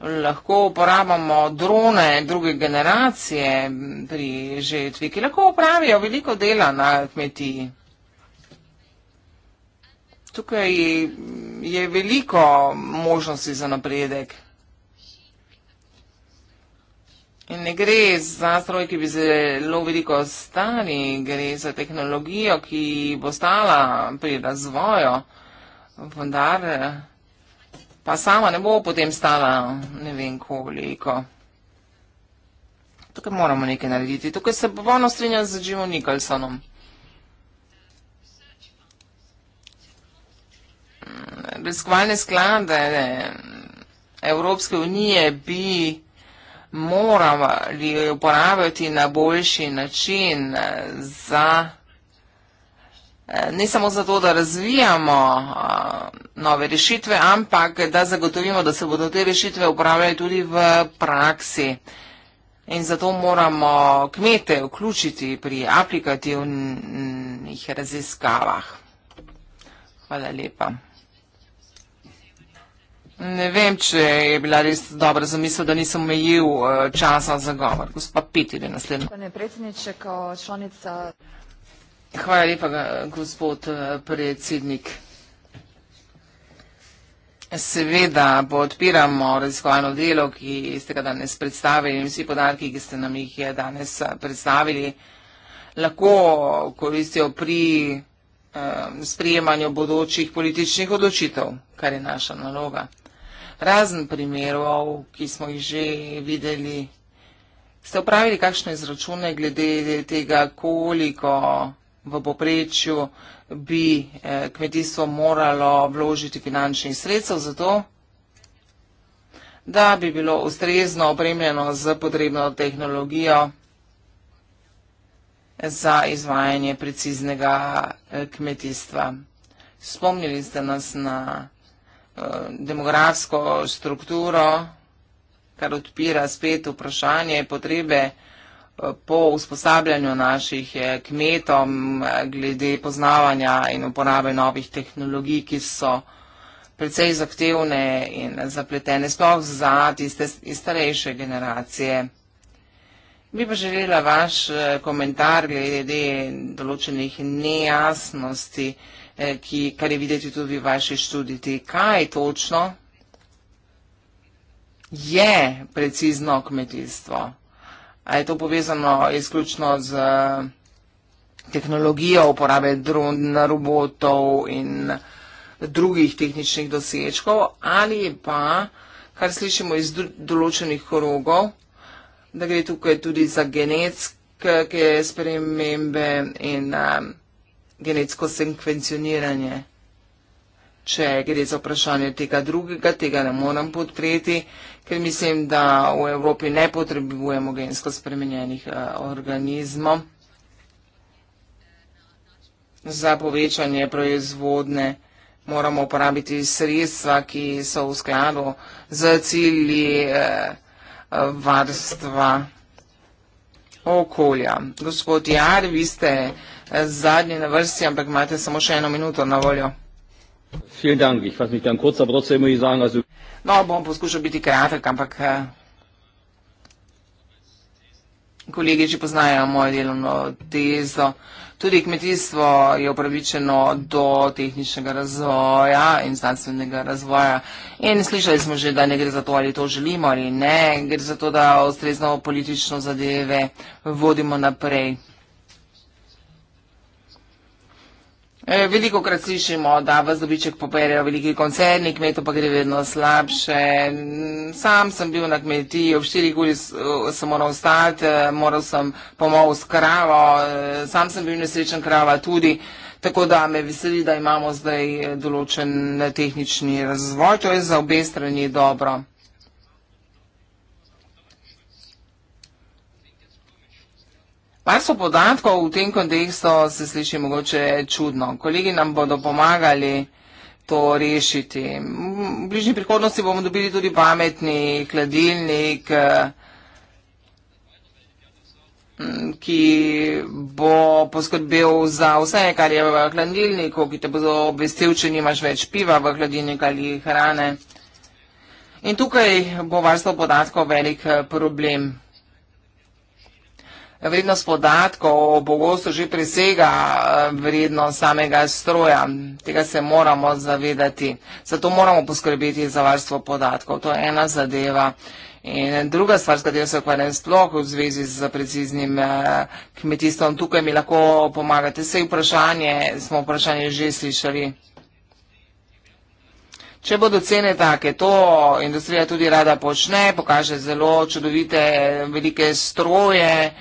Lahko uporabljamo drone druge generacije pri žetvi, ki lahko upravijo veliko dela na kmetiji. Tukaj je veliko možnosti za napredek. In ne gre za stroj, ki bi zelo veliko stali, gre za tehnologijo, ki bo stala pri razvoju, vendar eh, pa sama ne bo potem stala ne vem koliko. Tukaj moramo nekaj narediti. Tukaj se popolno strinjam z Jimu Nicholsonom. Reskovalne sklade eh, Evropske unije bi morali uporabljati na boljši način eh, za eh, ne samo zato, da razvijamo eh, nove rešitve, ampak da zagotovimo, da se bodo te rešitve uporabljali tudi v praksi. In zato moramo kmete vključiti pri aplikativnih raziskavah. Hvala lepa. Ne vem, če je bila res dobra zamisel, da nisem omejil eh, časa za govor. Gospa Pitir je naslednja. Hvala lepa, gospod eh, predsednik. Seveda podpiramo raziskovalno delo, ki ste ga danes predstavili in vsi podatki, ki ste nam jih je danes eh, predstavili, lahko koristijo pri sprejemanju bodočih političnih odločitev, kar je naša naloga razen primerov, ki smo jih že videli. Ste upravili kakšne izračune glede tega, koliko v poprečju bi eh, kmetijstvo moralo vložiti finančnih sredstev za to, da bi bilo ustrezno opremljeno z potrebno tehnologijo za izvajanje preciznega eh, kmetijstva. Spomnili ste nas na demografsko strukturo, kar odpira spet vprašanje potrebe eh, po usposabljanju naših eh, kmetom eh, glede poznavanja in uporabe novih tehnologij, ki so precej zahtevne in zapletene, sploh za tiste starejše generacije. Bi pa želela vaš komentar glede določenih nejasnosti, Eh, ki, kar je videti tudi v vaši študiji, kaj točno je precizno kmetijstvo. A je to povezano izključno z eh, tehnologijo uporabe dron, robotov in drugih tehničnih dosečkov ali pa, kar slišimo iz določenih krogov, da gre tukaj tudi za genetske spremembe in um, genetsko sekvencioniranje. Če gre za vprašanje tega drugega, tega ne moram podpreti, ker mislim, da v Evropi ne potrebujemo gensko spremenjenih eh, organizmov za povečanje proizvodne. Moramo uporabiti sredstva, ki so v skladu z cilji eh, varstva okolja. Gospod Jar, vi ste zadnji na vrsti, ampak imate samo še eno minuto na voljo. No, bom poskušal biti kratek, ampak eh, kolegi, če poznajo mojo delovno tezo, tudi kmetijstvo je upravičeno do tehničnega razvoja in znanstvenega razvoja. In slišali smo že, da ne gre za to, ali to želimo ali ne, gre za to, da ustrezno politično zadeve vodimo naprej. E, veliko krat slišimo, da vas dobiček poberajo veliki koncerni, kmetu pa gre vedno slabše. Mm, sam sem bil na kmetiji, ob štiri guli sem moral ostati, e, moral sem pomol s kravo, e, sam sem bil nesrečen krava tudi, tako da me veseli, da imamo zdaj določen tehnični razvoj, to je za obe strani dobro. Par so podatkov v tem kontekstu se sliši mogoče čudno. Kolegi nam bodo pomagali to rešiti. V bližnji prihodnosti bomo dobili tudi pametni hladilnik, ki bo poskrbel za vse, kar je v hladilniku, ki te bo obvestil, če nimaš več piva v hladilniku ali hrane. In tukaj bo varstvo podatkov velik problem vrednost podatkov pogosto že presega eh, vrednost samega stroja. Tega se moramo zavedati. Zato moramo poskrbeti za varstvo podatkov. To je ena zadeva. In druga stvar, s katero se ukvarjam sploh v zvezi z preciznim eh, kmetijstvom, tukaj mi lahko pomagate. Sej vprašanje, smo vprašanje že slišali. Če bodo cene take, to industrija tudi rada počne, pokaže zelo čudovite velike stroje,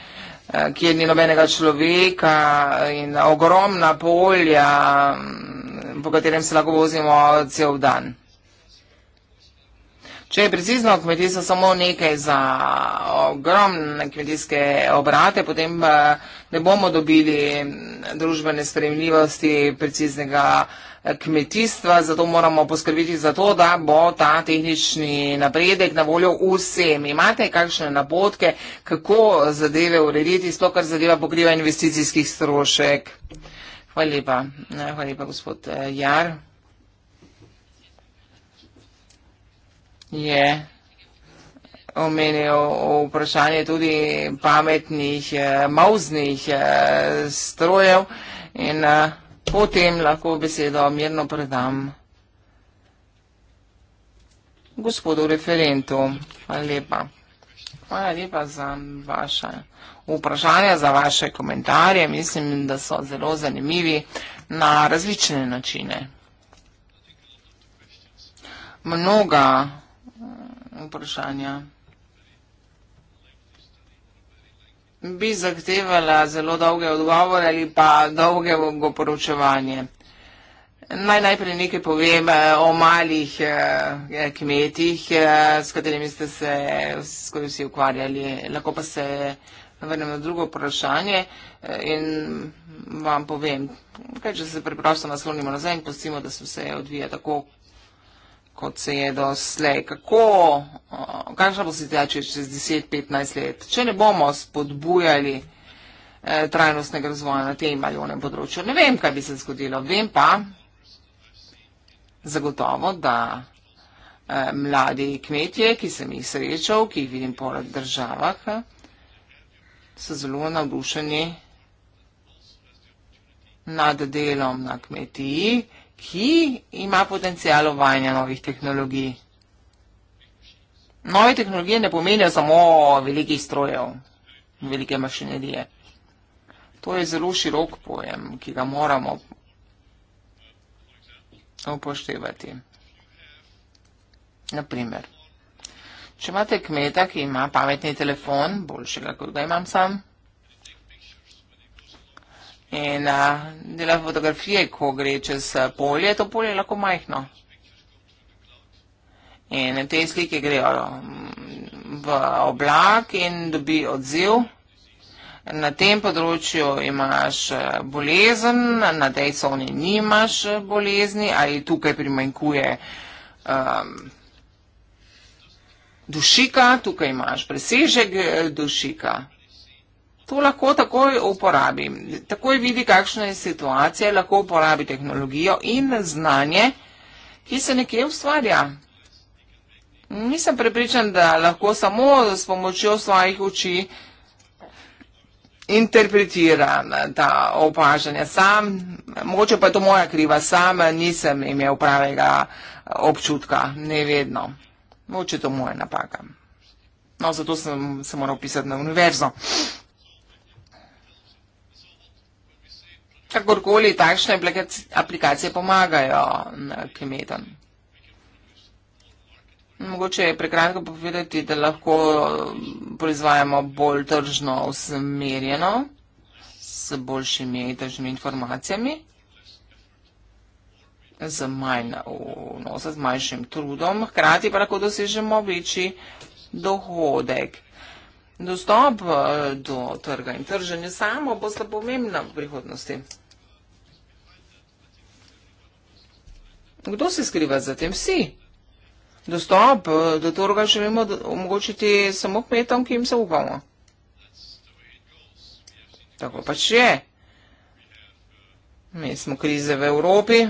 Eh, kjer ni nobenega človeka in ogromna polja, mm, po katerem se lahko vozimo cel dan. Če je precizno kmetijstvo samo nekaj za ogromne kmetijske obrate, potem eh, ne bomo dobili mm, družbene spremljivosti preciznega kmetijstva kmetijstva, zato moramo poskrbiti za to, da bo ta tehnični napredek na voljo vsem. Imate kakšne napotke, kako zadeve urediti, sploh kar zadeva pokriva investicijskih strošek? Hvala lepa. Hvala lepa, gospod eh, Jar. Je omenil vprašanje tudi pametnih, eh, mauznih eh, strojev in potem lahko besedo mirno predam gospodu referentu. Hvala lepa. Hvala lepa za vaše vprašanja, za vaše komentarje. Mislim, da so zelo zanimivi na različne načine. Mnoga mm, vprašanja. bi zahtevala zelo dolge odgovore ali pa dolge govoročevanje. Naj najprej nekaj povem eh, o malih eh, eh, kmetih, s katerimi ste se skoraj vsi ukvarjali. Lahko pa se vrnem na drugo vprašanje in vam povem, kaj če se preprosto naslonimo nazaj in postimo, da se vse odvija tako, kot se je do slej. Kako, uh, kakšna bo situacija čez 10-15 let, če ne bomo spodbujali uh, trajnostnega razvoja na tem ali onem področju? Ne vem, kaj bi se zgodilo. Vem pa zagotovo, da uh, mladi kmetje, ki sem jih srečal, ki jih vidim po državah, e, so zelo navdušeni nad delom na kmetiji ki ima potencijal uvajanja novih tehnologij. Nove tehnologije ne pomenijo samo velikih strojev, velike mašinerije. To je zelo širok pojem, ki ga moramo upoštevati. Naprimer, če imate kmeta, ki ima pametni telefon, boljšega, kot ga imam sam, In uh, dela fotografije, ko gre čez polje, to polje je lahko majhno. In te slike grejo v oblak in dobi odziv. Na tem področju imaš bolezen, na tej soni nimaš bolezni ali tukaj primanjkuje um, dušika, tukaj imaš presežek dušika to lahko takoj uporabi. Takoj vidi, kakšna je situacija, lahko uporabi tehnologijo in znanje, ki se nekje ustvarja. Nisem prepričan, da lahko samo s pomočjo svojih oči interpretira ta opažanja. Sam, mogoče pa je to moja kriva, sam nisem imel pravega občutka, ne vedno. Mogoče je to moja napaka. No, zato sem se moral pisati na univerzo. Kakorkoli takšne aplikacije pomagajo mm, kmetom. Mogoče je prekratko povedati, da lahko mm, proizvajamo bolj tržno usmerjeno, s boljšimi tržnimi informacijami, z, manj, no, z manjšim trudom, hkrati pa lahko dosežemo večji dohodek dostop eh, do trga in trženje samo bo sta pomembna v prihodnosti. Kdo se skriva za tem? Vsi. Dostop eh, do trga želimo omogočiti samo kmetom, ki jim se upamo. Tako pač je. Mi smo krize v Evropi.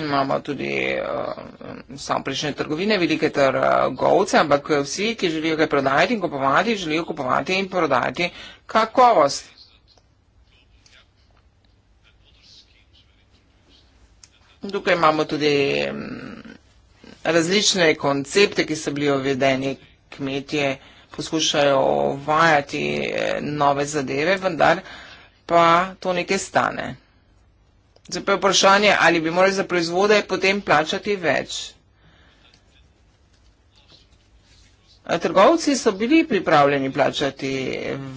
imamo tudi uh, eh, samoprične trgovine, velike trgovce, ampak vsi, ki želijo kaj prodajati in kupovati, želijo kupovati in prodajati kakovost. Tukaj imamo tudi mm, različne koncepte, ki so bili uvedeni kmetje, poskušajo uvajati eh, nove zadeve, vendar pa to nekaj stane. Zdaj pa je vprašanje, ali bi morali za proizvode potem plačati več. Trgovci so bili pripravljeni plačati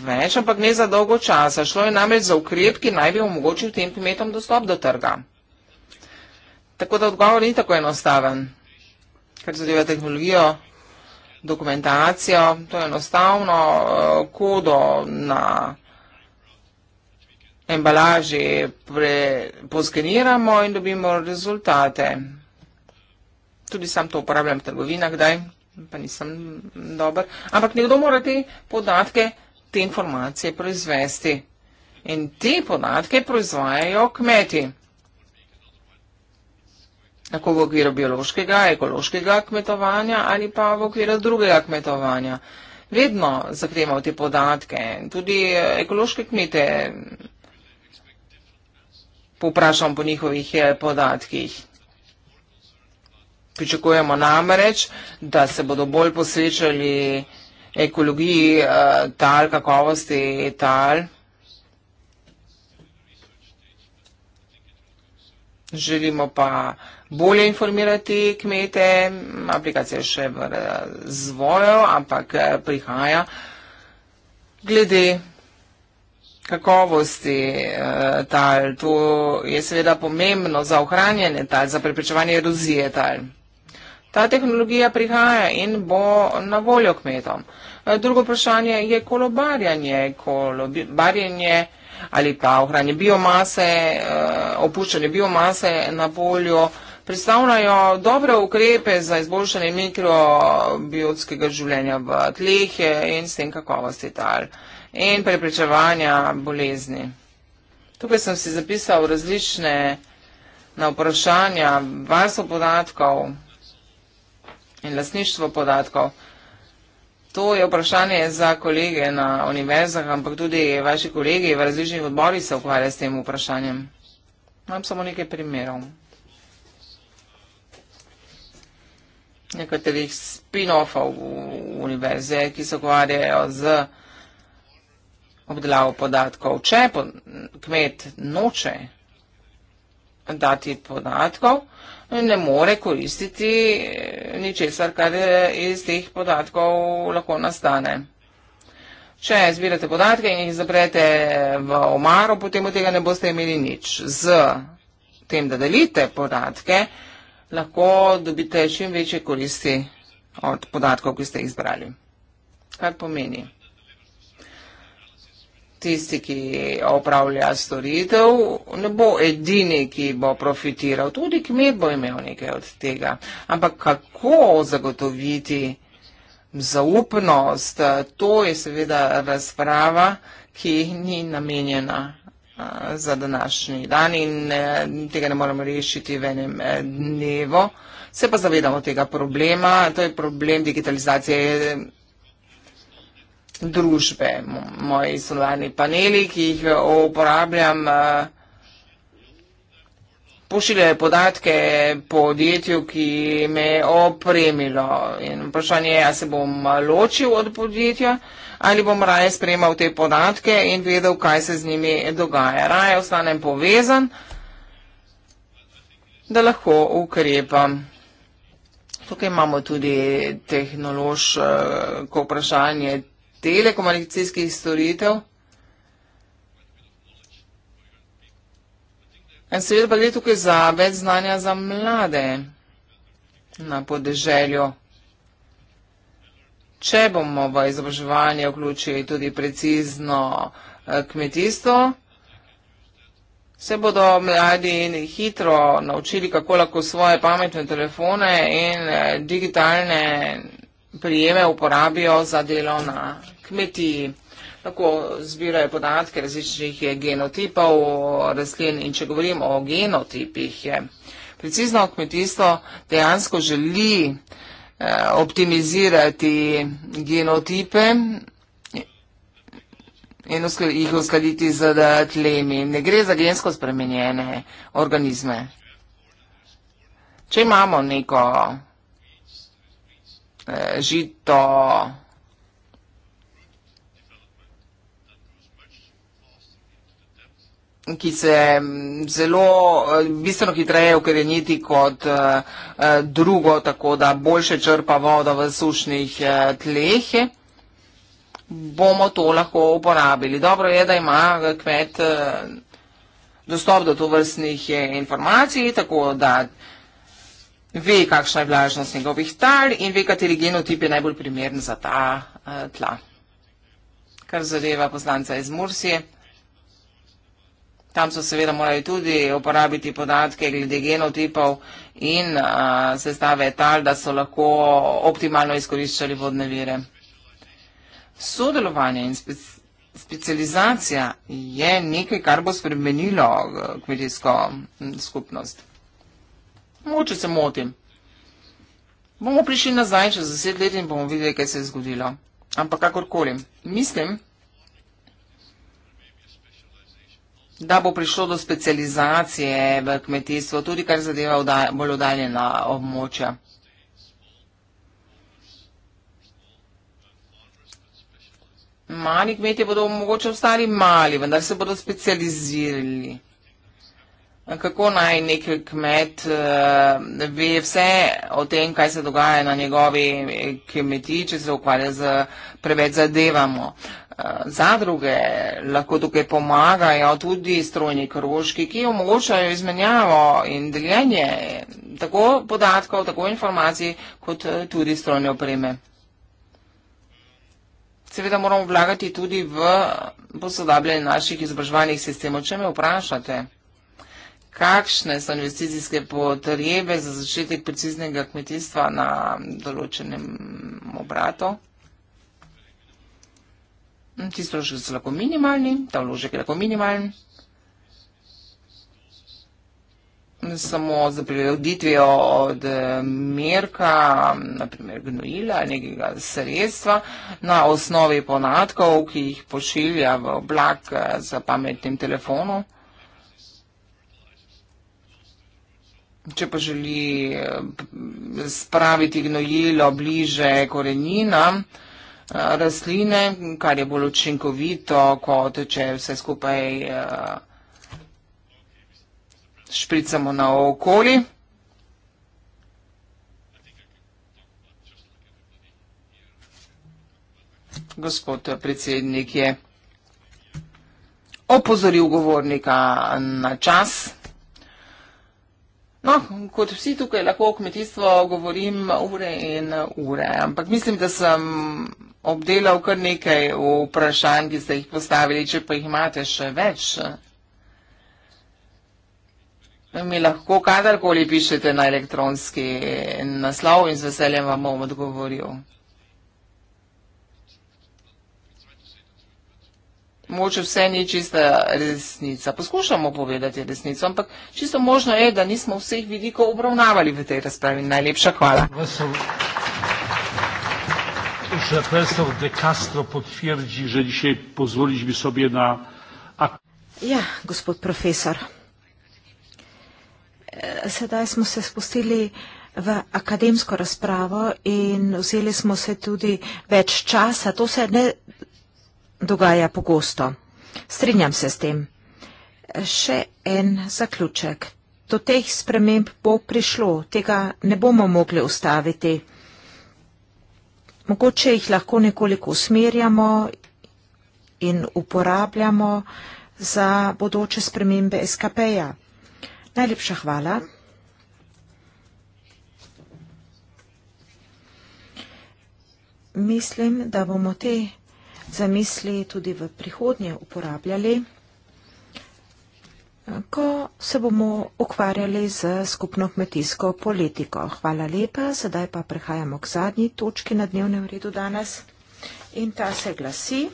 več, ampak ne za dolgo časa. Šlo je namreč za ukrep, ki naj bi omogočil tem kmetom dostop do trga. Tako da odgovor ni tako enostaven, ker zadeva tehnologijo, dokumentacijo, to je enostavno eh, kodo na trgovce embalaži pre, poskeniramo in dobimo rezultate. Tudi sam to uporabljam v trgovinah, kdaj pa nisem dober. Ampak nekdo mora te podatke, te informacije proizvesti. In te podatke proizvajajo kmeti. Tako v okviru biološkega, ekološkega kmetovanja ali pa v okviru drugega kmetovanja. Vedno zahtevamo te podatke. Tudi ekološke kmete povprašam po njihovih eh, podatkih. Pričakujemo namreč, da se bodo bolj posvečali ekologiji eh, tal, kakovosti tal. Želimo pa bolje informirati kmete, aplikacija je še v razvoju, ampak eh, prihaja glede kakovosti eh, tal. To je seveda pomembno za ohranjanje tal, za preprečevanje erozije tal. Ta tehnologija prihaja in bo na voljo kmetom. Eh, drugo vprašanje je kolobarjanje, kolobarjanje ali pa ohranje biomase, eh, opuščanje biomase na voljo. Predstavljajo dobre ukrepe za izboljšanje mikrobiotskega življenja v tleh in s tem kakovosti tal in preprečevanja bolezni. Tukaj sem si zapisal različne na vprašanja varstvo podatkov in lasništvo podatkov. To je vprašanje za kolege na univerzah, ampak tudi vaši kolege v različnih odborih se ukvarja s tem vprašanjem. Imam samo nekaj primerov. Nekaterih spin-offov univerze, ki se ukvarjajo z vprašanjem obdelavo podatkov. Če kmet noče dati podatkov, ne more koristiti eh, ničesar, kar eh, iz teh podatkov lahko nastane. Če zbirate podatke in jih zaprete v omaro, potem od tega ne boste imeli nič. Z tem, da delite podatke, lahko dobite čim večje koristi od podatkov, ki ste jih zbrali. Kar pomeni? tisti, ki opravlja storitev, ne bo edini, ki bo profitiral. Tudi kmet bo imel nekaj od tega. Ampak kako zagotoviti zaupnost, to je seveda razprava, ki ni namenjena za današnji dan in e, tega ne moremo rešiti v enem e, dnevu. Se pa zavedamo tega problema, to je problem digitalizacije družbe, moji solarni paneli, ki jih uporabljam, eh, pošiljajo podatke podjetju, ki me je opremilo. In vprašanje je, ali se bom eh, ločil od podjetja, ali bom raje spremal te podatke in vedel, kaj se z njimi dogaja. Raje ostanem povezan, da lahko ukrepam. Tukaj imamo tudi tehnološko vprašanje telekomunikacijskih storitev. In seveda pa gre tukaj za več znanja za mlade na podeželju. Če bomo v izobraževanje vključili tudi precizno eh, kmetijstvo, se bodo mladi hitro naučili, kako lahko svoje pametne telefone in eh, digitalne prijeme uporabijo za delo na kmetiji. Tako zbirajo podatke različnih genotipov rastlin in če govorim o genotipih, je precizno kmetijstvo dejansko želi eh, optimizirati genotipe in uskl jih uskladiti z tlemi. Ne gre za gensko spremenjene organizme. Če imamo neko eh, žito, ki se mm, zelo eh, bistveno hitreje ukrenjiti kot eh, eh, drugo, tako da boljše črpa voda v sušnih tleh, bomo to lahko uporabili. Dobro je, da ima kmet dostop do to vrstnih informacij, tako da ve, kakšna je vlažnost njegovih tal in ve, kateri genotip je najbolj primeren za ta tla. Kar zadeva poslanca iz Mursije. Tam so seveda morali tudi uporabiti podatke glede genotipov in uh, sestave tal, da so lahko optimalno izkoriščali vodne vire. Sodelovanje in spe specializacija je nekaj, kar bo spremenilo kmetijsko skupnost. Moče se motim. Bomo prišli nazaj čez deset let in bomo videli, kaj se je zgodilo. Ampak kakorkoli. Mislim, da bo prišlo do specializacije v kmetijstvo, tudi kar zadeva bolj odaljena območja. Mani kmetje bodo mogoče ostali mali, vendar se bodo specializirali. Kako naj nek kmet eh, ve vse o tem, kaj se dogaja na njegovi eh, kmetiji, če se ukvarja preveč zadevamo zadruge lahko tukaj pomagajo, tudi strojni krožki, ki omogočajo izmenjavo in deljenje tako podatkov, tako informacij, kot eh, tudi strojne opreme. Seveda moramo vlagati tudi v posodabljanje naših izobraževalnih sistemov. Če me vprašate, kakšne so investicijske potrebe za začetek preciznega kmetijstva na določenem obratu? Ti stroški so lahko minimalni, ta vložek je lahko minimalen. Samo za prilagoditvijo od eh, merka, naprimer gnojila, nekega sredstva na osnovi ponadkov, ki jih pošilja v oblak eh, za pametnim telefonom. Če pa želi eh, spraviti gnojilo bliže koreninam, Eh, rastline, kar je bolj učinkovito, kot če vse skupaj eh, špricamo na okoli. Gospod predsednik je opozoril govornika na čas. No, kot vsi tukaj lahko o kmetijstvo govorim ure in ure, ampak mislim, da sem obdelal kar nekaj vprašanj, ki ste jih postavili, če pa jih imate še več. Mi lahko kadarkoli pišete na elektronski naslov in z veseljem vam bom odgovoril. Moče vse ni čista resnica. Poskušamo povedati resnico, ampak čisto možno je, da nismo vseh vidikov obravnavali v tej razpravi. Najlepša hvala. Vesel profesor De Castro potrdi, da dzisiaj pozvoliti bi sobie na. Ja, gospod profesor. E, sedaj smo se spustili v akademsko razpravo in vzeli smo se tudi več časa. To se ne dogaja pogosto. Strinjam se s tem. Še en zaključek. Do teh sprememb bo prišlo, tega ne bomo mogli ustaviti mogoče jih lahko nekoliko usmerjamo in uporabljamo za bodoče spremembe SKP-ja. Najlepša hvala. Mislim, da bomo te zamisli tudi v prihodnje uporabljali ko se bomo ukvarjali z skupno kmetijsko politiko. Hvala lepa, sedaj pa prehajamo k zadnji točki na dnevnem redu danes in ta se glasi.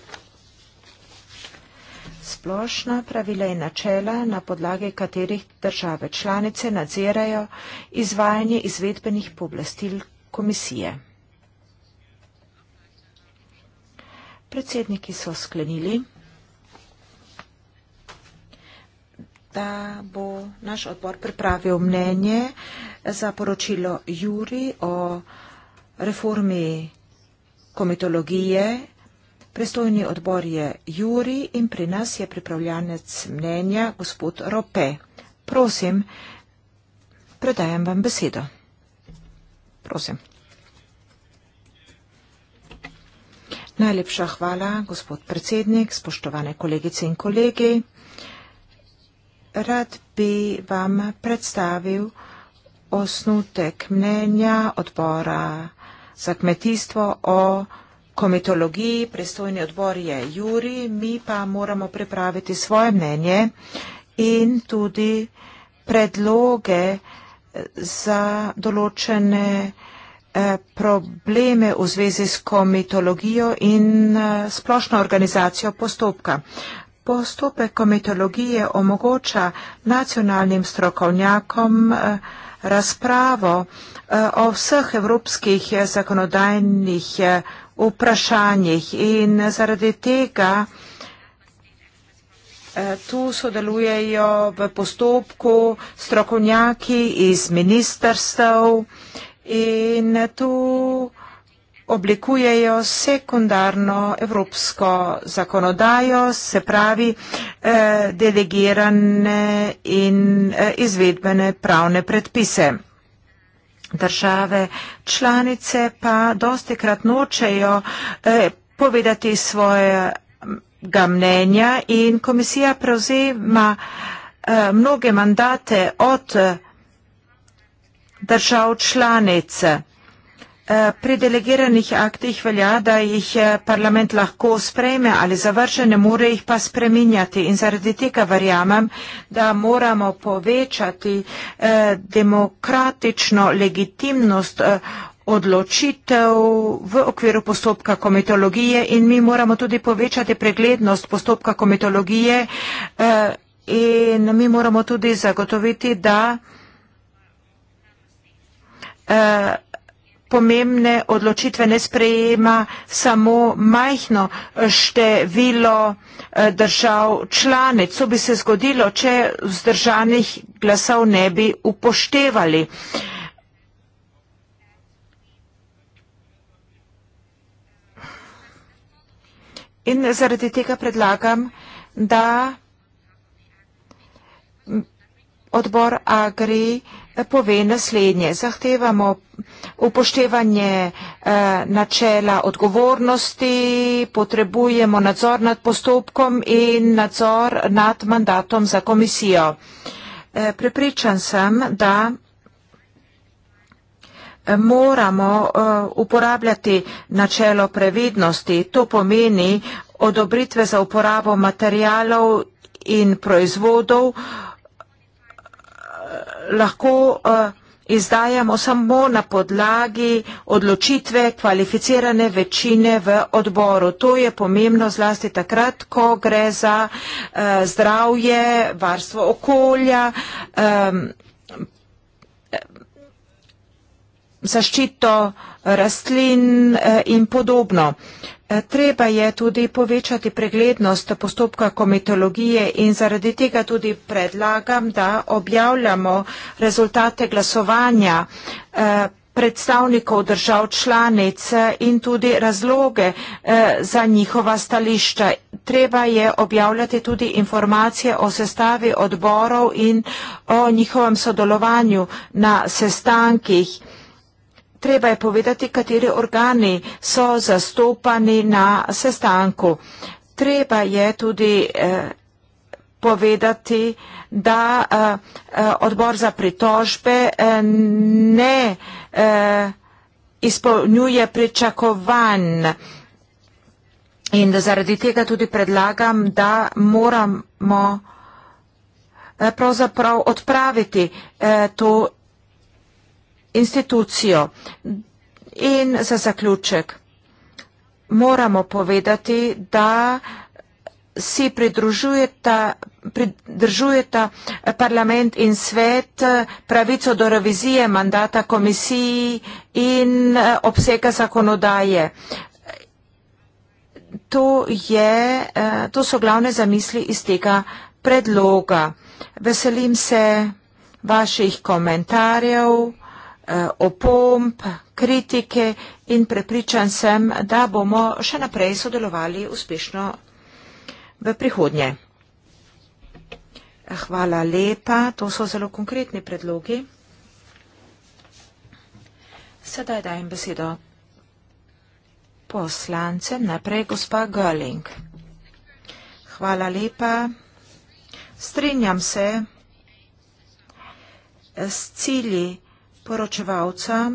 Splošna pravila in načela, na podlagi katerih države članice nadzirajo izvajanje izvedbenih poblastil komisije. Predsedniki so sklenili, da bo naš odbor pripravil mnenje za poročilo Juri o reformi komitologije. Prestojni odbor je Juri in pri nas je pripravljanec mnenja gospod Rope. Prosim, predajam vam besedo. Prosim. Najlepša hvala, gospod predsednik, spoštovane kolegice in kolegi rad bi vam predstavil osnutek mnenja odbora za kmetijstvo o komitologiji. Pristojni odbor je Juri, mi pa moramo pripraviti svoje mnenje in tudi predloge za določene eh, probleme v zvezi s komitologijo in eh, splošno organizacijo postopka. Postopek kometologije omogoča nacionalnim strokovnjakom eh, razpravo eh, o vseh evropskih eh, zakonodajnih vprašanjih in zaradi tega tu sodelujejo v postopku strokovnjaki iz ministrstev in tu oblikujejo sekundarno evropsko zakonodajo, se pravi eh, delegirane in eh, izvedbene pravne predpise. Države članice pa dosti krat nočejo eh, povedati svojega mnenja in komisija prevzema eh, mnoge mandate od eh, držav članice. Eh, pri delegiranih aktih velja, da jih eh, parlament lahko sprejme ali zavrže, ne more jih pa spreminjati. In zaradi tega verjamem, da moramo povečati eh, demokratično legitimnost odločitev v okviru postopka komitologije in mi moramo tudi povečati preglednost postopka komitologije in mi moramo tudi zagotoviti, da pomembne odločitve ne sprejema samo majhno število eh, držav članic. Co bi se zgodilo, če vzdržanih glasov ne bi upoštevali? In zaradi tega predlagam, da odbor Agri pove naslednje. Zahtevamo upoštevanje eh, načela odgovornosti, potrebujemo nadzor nad postopkom in nadzor nad mandatom za komisijo. Eh, prepričan sem, da eh, moramo eh, uporabljati načelo previdnosti. To pomeni odobritve za uporabo materijalov in proizvodov, Eh, lahko uh, izdajamo samo na podlagi odločitve kvalificirane večine v odboru. To je pomembno zlasti takrat, ko gre za uh, zdravje, varstvo okolja. Um, zaščito rastlin eh, in podobno. Eh, treba je tudi povečati preglednost postopka komitologije in zaradi tega tudi predlagam, da objavljamo rezultate glasovanja eh, predstavnikov držav članic in tudi razloge za njihova stališča. Treba je objavljati tudi informacije o sestavi odborov in o njihovem sodelovanju na sestankih treba je povedati, kateri organi so zastopani na sestanku. Treba je tudi eh, povedati, da eh, eh, odbor za pritožbe ne izpolnjuje pričakovanj. In zaradi tega tudi predlagam, da moramo pravzaprav odpraviti to institucijo. In za zaključek, moramo povedati, da si pridružujeta, pridružujeta parlament in svet pravico do revizije mandata komisiji in eh, obsega zakonodaje. To, je, eh, to so glavne zamisli iz tega predloga. Veselim se vaših komentarjev. Eh, opomb, kritike in prepričan sem, da bomo še naprej sodelovali uspešno v prihodnje. Hvala lepa, to so zelo konkretni predlogi. Sedaj dajem besedo poslancem, najprej gospa Görling. Hvala lepa. Strinjam se s cilji poročevalca,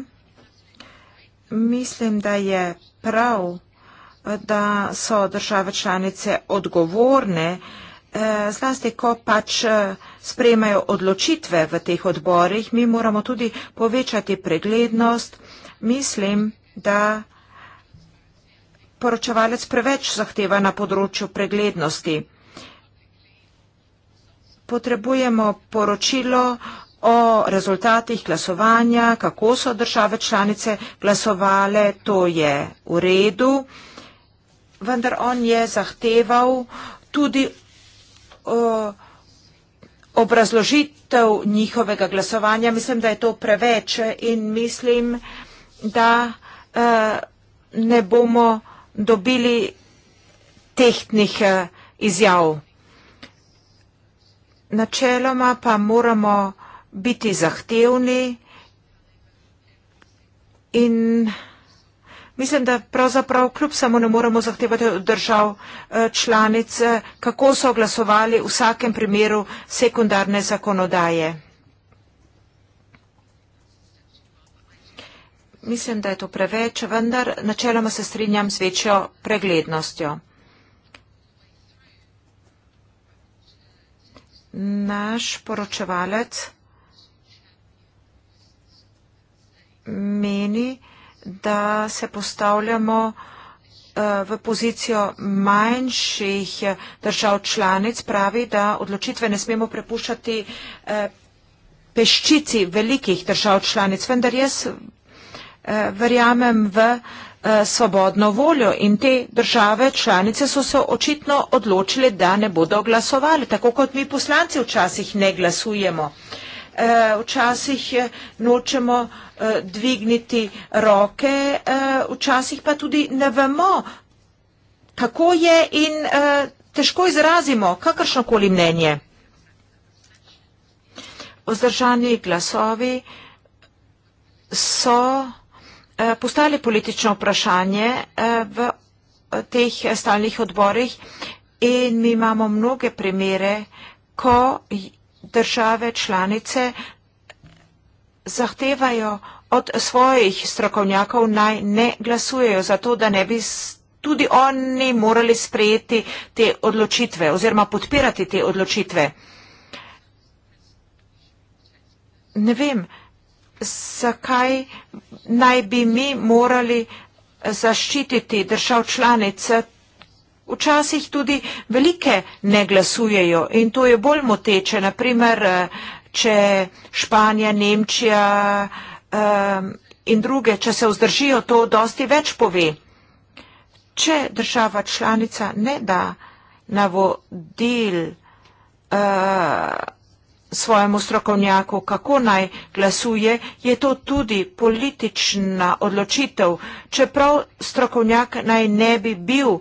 mislim, da je prav, da so države članice odgovorne, eh, zlasti, ko pač eh, spremajo odločitve v teh odborih, mi moramo tudi povečati preglednost. Mislim, da poročevalec preveč zahteva na področju preglednosti. Potrebujemo poročilo, o rezultatih glasovanja, kako so države članice glasovale, to je v redu, vendar on je zahteval tudi o, obrazložitev njihovega glasovanja. Mislim, da je to preveč in mislim, da o, e, ne bomo dobili tehtnih e, izjav. Načeloma pa moramo biti zahtevni in mislim, da pravzaprav kljub samo ne moremo zahtevati od držav eh, članic, eh, kako so glasovali v vsakem primeru sekundarne zakonodaje. Mislim, da je to preveč, vendar načeloma se strinjam z večjo preglednostjo. Naš poročevalec meni, da se postavljamo eh, v pozicijo manjših eh, držav članic, pravi, da odločitve ne smemo prepuščati eh, peščici velikih držav članic, vendar jaz verjamem v svobodno voljo in te države članice so se očitno odločile, da ne bodo glasovali, tako kot mi poslanci včasih ne glasujemo. Uh, Eh, včasih eh, nočemo eh, dvigniti roke, včasih pa tudi ne vemo, kako je in težko izrazimo kakršnokoli mnenje. Ozdržani glasovi so postali politično vprašanje v teh stalnih odborih in mi imamo mnoge primere, ko države članice zahtevajo od svojih strokovnjakov naj ne glasujejo za to, da ne bi tudi oni morali sprejeti te odločitve oziroma podpirati te odločitve. Ne vem, zakaj naj bi mi morali zaščititi držav članic včasih tudi velike ne glasujejo in to je bolj moteče. Naprimer, eh, če Španija, Nemčija ehm, in druge, če se vzdržijo, to dosti več pove. Če država članica ne da navodil, eh, svojemu strokovnjaku, kako naj glasuje, je to tudi politična odločitev, čeprav strokovnjak naj ne bi bil uh,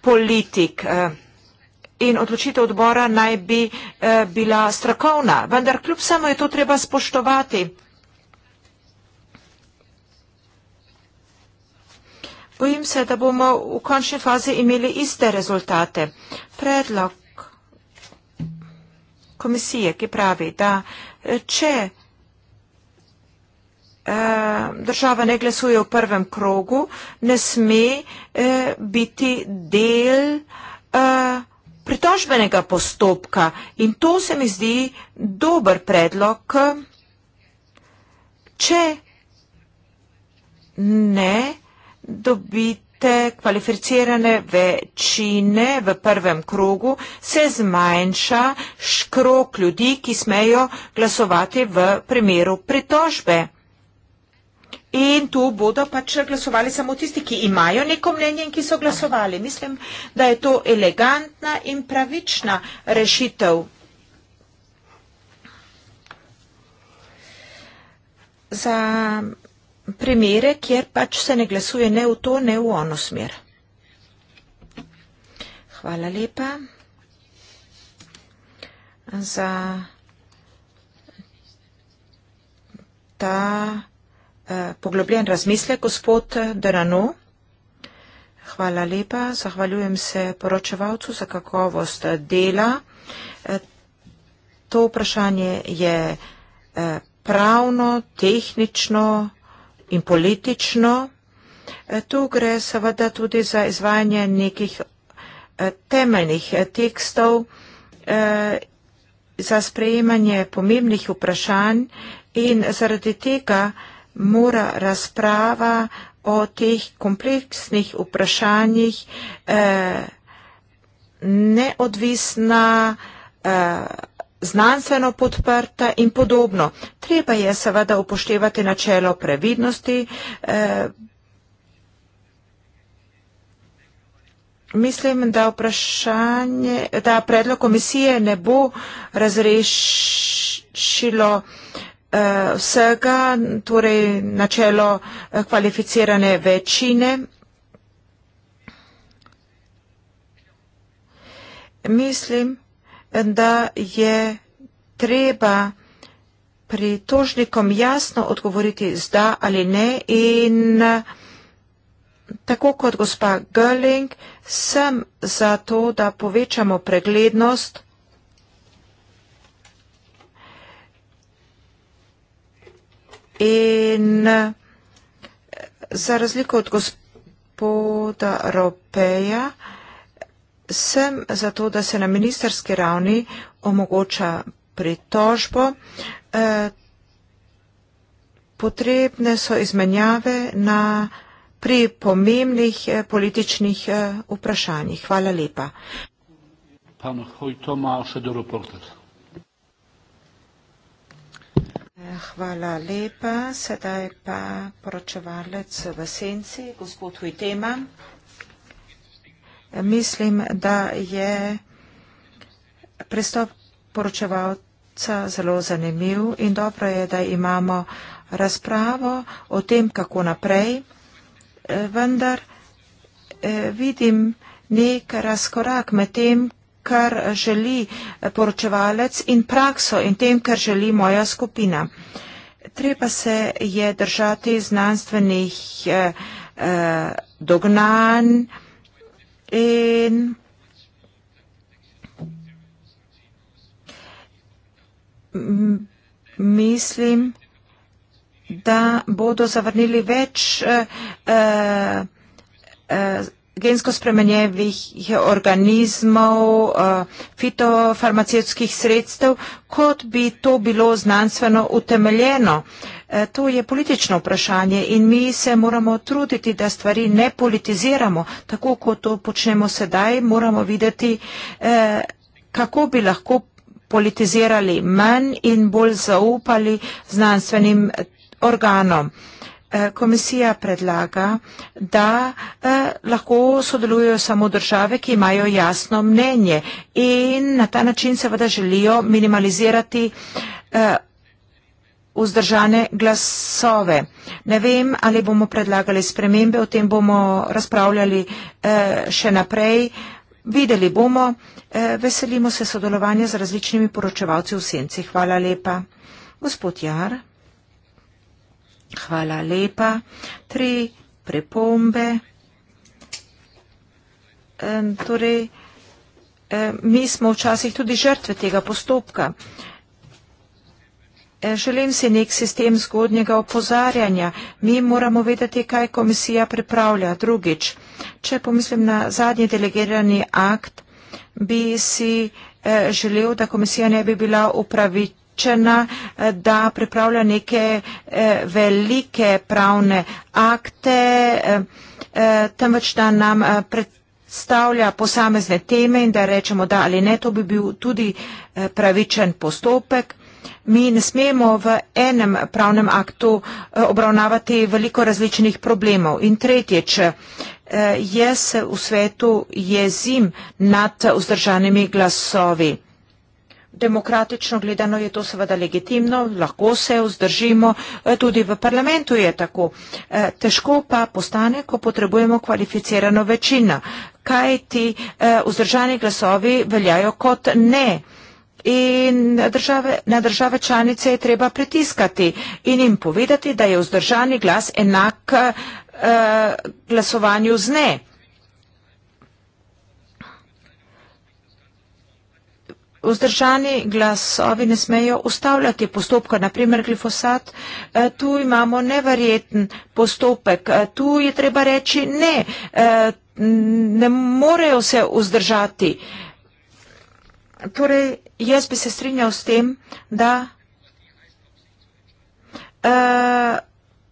politik uh, in odločitev odbora naj bi uh, bila strokovna, vendar kljub samo je to treba spoštovati. Bojim se, da bomo v končni fazi imeli iste rezultate. Predlog komisije, ki pravi, da eh, če eh, država ne glasuje v prvem krogu, ne sme eh, biti del pritožbenega postopka. In to se mi zdi dober predlog, če ne dobiti te kvalificirane večine v prvem krogu se zmanjša škrok ljudi, ki smejo glasovati v primeru pritožbe. In tu bodo pač glasovali samo tisti, ki imajo neko mnenje in ki so glasovali. Mislim, da je to elegantna in pravična rešitev. Za primere, kjer pač se ne glasuje ne v to, ne v ono smer. Hvala lepa za ta eh, poglobljen razmislek, gospod Drano. Hvala lepa, zahvaljujem se poročevalcu za kakovost eh, dela. Eh, to vprašanje je eh, pravno, tehnično in politično. E, tu gre seveda tudi za izvajanje nekih e, temeljnih e, tekstov za sprejemanje pomembnih vprašanj in zaradi tega mora razprava o teh kompleksnih vprašanjih neodvisna znanstveno podprta in podobno. Treba je seveda upoštevati načelo previdnosti. Eh, mislim, da, vprašanje, da predlog komisije ne bo razrešilo eh, vsega, torej načelo eh, kvalificirane večine. Mislim, da je treba pri tožnikom jasno odgovoriti zda ali ne in tako kot gospa Gerling sem za to, da povečamo preglednost in za razliko od gospoda Ropeja, sem zato, da se na ministerski ravni omogoča pritožbo. Eh, potrebne so izmenjave na, pri pomembnih eh, političnih eh, vprašanjih. Hvala lepa. Hvala lepa. Sedaj pa poročevalec v senci, gospod Vitema mislim, da je pristop poročevalca zelo zanimiv in dobro je, da imamo razpravo o tem, kako naprej, e, vendar e, vidim nek razkorak med tem, kar želi poročevalec in prakso in tem, kar želi moja skupina. Treba se je držati znanstvenih eh, dognanj, In mislim, da bodo zavrnili več. Uh, uh, uh, gensko spremenjevih organizmov, eh, fitofarmacijskih sredstev, kot bi to bilo znanstveno utemeljeno. Eh, to je politično vprašanje in mi se moramo truditi, da stvari ne politiziramo, tako kot to počnemo sedaj, moramo videti, eh, kako bi lahko politizirali manj in bolj zaupali znanstvenim organom. Eh, komisija predlaga, da eh, lahko sodelujo samo države, ki imajo jasno mnenje in na ta način seveda želijo minimalizirati eh, vzdržane glasove. Ne vem, ali bomo predlagali spremembe, o tem bomo razpravljali eh, še naprej. Videli bomo, eh, veselimo se sodelovanja z različnimi poročevalci v senci. Hvala lepa. Gospod Jar. Hvala lepa. Tri prepombe. Torej, mi smo včasih tudi žrtve tega postopka. Želim si nek sistem zgodnjega opozarjanja. Mi moramo vedeti, kaj komisija pripravlja. Drugič, če pomislim na zadnji delegirani akt, bi si eh, želel, da komisija ne bi bila upravičena določena, eh, da pripravlja neke eh, velike pravne akte, eh, temveč da nam predstavlja posamezne teme in da rečemo da ali ne, to bi bil tudi pravičen postopek. Mi ne smemo v enem pravnem aktu obravnavati veliko različnih problemov. In tretjič, jaz v svetu jezim nad vzdržanimi glasovi demokratično gledano je to seveda legitimno, lahko se vzdržimo, eh, tudi v parlamentu je tako. Eh, težko pa postane, ko potrebujemo kvalificirano večino, kaj ti eh, vzdržani glasovi veljajo kot ne. In države, na države članice je treba pritiskati in jim povedati, da je vzdržani glas enak uh, glasovanju z ne. vzdržani glasovi ne smejo ustavljati postopka, naprimer glifosat. Eh, tu imamo neverjeten postopek. Eh, tu je treba reči ne, eh, ne morejo se vzdržati. Torej, jaz bi se strinjal s tem, da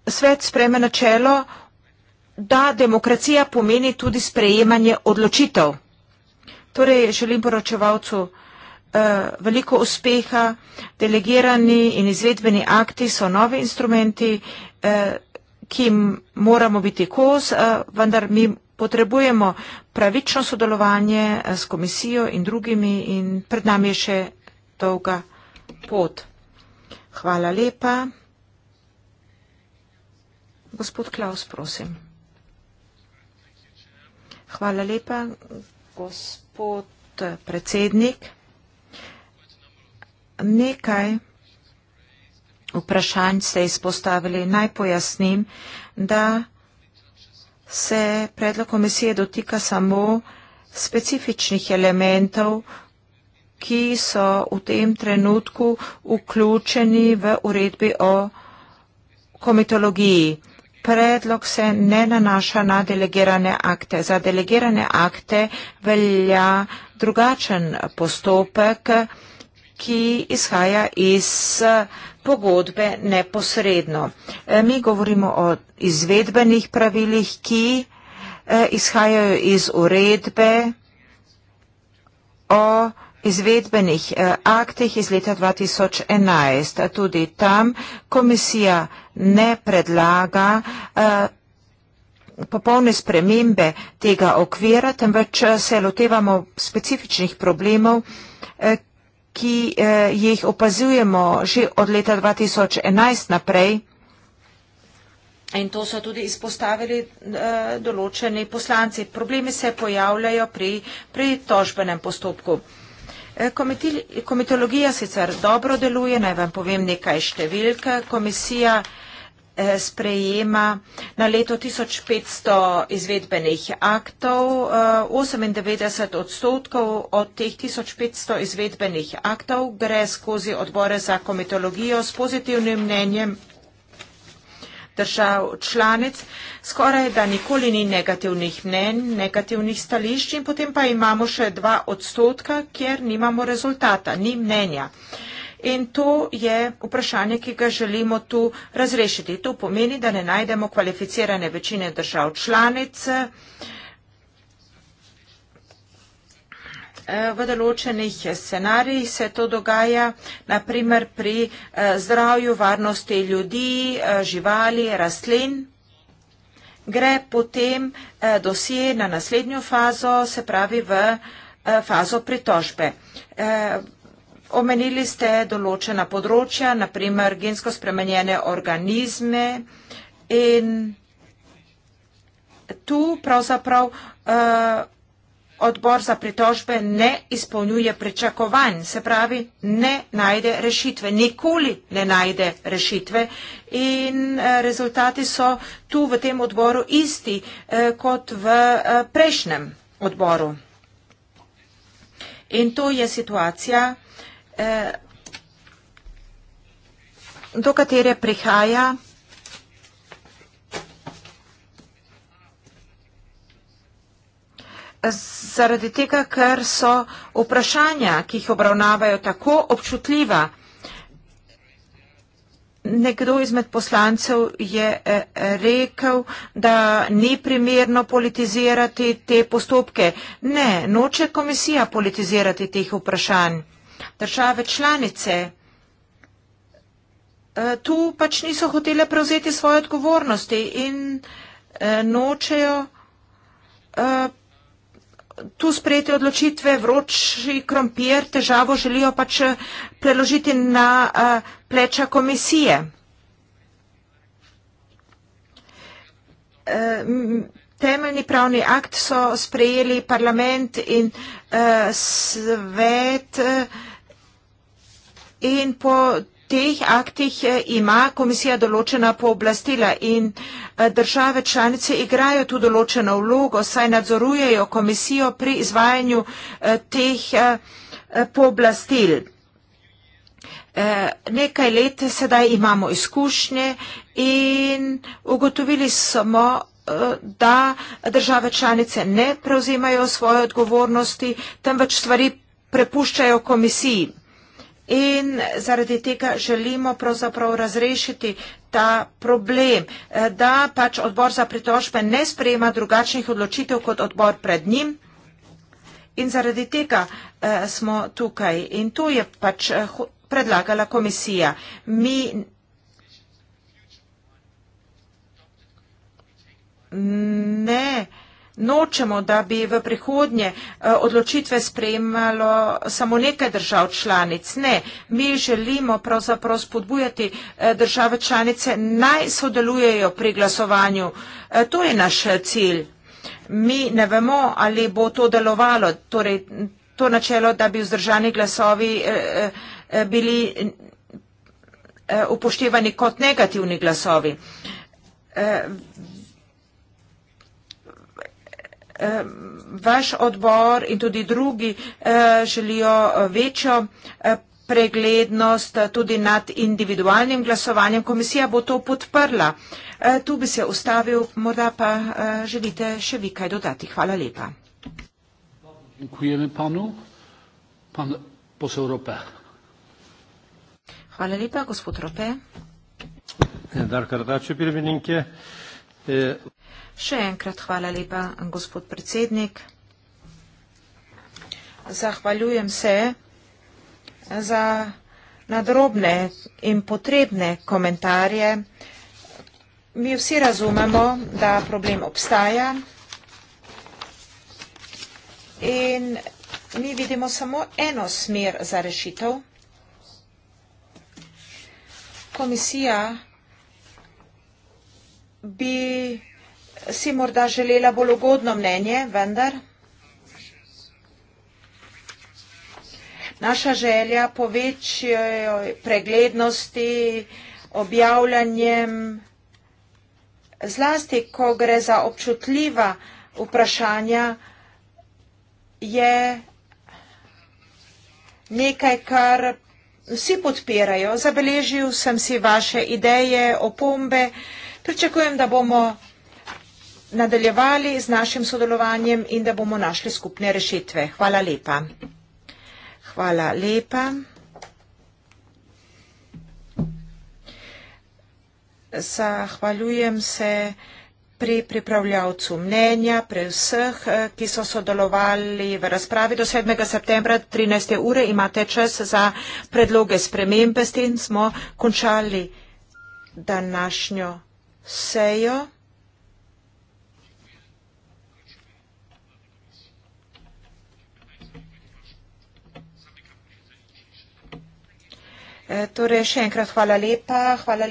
svet spreme načelo, da demokracija pomeni tudi sprejemanje odločitev. Torej, želim poročevalcu vsega, Eh, veliko uspeha. Delegirani in izvedbeni akti so novi instrumenti, eh, ki moramo biti koz, eh, vendar mi potrebujemo pravično sodelovanje eh, s komisijo in drugimi in pred nami je še dolga pot. Hvala lepa. Gospod Klaus, prosim. Hvala lepa, gospod predsednik nekaj vprašanj ste izpostavili. Naj pojasnim, da se predlog komisije dotika samo specifičnih elementov, ki so v tem trenutku vključeni v uredbi o komitologiji. Predlog se ne nanaša na delegirane akte. Za delegirane akte velja drugačen postopek ki izhaja iz eh, pogodbe neposredno. Eh, mi govorimo o izvedbenih pravilih, ki eh, izhajajo iz uredbe o izvedbenih aktih iz leta 2011. Tudi tam komisija ne predlaga popolne spremembe tega okvira, temveč se lotevamo specifičnih problemov, ki eh, jih opazujemo že od leta 2011 naprej. In to so tudi izpostavili eh, določeni poslanci. Problemi se pojavljajo pri, pri tožbenem postopku. Eh, komitologija sicer dobro deluje, naj vam povem nekaj številk. Komisija eh, Eh, sprejema na leto 1500 izvedbenih aktov. 98 eh, odstotkov od teh 1500 izvedbenih aktov gre skozi odbore za komitologijo s pozitivnim mnenjem držav članic. Skoraj da nikoli ni negativnih mnenj, negativnih stališč in potem pa imamo še dva odstotka, kjer nimamo rezultata, ni mnenja. Uh, in to je vprašanje, ki ga želimo tu razrešiti. To pomeni, da ne najdemo kvalificirane večine držav članic eh, v določenih scenarijih se to dogaja, naprimer pri eh, zdravju, varnosti ljudi, eh, živali, rastlin. Gre potem dosje na naslednjo fazo, se pravi v fazo pritožbe. Omenili ste določena področja, naprimer gensko spremenjene organizme in tu pravzaprav uh, odbor za pritožbe ne izpolnjuje pričakovanj, se pravi, ne najde rešitve, nikoli ne najde rešitve in uh, rezultati so tu v tem odboru isti uh, kot v uh, prejšnjem odboru. In to je situacija, Eh, do katere prihaja zaradi tega, ker so vprašanja, ki jih obravnavajo tako občutljiva. Nekdo izmed poslancev je eh, rekel, da ni primerno politizirati te postopke. Ne, noče komisija politizirati teh vprašanj države članice e, tu pač niso hotele prevzeti svoje odgovornosti in e, nočejo e, tu sprejeti odločitve, vroči krompir, težavo želijo pač preložiti na pleča komisije. Temeljni pravni akt so sprejeli parlament in svet vsega, in po teh aktih eh, ima komisija določena pooblastila in eh, države članice igrajo tu določeno vlogo, saj nadzorujejo komisijo pri izvajanju eh, teh pooblastil. Nekaj let sedaj imamo izkušnje in ugotovili smo, da države članice ne prevzimajo svoje odgovornosti, temveč stvari prepuščajo komisiji. In zaradi tega želimo pravzaprav razrešiti ta problem, eh, da pač odbor za pritožbe ne sprejema drugačnih odločitev kot odbor pred njim. In zaradi tega eh, smo tukaj. In to je pač eh, predlagala komisija. Mi ne. Eh, nočemo, da bi v prihodnje eh, odločitve sprejemalo samo nekaj držav članic. Ne, mi želimo pravzaprav spodbujati eh, države članice naj sodelujejo pri glasovanju. Eh, to je naš cilj. Mi ne vemo, ali bo to delovalo, torej to načelo, da bi vzdržani glasovi bili upoštevani kot negativni glasovi vaš odbor in tudi drugi eh, želijo eh, večjo eh, preglednost tudi nad individualnim glasovanjem. Komisija bo to podprla. Tu bi se ustavil, morda pa želite še vi kaj dodati. Hvala lepa. Hvala lepa, gospod Rope. Dar Kardače, pirmininke. Še enkrat hvala lepa, gospod predsednik. Zahvaljujem se za nadrobne in potrebne komentarje. Mi vsi razumemo, da problem obstaja in mi vidimo samo eno smer za rešitev. Komisija bi si morda želela bolj ugodno mnenje, vendar naša želja po večjoj preglednosti objavljanjem, zlasti ko gre za občutljiva vprašanja, je nekaj, kar vsi podpirajo. Zabeležil sem si vaše ideje, opombe. Pričakujem, da bomo nadaljevali z našim sodelovanjem in da bomo našli skupne rešitve. Hvala lepa. Hvala lepa. Zahvaljujem se pri pripravljavcu mnenja, pri vseh, eh, ki so sodelovali v razpravi do 7. septembra 13. ure. Imate čas za predloge spremembe. S tem smo končali današnjo sejo. Torej, še enkrat hvala lepa. Hvala lepa.